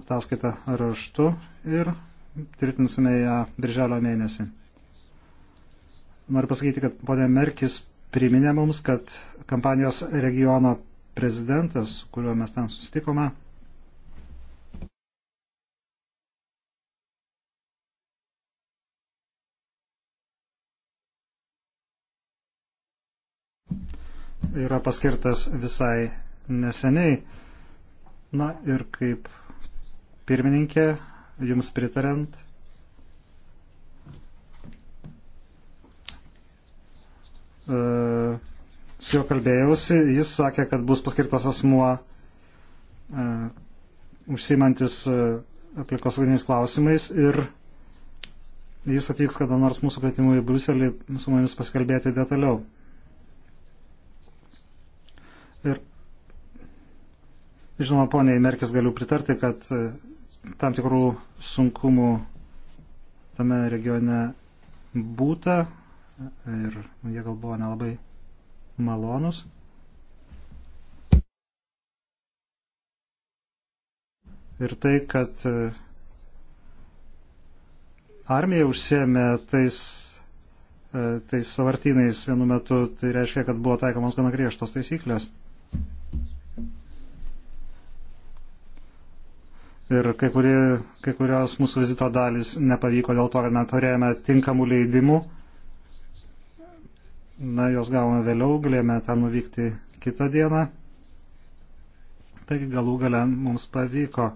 ataskaitą raštu ir tvirtinsime ją birželio mėnesį. Noriu pasakyti, kad ponė Merkis priminė mums, kad kampanijos regiono prezidentas, su kuriuo mes ten susitikome, yra paskirtas visai neseniai. Na ir kaip pirmininkė, jums pritarant, e, su juo kalbėjausi, jis sakė, kad bus paskirtas asmuo e, užsimantis e, aplinkosauginiais klausimais ir jis atvyks kada nors mūsų kvietimu į Bruselį su mumis pasikalbėti detaliau. Žinoma, poniai Merkis galiu pritarti, kad e, tam tikrų sunkumų tame regione būta e, ir jie gal buvo nelabai malonus. Ir tai, kad e, armija užsėmė tais, tais savartynais vienu metu, tai reiškia, kad buvo taikomos gana griežtos taisyklės. ir kai, kurie, kai kurios mūsų vizito dalys nepavyko dėl to, kad neturėjome tinkamų leidimų. Na, jos gavome vėliau, galėjome ten nuvykti kitą dieną. Taigi galų gale mums pavyko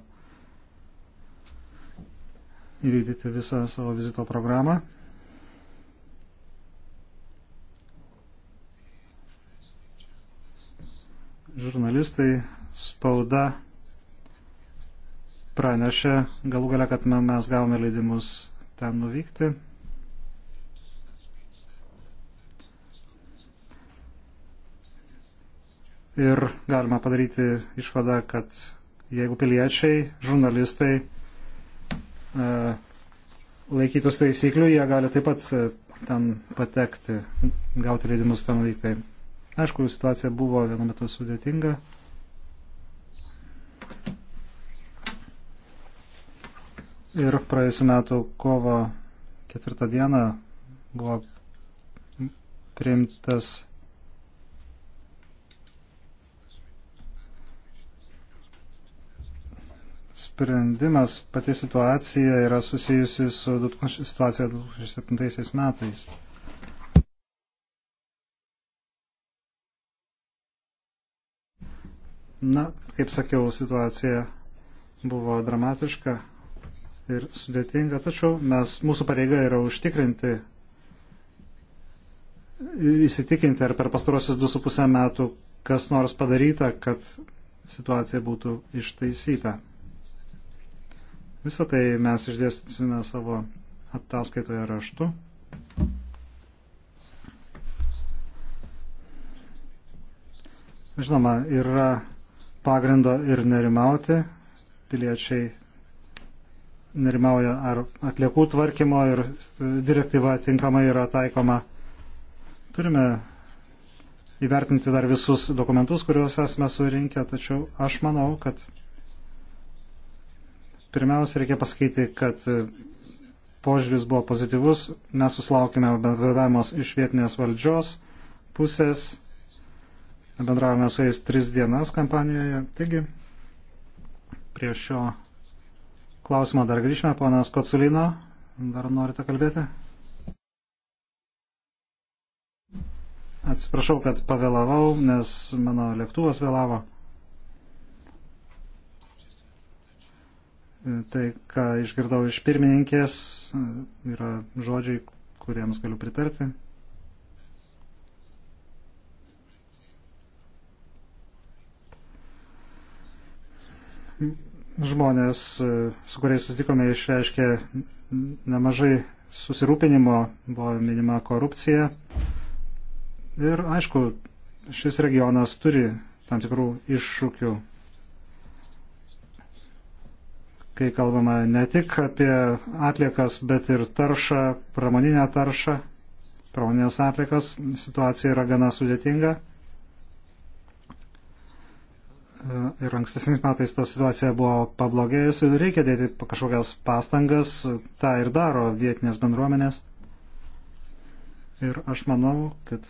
įvykdyti visą savo vizito programą. Žurnalistai, spauda pranešė galų gale, kad mes gavome leidimus ten nuvykti. Ir galima padaryti išvadą, kad jeigu piliečiai, žurnalistai e, laikytus taisyklių, jie gali taip pat e, ten patekti, gauti leidimus ten vykti. Aišku, situacija buvo vienu metu sudėtinga. Ir praėjusiu metu kovo ketvirtą dieną buvo priimtas sprendimas, pati situacija yra susijusi su situacija 2007 metais. Na, kaip sakiau, situacija buvo dramatiška ir sudėtinga, tačiau mes, mūsų pareiga yra užtikrinti ir įsitikinti, ar per pastarosius 2,5 metų kas nors padaryta, kad situacija būtų ištaisyta. Visą tai mes išdėstysime savo ataskaitoje raštu. Žinoma, yra pagrindo ir nerimauti. Piliečiai nerimauja, ar atliekų tvarkymo ir e, direktyva tinkamai yra taikoma. Turime įvertinti dar visus dokumentus, kuriuos esame surinkę, tačiau aš manau, kad pirmiausia reikia pasakyti, kad e, požiūris buvo pozityvus, mes susilaukime bendradarbiavimo iš vietinės valdžios pusės, bendravome su jais tris dienas kampanijoje, taigi prie šio klausimą dar grįžime. Ponas Kotsulino, dar norite kalbėti? Atsiprašau, kad pavėlavau, nes mano lėktuvas vėlavo. Tai, ką išgirdau iš pirmininkės, yra žodžiai, kuriems galiu pritarti. Mm. Žmonės, e, su kuriais susitikome, išreiškė nemažai susirūpinimo, buvo minima korupcija. Ir aišku, šis regionas turi tam tikrų iššūkių, kai kalbama ne tik apie atliekas, bet ir taršą, pramoninę taršą, pramoninės atliekas. Situacija yra gana sudėtinga ir ankstesniais metais ta situacija buvo pablogėjusi, reikia dėti kažkokias pastangas, tą ir daro vietinės bendruomenės. Ir aš manau, kad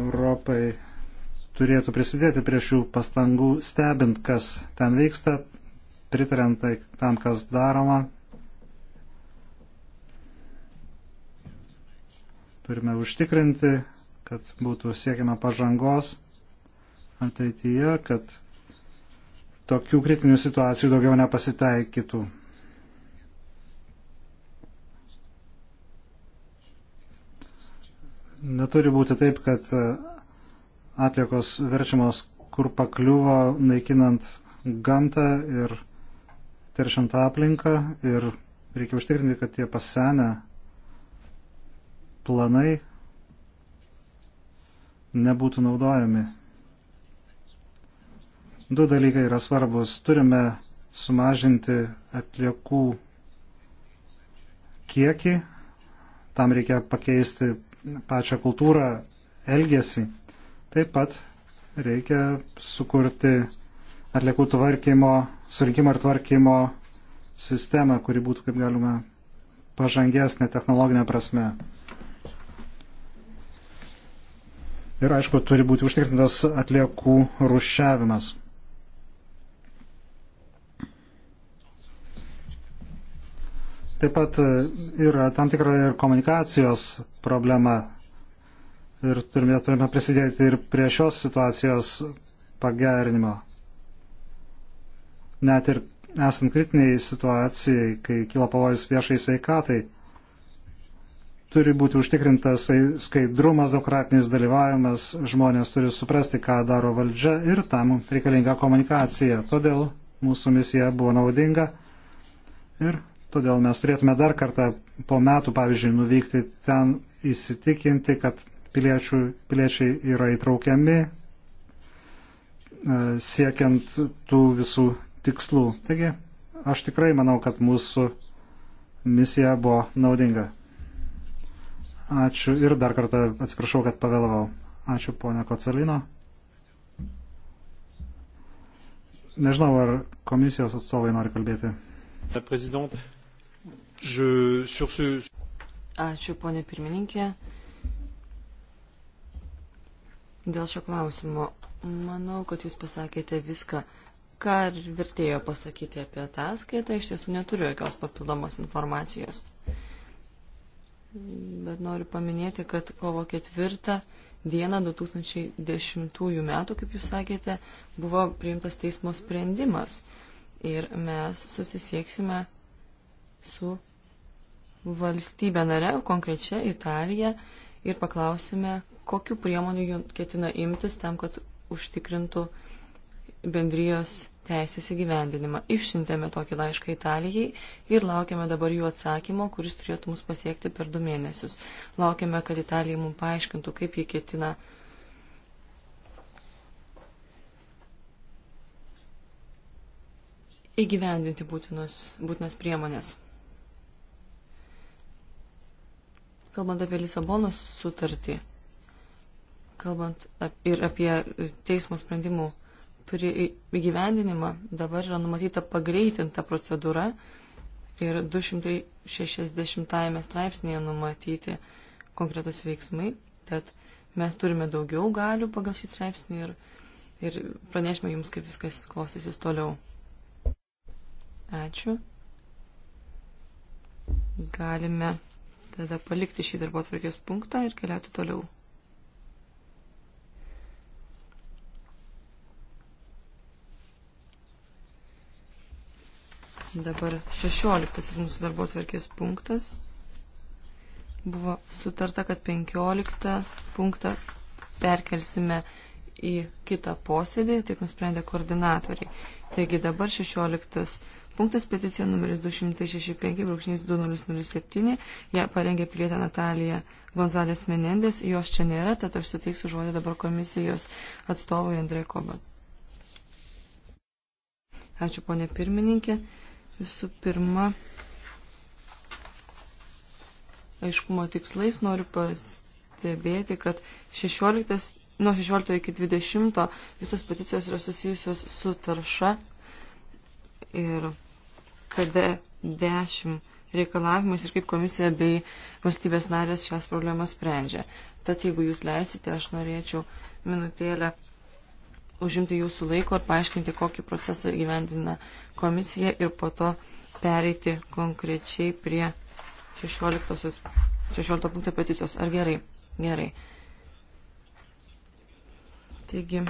Europai turėtų prisidėti prie šių pastangų, stebint, kas ten vyksta, pritariant tai, tam, kas daroma. Turime užtikrinti, kad būtų siekiama pažangos ateityje, kad tokių kritinių situacijų daugiau nepasitaikytų. Neturi būti taip, kad e, atliekos verčiamos, kur pakliuvo, naikinant gamtą ir teršiant aplinką ir reikia užtikrinti, kad tie pasenę planai nebūtų naudojami. Du dalykai yra svarbus. Turime sumažinti atliekų kiekį, tam reikia pakeisti pačią kultūrą, elgesį. Taip pat reikia sukurti atliekų tvarkymo, surinkimo ir tvarkymo sistemą, kuri būtų kaip galima pažangesnė technologinė prasme. Ir aišku, turi būti užtikrintas atliekų rušiavimas. Taip pat e, yra tam tikra ir komunikacijos problema. Ir turime, turime prisidėti ir prie šios situacijos pagerinimo. Net ir esant kritiniai situacijai, kai kyla pavojus viešai sveikatai, turi būti užtikrintas skaidrumas, demokratinis dalyvavimas, žmonės turi suprasti, ką daro valdžia ir tam reikalinga komunikacija. Todėl mūsų misija buvo naudinga ir Todėl mes turėtume dar kartą po metų, pavyzdžiui, nuvykti ten įsitikinti, kad piliečių, piliečiai yra įtraukiami e, siekiant tų visų tikslų. Taigi, aš tikrai manau, kad mūsų misija buvo naudinga. Ačiū ir dar kartą atsiprašau, kad pavėlavau. Ačiū, ponia Kocelino. Nežinau, ar komisijos atstovai nori kalbėti. Je, sur ce... Ačiū, ponė pirmininkė. Dėl šio klausimo. Manau, kad jūs pasakėte viską, ką ir vertėjo pasakyti apie ataskaitą. Iš tiesų neturiu jokios papildomos informacijos. Bet noriu paminėti, kad kovo ketvirtą dieną 2010 metų, kaip jūs sakėte, buvo priimtas teismo sprendimas. Ir mes susisieksime su valstybę narę, konkrečią Italiją, ir paklausime, kokiu priemonių jų ketina imtis tam, kad užtikrintų bendrijos teisės įgyvendinimą. Išsintėme tokį laišką Italijai ir laukiame dabar jų atsakymo, kuris turėtų mus pasiekti per du mėnesius. Laukiame, kad Italija mums paaiškintų, kaip jie ketina įgyvendinti būtinos, būtinas priemonės. kalbant apie Lisabonos sutartį, kalbant ap ir apie teismo sprendimų įgyvendinimą, dabar yra numatyta pagreitinta procedūra ir 260 straipsnėje numatyti konkretus veiksmai, tad mes turime daugiau galių pagal šį straipsnį ir, ir pranešime jums, kaip viskas klostysis toliau. Ačiū. Galime tada palikti šį darbo atvarkės punktą ir keliauti toliau. Dabar 16 mūsų darbo atvarkės punktas. Buvo sutarta, kad 15 punktą perkelsime į kitą posėdį, taip nusprendė koordinatoriai. Taigi dabar 16 Punktas peticija numeris 265-2007. Ją parengė pilietė Natalija Gonzalės Menendės. Jos čia nėra, tad aš suteiksiu žodį dabar komisijos atstovui Andrei Koba. Ačiū, ponė pirmininkė. Visų pirma, aiškumo tikslais noriu pastebėti, kad 16, nuo 16 iki 20 visos peticijos yra susijusios su tarša ir KD10 reikalavimais ir kaip komisija bei valstybės narės šias problemas sprendžia. Tad jeigu jūs leisite, aš norėčiau minutėlę užimti jūsų laiko ir paaiškinti, kokį procesą gyvendina komisija ir po to pereiti konkrečiai prie 16, 16 punkto peticijos. Ar gerai? Gerai. Taigi,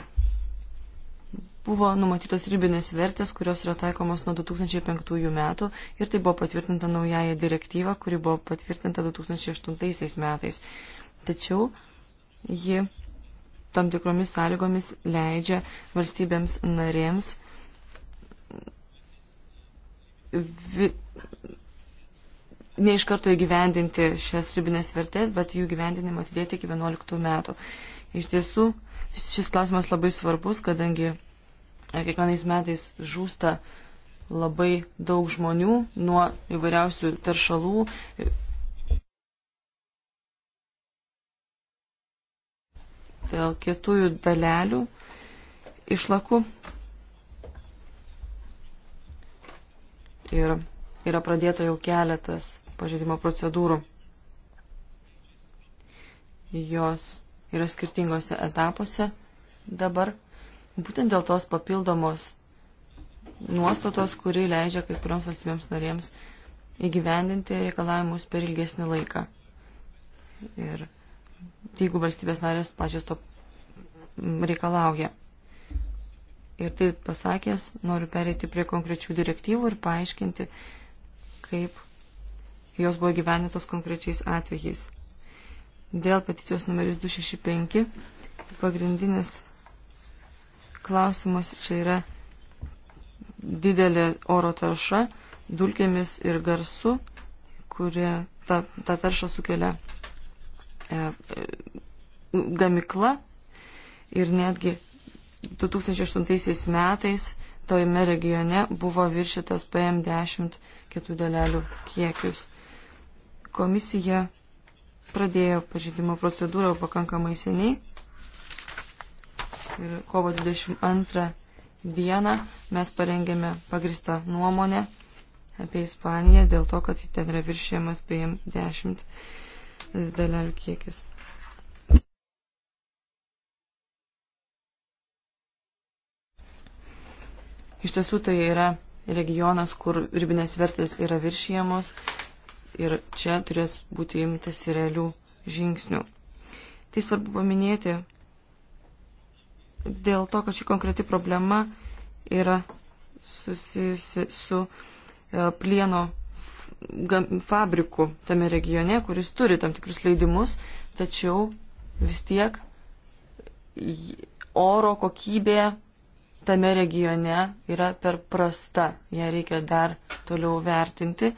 buvo numatytos ribinės vertės, kurios yra taikomos nuo 2005 metų ir tai buvo patvirtinta naujaja direktyva, kuri buvo patvirtinta 2008 metais. Tačiau ji tam tikromis sąlygomis leidžia valstybėms narėms vi... ne iš karto įgyvendinti šias ribinės vertės, bet jų gyvendinimą atidėti iki 11 metų. Iš tiesų, šis klausimas labai svarbus, kadangi kiekvienais metais žūsta labai daug žmonių nuo įvairiausių teršalų. Dėl kietųjų dalelių išlakų. Ir yra pradėta jau keletas pažeidimo procedūrų. Jos yra skirtingose etapuose dabar Būtent dėl tos papildomos nuostatos, kuri leidžia kai kurioms valstybėms narėms įgyvendinti reikalavimus per ilgesnį laiką. Ir jeigu valstybės narės pačios to reikalauja. Ir tai pasakęs, noriu pereiti prie konkrečių direktyvų ir paaiškinti, kaip jos buvo gyvenintos konkrečiais atvejais. Dėl peticijos numeris 265 pagrindinis klausimas čia yra didelė oro tarša dulkėmis ir garsu, kurie tą, tą taršą sukelia e, e gamikla. Ir netgi 2008 metais tojame regione buvo viršytas PM10 kitų dalelių kiekius. Komisija pradėjo pažydimo procedūrą pakankamai seniai ir kovo 22 dieną mes parengėme pagristą nuomonę apie Ispaniją dėl to, kad ten yra viršėjimas PM10 e, dalelių kiekis. Iš tiesų tai yra regionas, kur ribinės vertės yra viršijamos ir čia turės būti imtas realių žingsnių. Tai svarbu paminėti, dėl to, kad ši konkreti problema yra susijusi su e, plieno fabriku tame regione, kuris turi tam tikrus leidimus, tačiau vis tiek oro kokybė tame regione yra per prasta. Ją reikia dar toliau vertinti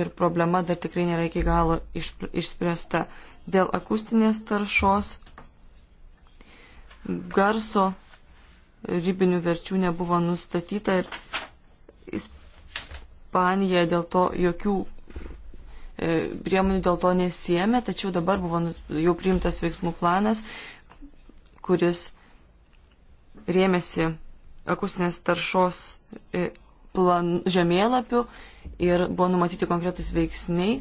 ir problema dar tikrai nėra iki galo išspręsta. Dėl akustinės taršos garso ribinių verčių nebuvo nustatyta ir Ispanija dėl to jokių e, priemonių dėl to nesijėmė, tačiau dabar buvo jau priimtas veiksmų planas, kuris rėmėsi akustinės taršos e, plan, žemėlapių ir buvo numatyti konkretus veiksniai,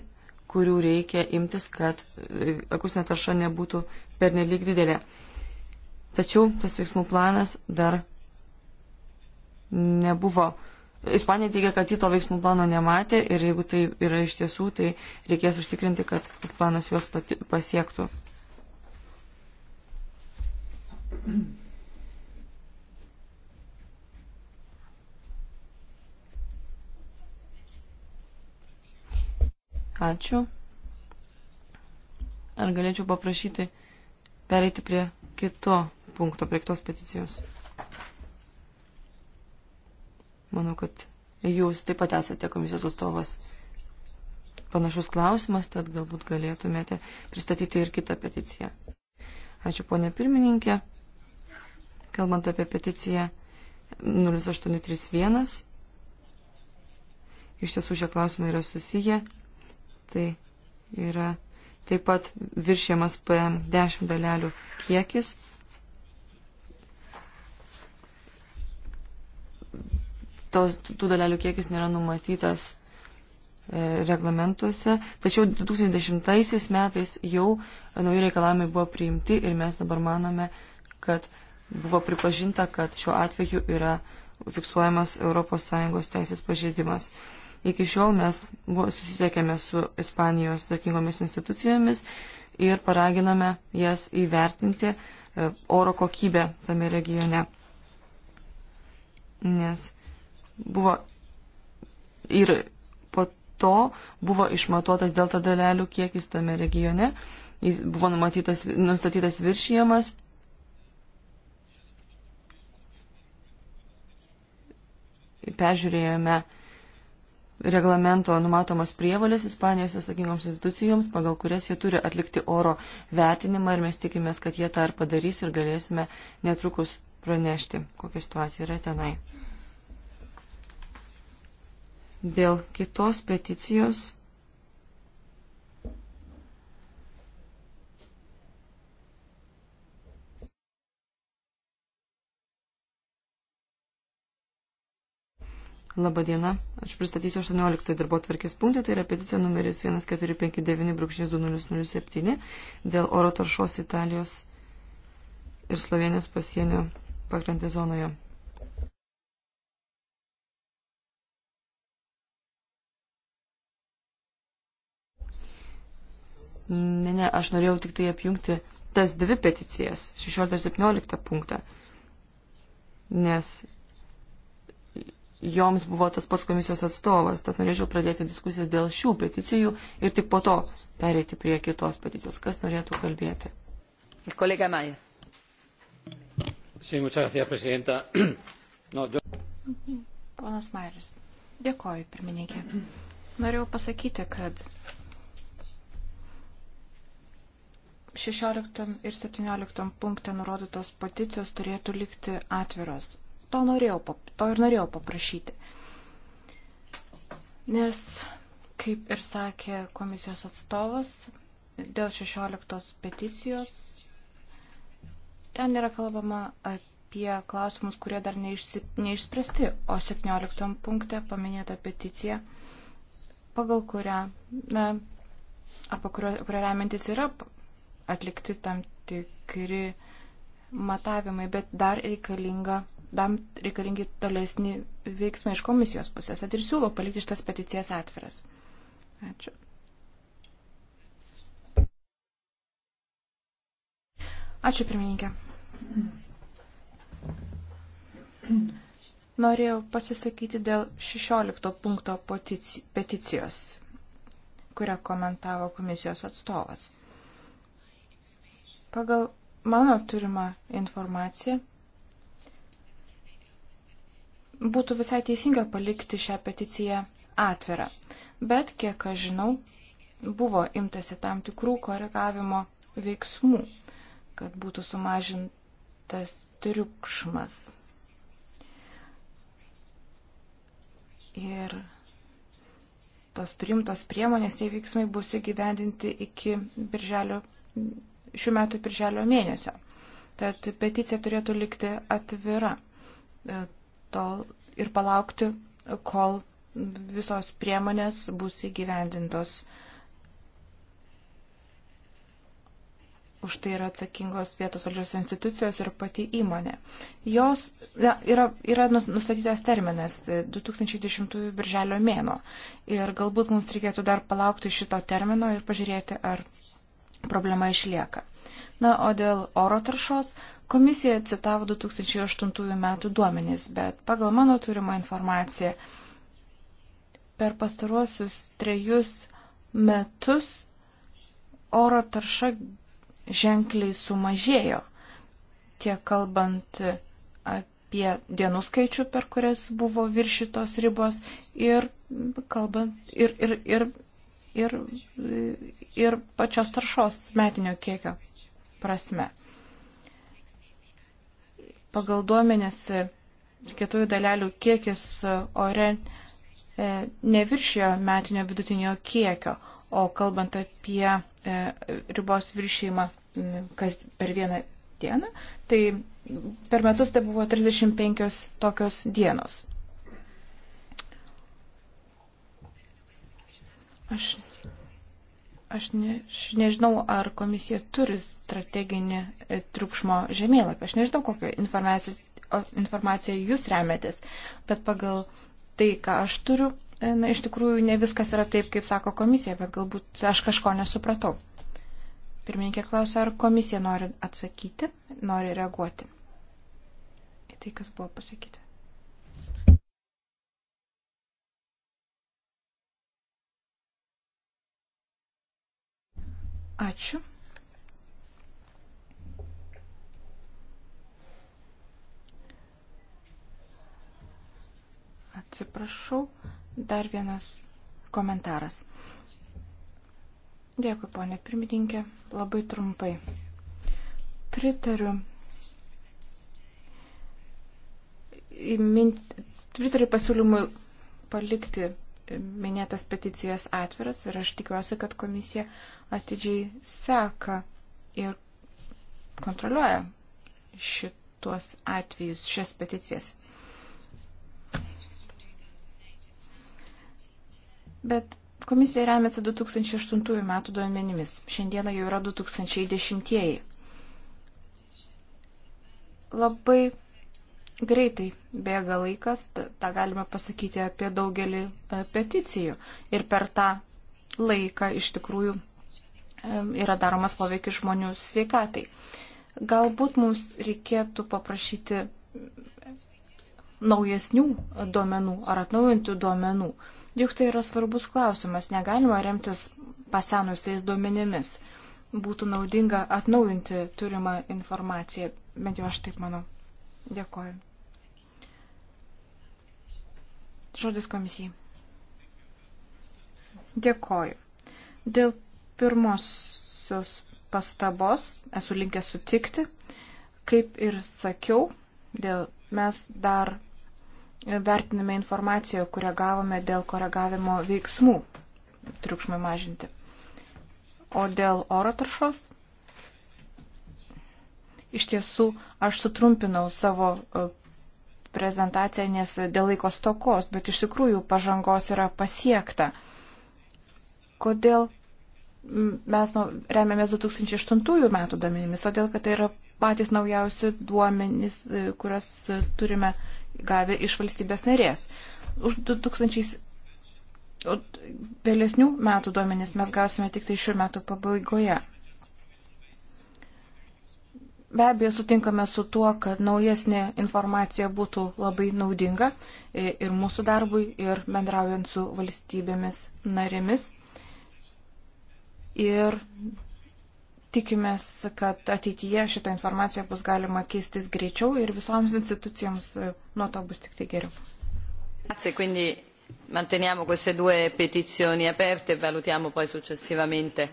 kurių reikia imtis, kad e, akustinė tarša nebūtų pernelyg didelė. Tačiau tas veiksmų planas dar nebuvo. Ispanija teigia, kad ji to veiksmų plano nematė ir jeigu tai yra iš tiesų, tai reikės užtikrinti, kad tas planas juos pati, pasiektų. Ačiū. Ar galėčiau paprašyti pereiti prie kito punkto prie tos peticijos. Manau, kad jūs taip pat esate komisijos atstovas. Panašus klausimas, tad galbūt galėtumėte pristatyti ir kitą peticiją. Ačiū, ponė pirmininkė. Kalbant apie peticiją 0831, iš tiesų šie klausimai yra susiję. Tai yra taip pat viršėmas PM10 dalelių kiekis, tos, tų dalelių kiekis nėra numatytas e, reglamentuose, tačiau 2010 metais jau nauji reikalavimai buvo priimti ir mes dabar manome, kad buvo pripažinta, kad šiuo atveju yra fiksuojamas ES teisės pažeidimas. Iki šiol mes susisiekėme su Ispanijos atsakingomis institucijomis ir paraginame jas įvertinti e, oro kokybę tame regione. Nes buvo ir po to buvo išmatuotas delta dalelių kiekis tame regione, jis buvo numatytas, nustatytas viršijamas. Peržiūrėjome reglamento numatomas prievalės Ispanijos atsakingoms institucijoms, pagal kurias jie turi atlikti oro vertinimą ir mes tikimės, kad jie tą ir padarys ir galėsime netrukus pranešti, kokia situacija yra tenai dėl kitos peticijos. Labadiena, aš pristatysiu 18 darbo tvarkės punktą, tai yra peticija numeris 1459-2007 dėl oro taršos Italijos ir Slovenijos pasienio pakrantės zonoje. Ne, ne, aš norėjau tik tai apjungti tas dvi peticijas, 16 ir 17 punktą, nes joms buvo tas pats komisijos atstovas, tad norėčiau pradėti diskusiją dėl šių peticijų ir tik po to pereiti prie kitos peticijos. Kas norėtų kalbėti? Kolega Maja. Sí, muchas gracias, presidenta. No, yo... Ponas Mairis. Dėkoju, pirmininkė. Norėjau pasakyti, kad 16 ir 17 punkte nurodytos peticijos turėtų likti atviros. To, norėjau, to ir norėjau paprašyti. Nes, kaip ir sakė komisijos atstovas, dėl 16 peticijos ten yra kalbama apie klausimus, kurie dar neišsi, neišspręsti, o 17 punkte paminėta peticija, pagal kurią, na, arba kurio, kurio remiantis yra atlikti tam tikri matavimai, bet dar reikalinga, tam reikalingi tolesni veiksmai iš komisijos pusės. Tad ir siūlau palikti šitas peticijas atviras. Ačiū. Ačiū, pirmininkė. Norėjau pasisakyti dėl 16 punkto peticijos, kurią komentavo komisijos atstovas. Pagal mano turimą informaciją būtų visai teisinga palikti šią peticiją atvirą. Bet, kiek aš žinau, buvo imtasi tam tikrų koregavimo veiksmų, kad būtų sumažintas triukšmas. Ir tos priimtos priemonės, tie veiksmai bus įgyvendinti iki birželio šių metų pirželio mėnesio. Tad peticija turėtų likti atvira e, tol ir palaukti, kol visos priemonės bus įgyvendintos. Už tai yra atsakingos vietos valdžios institucijos ir pati įmonė. Jos na, yra, yra nustatytas terminas 2010 e, birželio mėno. Ir galbūt mums reikėtų dar palaukti šito termino ir pažiūrėti, ar problema išlieka. Na, o dėl oro taršos komisija citavo 2008 metų duomenys, bet pagal mano turimą informaciją per pastaruosius trejus metus oro tarša ženkliai sumažėjo, tiek kalbant apie dienų skaičių, per kurias buvo viršytos ribos ir, kalbant, ir, ir, ir ir, ir pačios taršos metinio kiekio prasme. Pagal duomenis kietųjų dalelių kiekis ore e, neviršijo metinio vidutinio kiekio, o kalbant apie e, ribos viršymą kas per vieną dieną, tai per metus tai buvo 35 tokios dienos. Aš, aš, ne, aš nežinau, ar komisija turi strateginį e, triukšmo žemėlapį. Aš nežinau, kokią informaciją jūs remetės, bet pagal tai, ką aš turiu, e, na, iš tikrųjų ne viskas yra taip, kaip sako komisija, bet galbūt aš kažko nesupratau. Pirmininkė klausia, ar komisija nori atsakyti, nori reaguoti į tai, kas buvo pasakyti. Ačiū. Atsiprašau, dar vienas komentaras. Dėkui, ponė pirmininkė, labai trumpai. Pritariu. Pritariu pasiūlymui palikti minėtas peticijas atviras ir aš tikiuosi, kad komisija atidžiai seka ir kontroliuoja šitos atvejus, šias peticijas. Bet komisija remiasi 2008 metų duomenimis. Šiandieną jau yra 2010. -ieji. Labai Greitai bėga laikas, tą galime pasakyti apie daugelį e, peticijų. Ir per tą laiką iš tikrųjų yra daromas poveikis žmonių sveikatai. Galbūt mums reikėtų paprašyti naujesnių duomenų ar atnaujintų duomenų. Juk tai yra svarbus klausimas, negalima remtis pasenusiais duomenimis. Būtų naudinga atnaujinti turimą informaciją, bent jau aš taip manau. Dėkoju. Žodis komisijai. Dėkoju. Dėl pirmosios pastabos esu linkęs sutikti. Kaip ir sakiau, dėl, mes dar vertiname informaciją, kurią gavome dėl koregavimo veiksmų triukšmui mažinti. O dėl oro taršos, iš tiesų aš sutrumpinau savo e, prezentaciją, nes dėl laiko stokos, bet iš tikrųjų pažangos yra pasiekta. Kodėl mes nu, remiamės 2008 metų duomenimis? Todėl, kad tai yra patys naujausi duomenys, e, kurias e, turime gavę iš valstybės narės. Už 2000 vėlesnių metų duomenys mes gausime tik tai šių metų pabaigoje. Be abejo, sutinkame su tuo, kad naujesnė informacija būtų labai naudinga e, ir mūsų darbui, ir bendraujant su valstybėmis narėmis. Ir tikimės, kad ateityje šitą informaciją bus galima keistis greičiau ir visoms institucijoms e, nuo to bus tik tai geriau. Grazie, quindi manteniamo queste due petizioni aperte e valutiamo poi successivamente.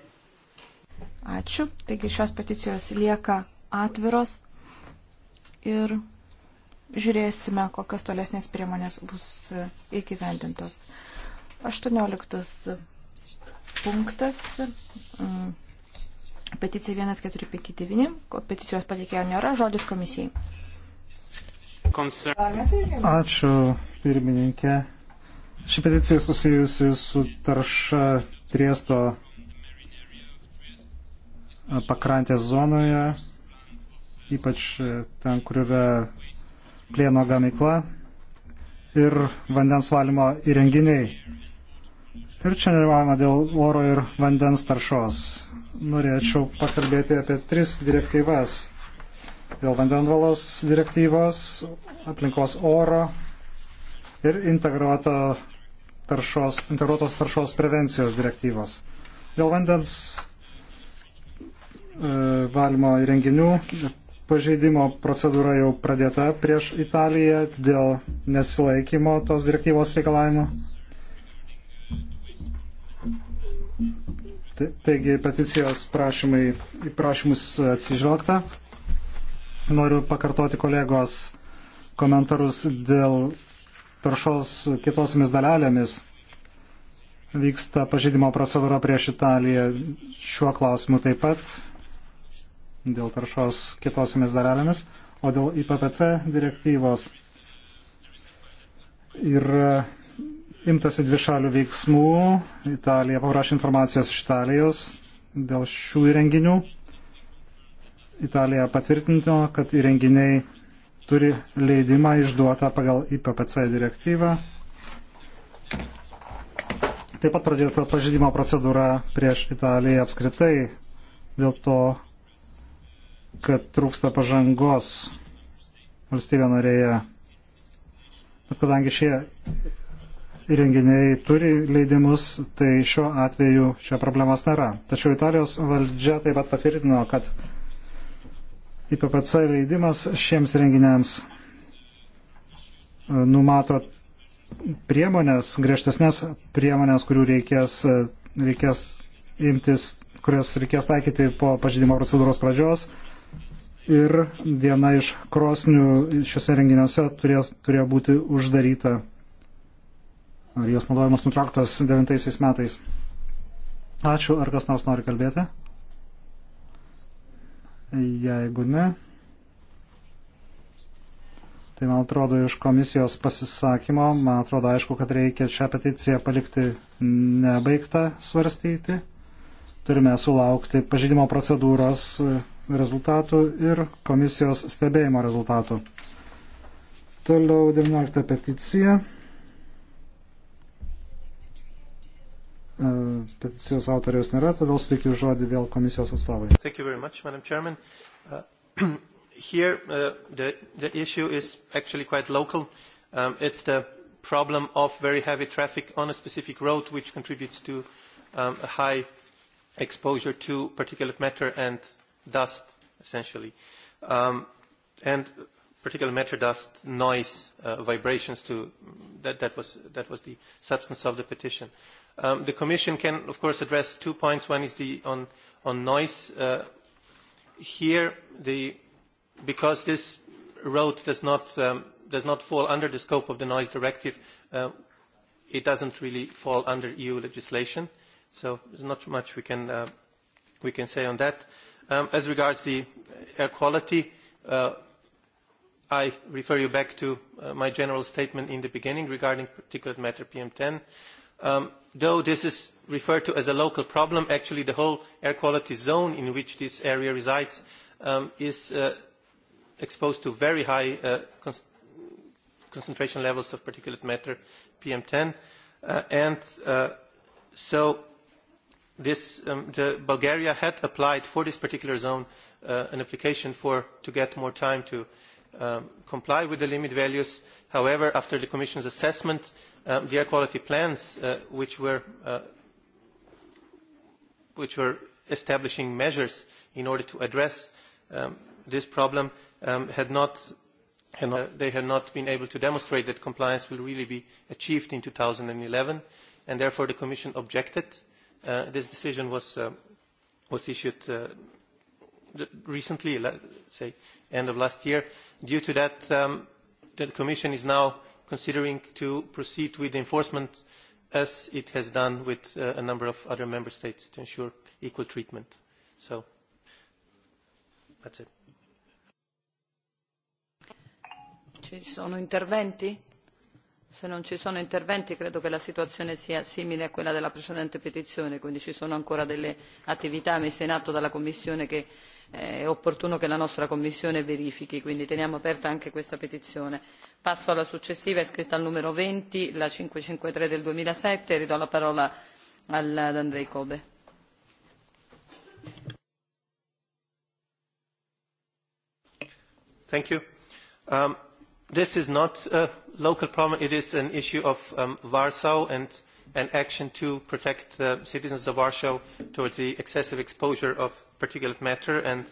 Ačiū. Taigi šios peticijos lieka atviros ir žiūrėsime, kokios tolesnės priemonės bus įgyvendintos. 18 punktas. Mm. Peticija 1459. Peticijos patikėjo nėra. Žodis komisijai. Ačiū, pirmininkė. Ši peticija susijusi su tarša Triesto pakrantės zonoje ypač e, ten, kur yra plieno gamykla ir vandens valymo įrenginiai. Ir čia nerimavimą dėl oro ir vandens taršos. Norėčiau pakalbėti apie tris direktyvas. Dėl vandenvalos direktyvos, aplinkos oro ir integruoto taršos, integruotos taršos prevencijos direktyvos. Dėl vandens e, valymo įrenginių pažeidimo procedūra jau pradėta prieš Italiją dėl nesilaikymo tos direktyvos reikalavimo. Taigi peticijos prašymai, prašymus atsižvelgta. Noriu pakartoti kolegos komentarus dėl taršos kitosiamis dalelėmis. Vyksta pažeidimo procedūra prieš Italiją šiuo klausimu taip pat dėl taršos kitosiamis dalelėmis, o dėl IPPC direktyvos yra e, imtasi dvišalių veiksmų. Italija paprašė informacijos iš Italijos dėl šių įrenginių. Italija patvirtino, kad įrenginiai turi leidimą išduotą pagal IPPC direktyvą. Taip pat pradėta pažydimo procedūra prieš Italiją apskritai dėl to, kad trūksta pažangos valstybė narėje. Bet kadangi šie įrenginiai turi leidimus, tai šiuo atveju šio problemos nėra. Tačiau Italijos valdžia taip pat patvirtino, kad IPPC leidimas šiems renginiams e, numato priemonės, griežtesnės priemonės, kurių reikės, e, reikės imtis, kurios reikės taikyti po pažydimo procedūros pradžios ir viena iš krosnių šiuose renginiuose turės, turėjo būti uždaryta. Ar jos naudojimas nutrauktas 9 metais. Ačiū, ar kas nors nori kalbėti? Jeigu ne, tai man atrodo iš komisijos pasisakymo, man atrodo aišku, kad reikia šią peticiją palikti nebaigtą svarstyti. Turime sulaukti pažydimo procedūros rezultatų ir komisijos stebėjimo rezultatų. Toliau 19 peticija. E, peticijos autoriaus nėra, todėl suteikiu žodį vėl komisijos atstovai. Uh, here uh, the, the issue is actually quite local. Um, it's the problem of very heavy traffic on a specific road which contributes to um, a high exposure to particulate matter and dust, essentially, um, and particulate matter dust, noise, uh, vibrations. To that, that was that was the substance of the petition. Um, the Commission can, of course, address two points. One is the on on noise. Uh, here, the because this road does not um, does not fall under the scope of the noise directive. Uh, it doesn't really fall under EU legislation, so there's not much we can uh, we can say on that. Um, as regards the air quality, uh, I refer you back to uh, my general statement in the beginning regarding particulate matter PM10. Um, though this is referred to as a local problem, actually the whole air quality zone in which this area resides um, is uh, exposed to very high uh, con concentration levels of particulate matter PM10. Uh, and uh, so this, um, the Bulgaria had applied for this particular zone uh, an application for to get more time to um, comply with the limit values. However, after the Commission's assessment, um, the air quality plans, uh, which were uh, which were establishing measures in order to address um, this problem, um, had not, had not uh, they had not been able to demonstrate that compliance will really be achieved in 2011, and therefore the Commission objected uh, Uh, this decision was, uh, was issued uh, recently, let's say end of last year. Due to that, um, the Commission is now considering to proceed with enforcement as it has done with uh, a number of other member states to ensure equal treatment. So that's it. Ci sono interventi? Se non ci sono interventi credo che la situazione sia simile a quella della precedente petizione, quindi ci sono ancora delle attività messe in atto dalla Commissione che eh, è opportuno che la nostra Commissione verifichi, quindi teniamo aperta anche questa petizione. Passo alla successiva, iscritta al numero 20, la 553 del 2007, e ridò la parola al, ad Andrei Kobe. Thank you. Um, this is not a local problem. It is an issue of um, Warsaw and an action to protect uh, citizens of Warsaw towards the excessive exposure of particulate matter. And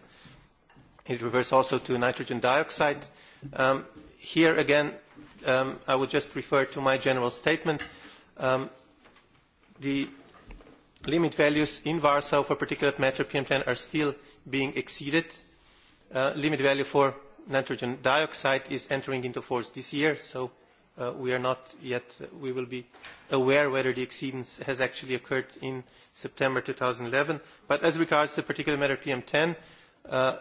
it refers also to nitrogen dioxide. Um, here again, um, I would just refer to my general statement. Um, the limit values in Warsaw for particulate matter PM10 are still being exceeded. Uh, limit value for nitrogen dioxide is entering into force this year, so uh, we are not yet, uh, we will be aware whether the exceedance has actually occurred in September 2011. But as regards the particulate matter PM10, uh,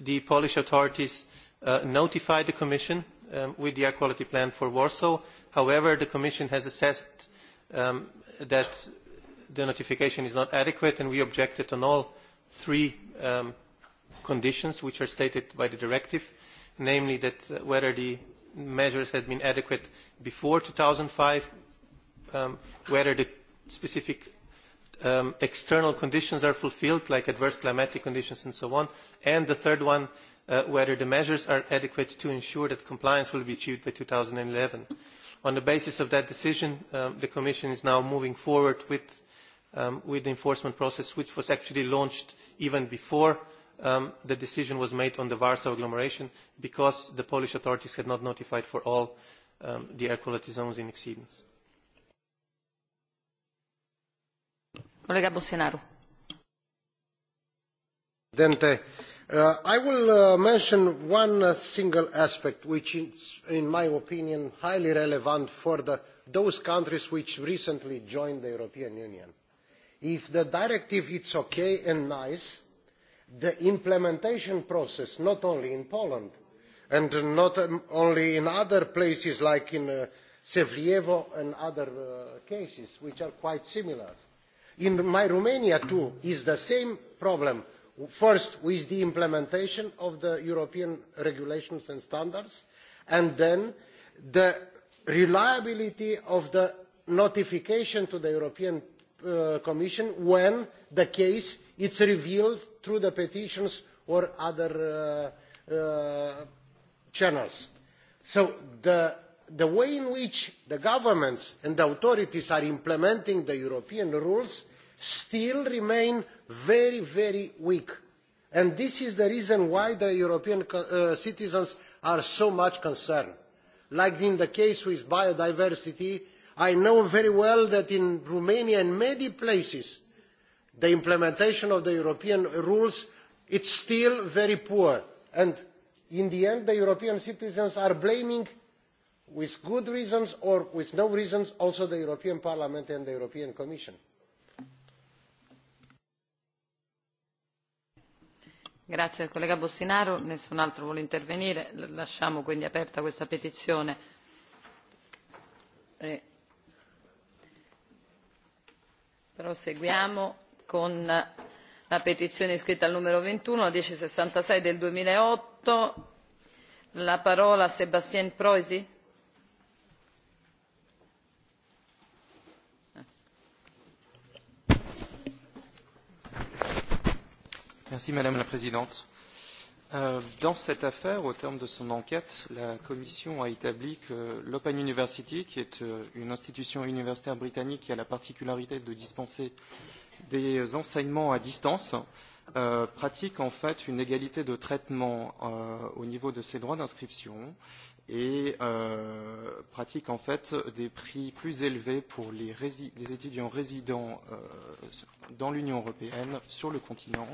the Polish authorities uh, notified the Commission um, with the air quality plan for Warsaw. However, the Commission has assessed um, that the notification is not adequate, and we objected on all three um, conditions which are stated by the directive, namely that uh, whether the measures had been adequate before 2005, um, whether the specific um, external conditions are fulfilled, like adverse climatic conditions and so on, and the third one, uh, whether the measures are adequate to ensure that compliance will be achieved by 2011. On the basis of that decision, um, the Commission is now moving forward with, um, with the enforcement process, which was actually launched even before uh, um, the decision was made on the Warsaw agglomeration because the Polish authorities had not notified for all um, the air quality zones in exceedance. Colega Bolsonaro. Presidente, uh, I will uh, mention one uh, single aspect which is, in my opinion, highly relevant for the, those countries which recently joined the European Union. If the directive is okay and nice, the implementation process not only in poland and not um, only in other places like in uh, sevlievo and other uh, cases which are quite similar in my romania too is the same problem first with the implementation of the european regulations and standards and then the reliability of the notification to the european uh, commission when the case is revealed through the petitions or other uh, uh, channels. So the, the way in which the governments and the authorities are implementing the European rules still remain very, very weak. And this is the reason why the European uh, citizens are so much concerned. Like in the case with biodiversity, I know very well that in Romania and many places the implementation of the european rules is still very poor and in the end european citizens are blaming with good reason or with no reason also the european parliament and the european commission. grazie al collega botinaru nessun altro vuole intervenire lasciamo quindi aperta questa petizione eh. proseguiamo con la petizione iscritta al numero ventiuno millecentossessantasei del duemilaotto la parola a sébastien preuss. Merci Madame la Présidente. Euh, dans cette affaire, au terme de son enquête, la Commission a établi que l'Open University, qui est euh, une institution universitaire britannique qui a la particularité de dispenser euh, des enseignements à distance euh, pratique en fait une égalité de traitement euh, au niveau de ses droits d'inscription et euh, pratique en fait des prix plus élevés pour les, rési les étudiants résidents euh, dans l'Union européenne sur le continent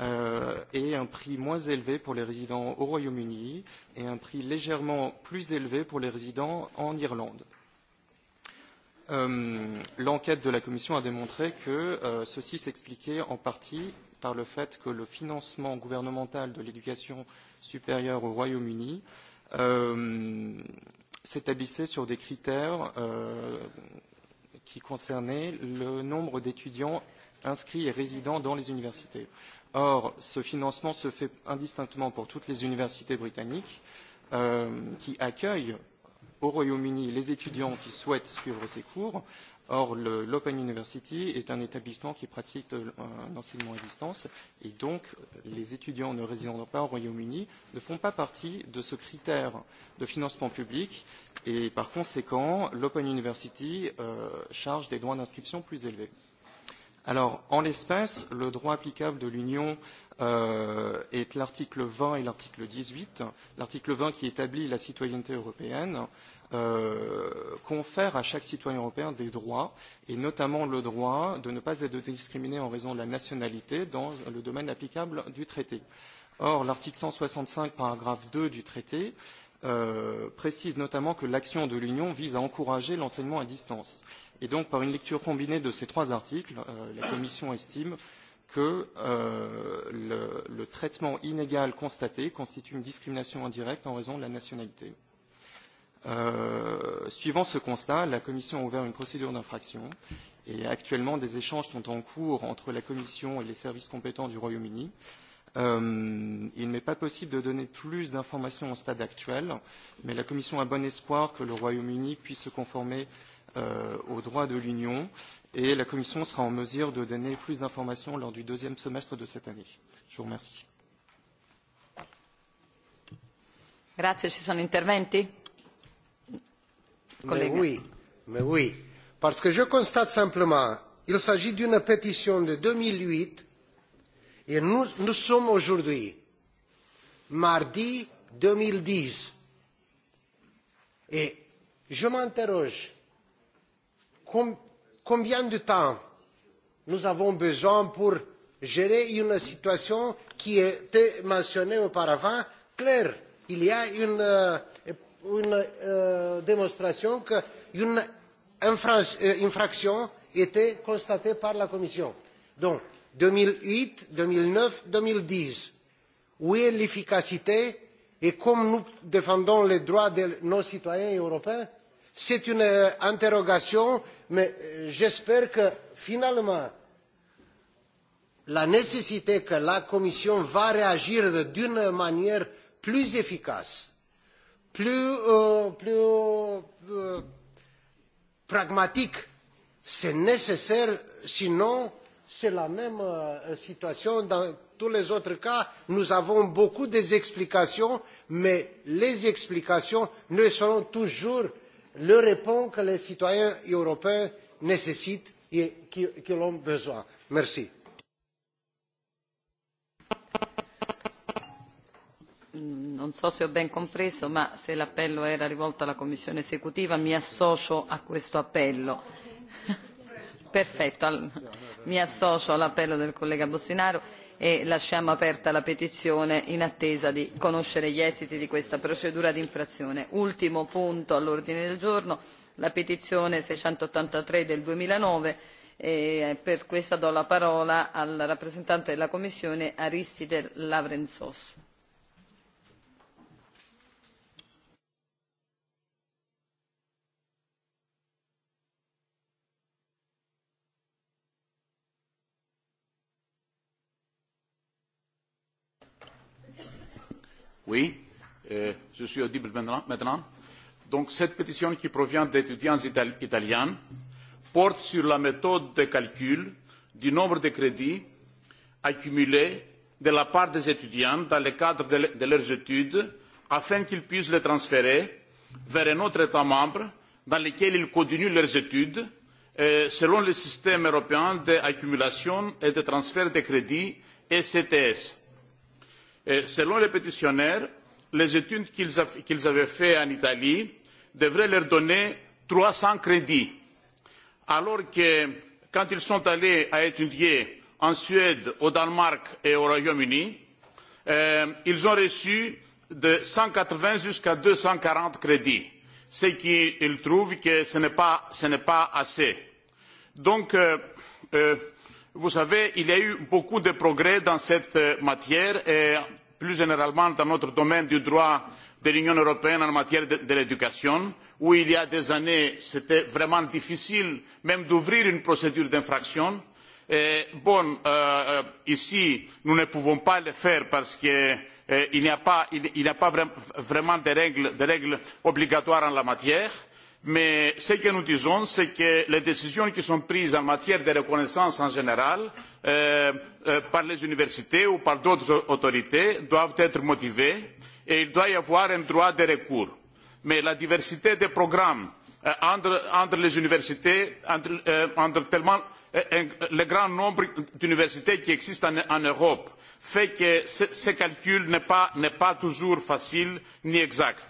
euh, et un prix moins élevé pour les résidents au Royaume-Uni et un prix légèrement plus élevé pour les résidents en Irlande. Euh, euh, l'enquête de la Commission a démontré que euh, ceci s'expliquait en partie par le fait que le financement gouvernemental de l'éducation supérieure au Royaume-Uni euh, s'établissait sur des critères euh, qui concernaient le nombre d'étudiants inscrits et résidents dans les universités. Or, ce financement se fait indistinctement pour toutes les universités britanniques euh, qui accueillent au Royaume-Uni les étudiants qui souhaitent suivre ces cours. Or, l'Open University est un établissement qui pratique euh, un enseignement à distance et donc les étudiants ne résidant pas au Royaume-Uni ne font pas partie de ce critère de financement public et par conséquent, l'Open University euh, charge des droits d'inscription plus élevés. Alors, en l'espèce, le droit applicable de l'Union euh, est l'article 20 et l'article 18. L'article 20 qui établit la citoyenneté européenne euh, confère à chaque citoyen européen des droits, et notamment le droit de ne pas être discriminé en raison de la nationalité dans le domaine applicable du traité. Or, l'article 165, paragraphe 2 du traité, euh, précise notamment que l'action de l'Union vise à encourager l'enseignement à distance. Et donc, par une lecture combinée de ces trois articles, euh, la Commission estime euh, que euh, le, le traitement inégal constaté constitue une discrimination indirecte en raison de la nationalité. Euh, suivant ce constat, la Commission a ouvert une procédure d'infraction et actuellement des échanges sont en cours entre la Commission et les services compétents du Royaume-Uni. Euh, il n'est pas possible de donner plus d'informations au stade actuel, mais la Commission a bon espoir que le Royaume-Uni puisse se conformer euh, aux droits de l'Union. Euh, et la Commission sera en mesure de donner plus d'informations lors du deuxième semestre de cette année. Je vous remercie. Grazie, ci sono interventi? Mais oui, mais oui, parce que je constate simplement, il s'agit d'une pétition de 2008 et nous, nous sommes aujourd'hui mardi 2010. Et je m'interroge, combien de temps nous avons besoin pour gérer une situation qui était mentionnée auparavant claire il y a une, euh, une euh, démonstration qu'une euh, infraction était constatée par la commission. donc deux mille huit deux mille neuf deux mille dix où est l'efficacité et comme nous défendons les droits de nos citoyens européens c'est une euh, interrogation mais euh, j'espère que finalement la nécessité que la commission va réagir d'une manière plus efficace plus, euh, plus euh, pragmatique c'est nécessaire sinon c'est la même euh, situation dans tous les autres cas nous avons beaucoup d'explications mais les explications ne seront toujours le réponse que les citoyens européens nécessitent et qu'ils ont besoin. merci. non so se ho ben compreso ma se l'appello era rivolto alla commissione esecutiva mi associo a questo appello. perfetto mi associo all'appello del collega botinaru e lasciamo aperta la petizione in attesa di conoscere gli esiti di questa procedura di infrazione. Ultimo punto all'ordine del giorno, la petizione 683 del 2009 e eh, per questa do la parola al rappresentante della Commissione Aristide Lavrentsos. Oui, euh, je suis audible maintenant. maintenant. Donc cette pétition qui provient d'étudiants itali italiens porte sur la méthode de calcul du nombre de crédits accumulés de la part des étudiants dans le cadre de, de leurs études afin qu'ils puissent les transférer vers un autre État membre dans lequel ils continuent leurs études euh, selon le système européen d'accumulation et de transfert de crédits ECTS Euh, selon les pétitionnaires, les études qu'ils qu avaient faites en Italie devraient leur donner 300 crédits, alors que quand ils sont allés à étudier en Suède, au Danemark et au Royaume-Uni, euh, ils ont reçu de 180 jusqu'à 240 crédits, ce qu'ils trouvent que ce n'est pas, ce pas assez. Donc, euh, euh, vous savez, il y a eu beaucoup de progrès dans cette euh, matière et plus généralement dans notre domaine du droit de l'Union européenne en matière de, de l'éducation, où il y a des années, c'était vraiment difficile même d'ouvrir une procédure d'infraction. Et bon, euh, euh ici, nous ne pouvons pas le faire parce qu'il euh, n'y a pas, il, il a pas vra vraiment de règles, de règles obligatoires en la matière mais ce que nous disons, c'est que les décisions qui sont prises en matière de reconnaissance en général euh, euh, par les universités ou par d'autres autorités doivent être motivées et il doit y avoir un droit de recours. Mais la diversité des programmes euh, entre, entre les universités, entre, euh, entre tellement euh, le grand nombre d'universités qui existent en, en Europe, fait que ce, ce calcul n'est pas, pas toujours facile ni exact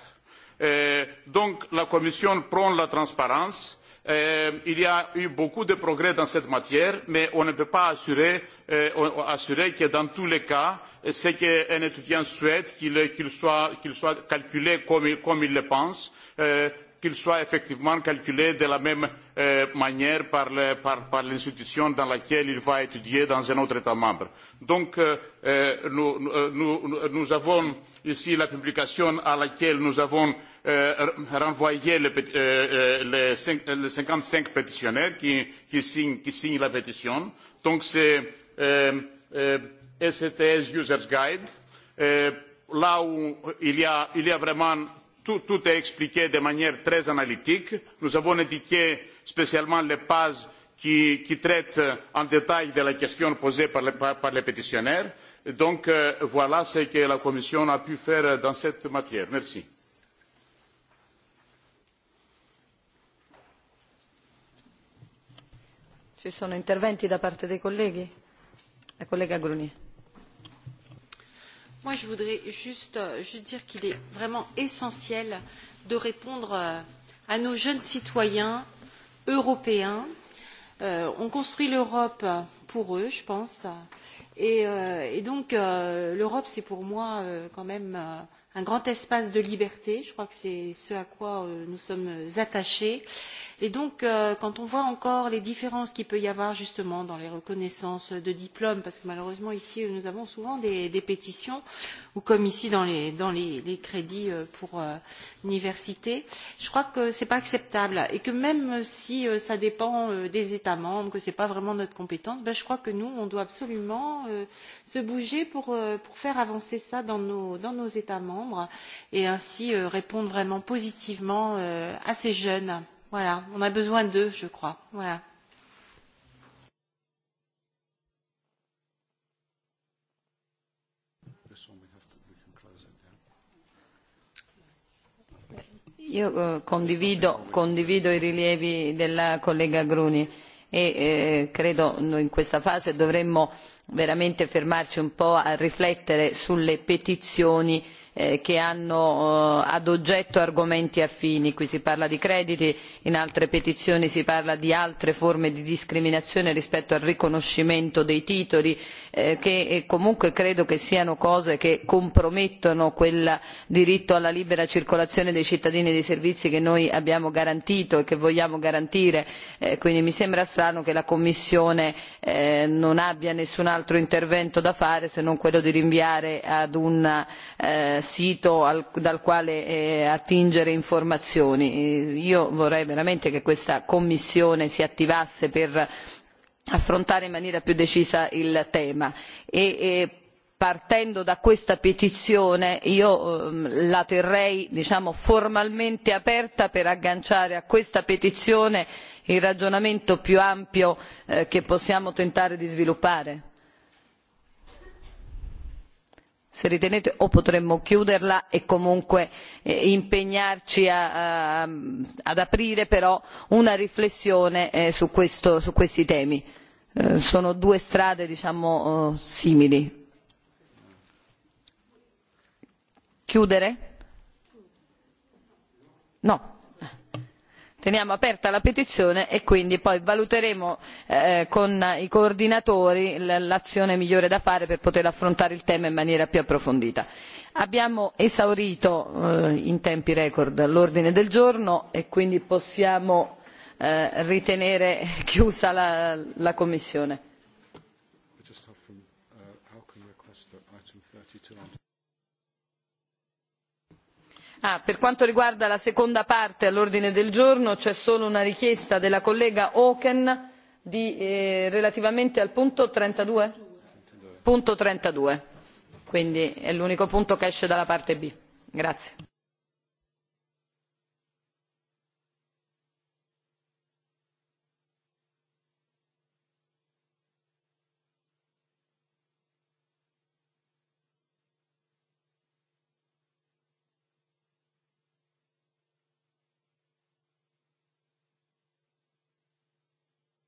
Euh, donc la Commission prône la transparence. Euh, il y a eu beaucoup de progrès dans cette matière, mais on ne peut pas assurer, euh, assurer que dans tous les cas, ce qu'un étudiant souhaite, qu'il qu soit, qu soit calculé comme, comme il le pense, euh, qu'il soit effectivement calculé de la même euh, manière par, le, par, par l'institution dans laquelle il va étudier dans un autre État membre. Donc, euh, euh nous, euh, nous, nous avons ici la publication à laquelle nous avons euh, renvoyé le, euh, euh, les, les 55 pétitionnaires qui, qui, signent, qui signent la pétition. Donc, c'est euh, euh, STS Users Guide. Euh, là où il y a, il y a vraiment tout, tout est expliqué de manière très analytique. Nous avons édiqué spécialement les pages qui, qui traitent en détail de la question posée par les, par les pétitionnaires. Et donc euh, voilà ce que la Commission a pu faire dans cette matière. Merci. Ci sono interventi da parte dei colleghi? La collega Grunier. Moi, je voudrais juste, euh, juste dire qu'il est vraiment essentiel de répondre euh, à nos jeunes citoyens européens. Euh, on construit l'Europe pour eux, je pense. Et, euh, et donc, euh, l'Europe, c'est pour moi euh, quand même euh, un grand espace de liberté. Je crois que c'est ce à quoi euh, nous sommes attachés. Et donc, euh, quand on voit encore les différences qu'il peut y avoir justement dans les reconnaissances de diplômes, parce que malheureusement ici, nous avons souvent des, des pétitions, ou comme ici dans les, dans les, les crédits euh, pour euh, l'université, je crois que ce n'est pas acceptable. Et que même si euh, ça dépend euh, des États membres, que ce n'est pas vraiment notre compétence, ben, je crois que nous, on doit absolument euh, se bouger pour, euh, pour faire avancer ça dans nos, dans nos États membres membres et ainsi euh, répondre vraiment positivement euh, à ces jeunes. Voilà, on a besoin d'eux, je crois. Voilà. Io eh, condivido, condivido i rilievi della collega Gruni e eh, credo noi in questa fase dovremmo veramente fermarci un po' a riflettere sulle petizioni eh, che hanno eh, ad oggetto argomenti affini qui si parla di crediti in altre petizioni si parla di altre forme di discriminazione rispetto al riconoscimento dei titoli eh, che eh, comunque credo che siano cose che compromettono quel diritto alla libera circolazione dei cittadini e dei servizi che noi abbiamo garantito e che vogliamo garantire eh, quindi mi sembra strano che la commissione eh, non abbia nessun altro intervento da fare se non quello di rinviare ad una eh, sito al, dal quale eh, attingere informazioni. E io vorrei veramente che questa Commissione si attivasse per affrontare in maniera più decisa il tema e, e partendo da questa petizione io ehm, la terrei diciamo formalmente aperta per agganciare a questa petizione il ragionamento più ampio eh, che possiamo tentare di sviluppare. se ritenete o potremmo chiuderla e comunque eh, impegnarci a, a, ad aprire però una riflessione eh, su, questo, su questi temi. Eh, sono due strade diciamo eh, simili. Chiudere? No teniamo aperta la petizione e quindi poi valuteremo eh, con i coordinatori l'azione migliore da fare per poter affrontare il tema in maniera più approfondita. abbiamo esaurito eh, in tempi record l'ordine del giorno e quindi possiamo eh, ritenere chiusa la commissione. Ah, per quanto riguarda la seconda parte all'ordine del giorno c'è solo una richiesta della collega auken eh, relativamente al punto trentadue quindi è l'unico punto che esce dalla parte b. Grazie.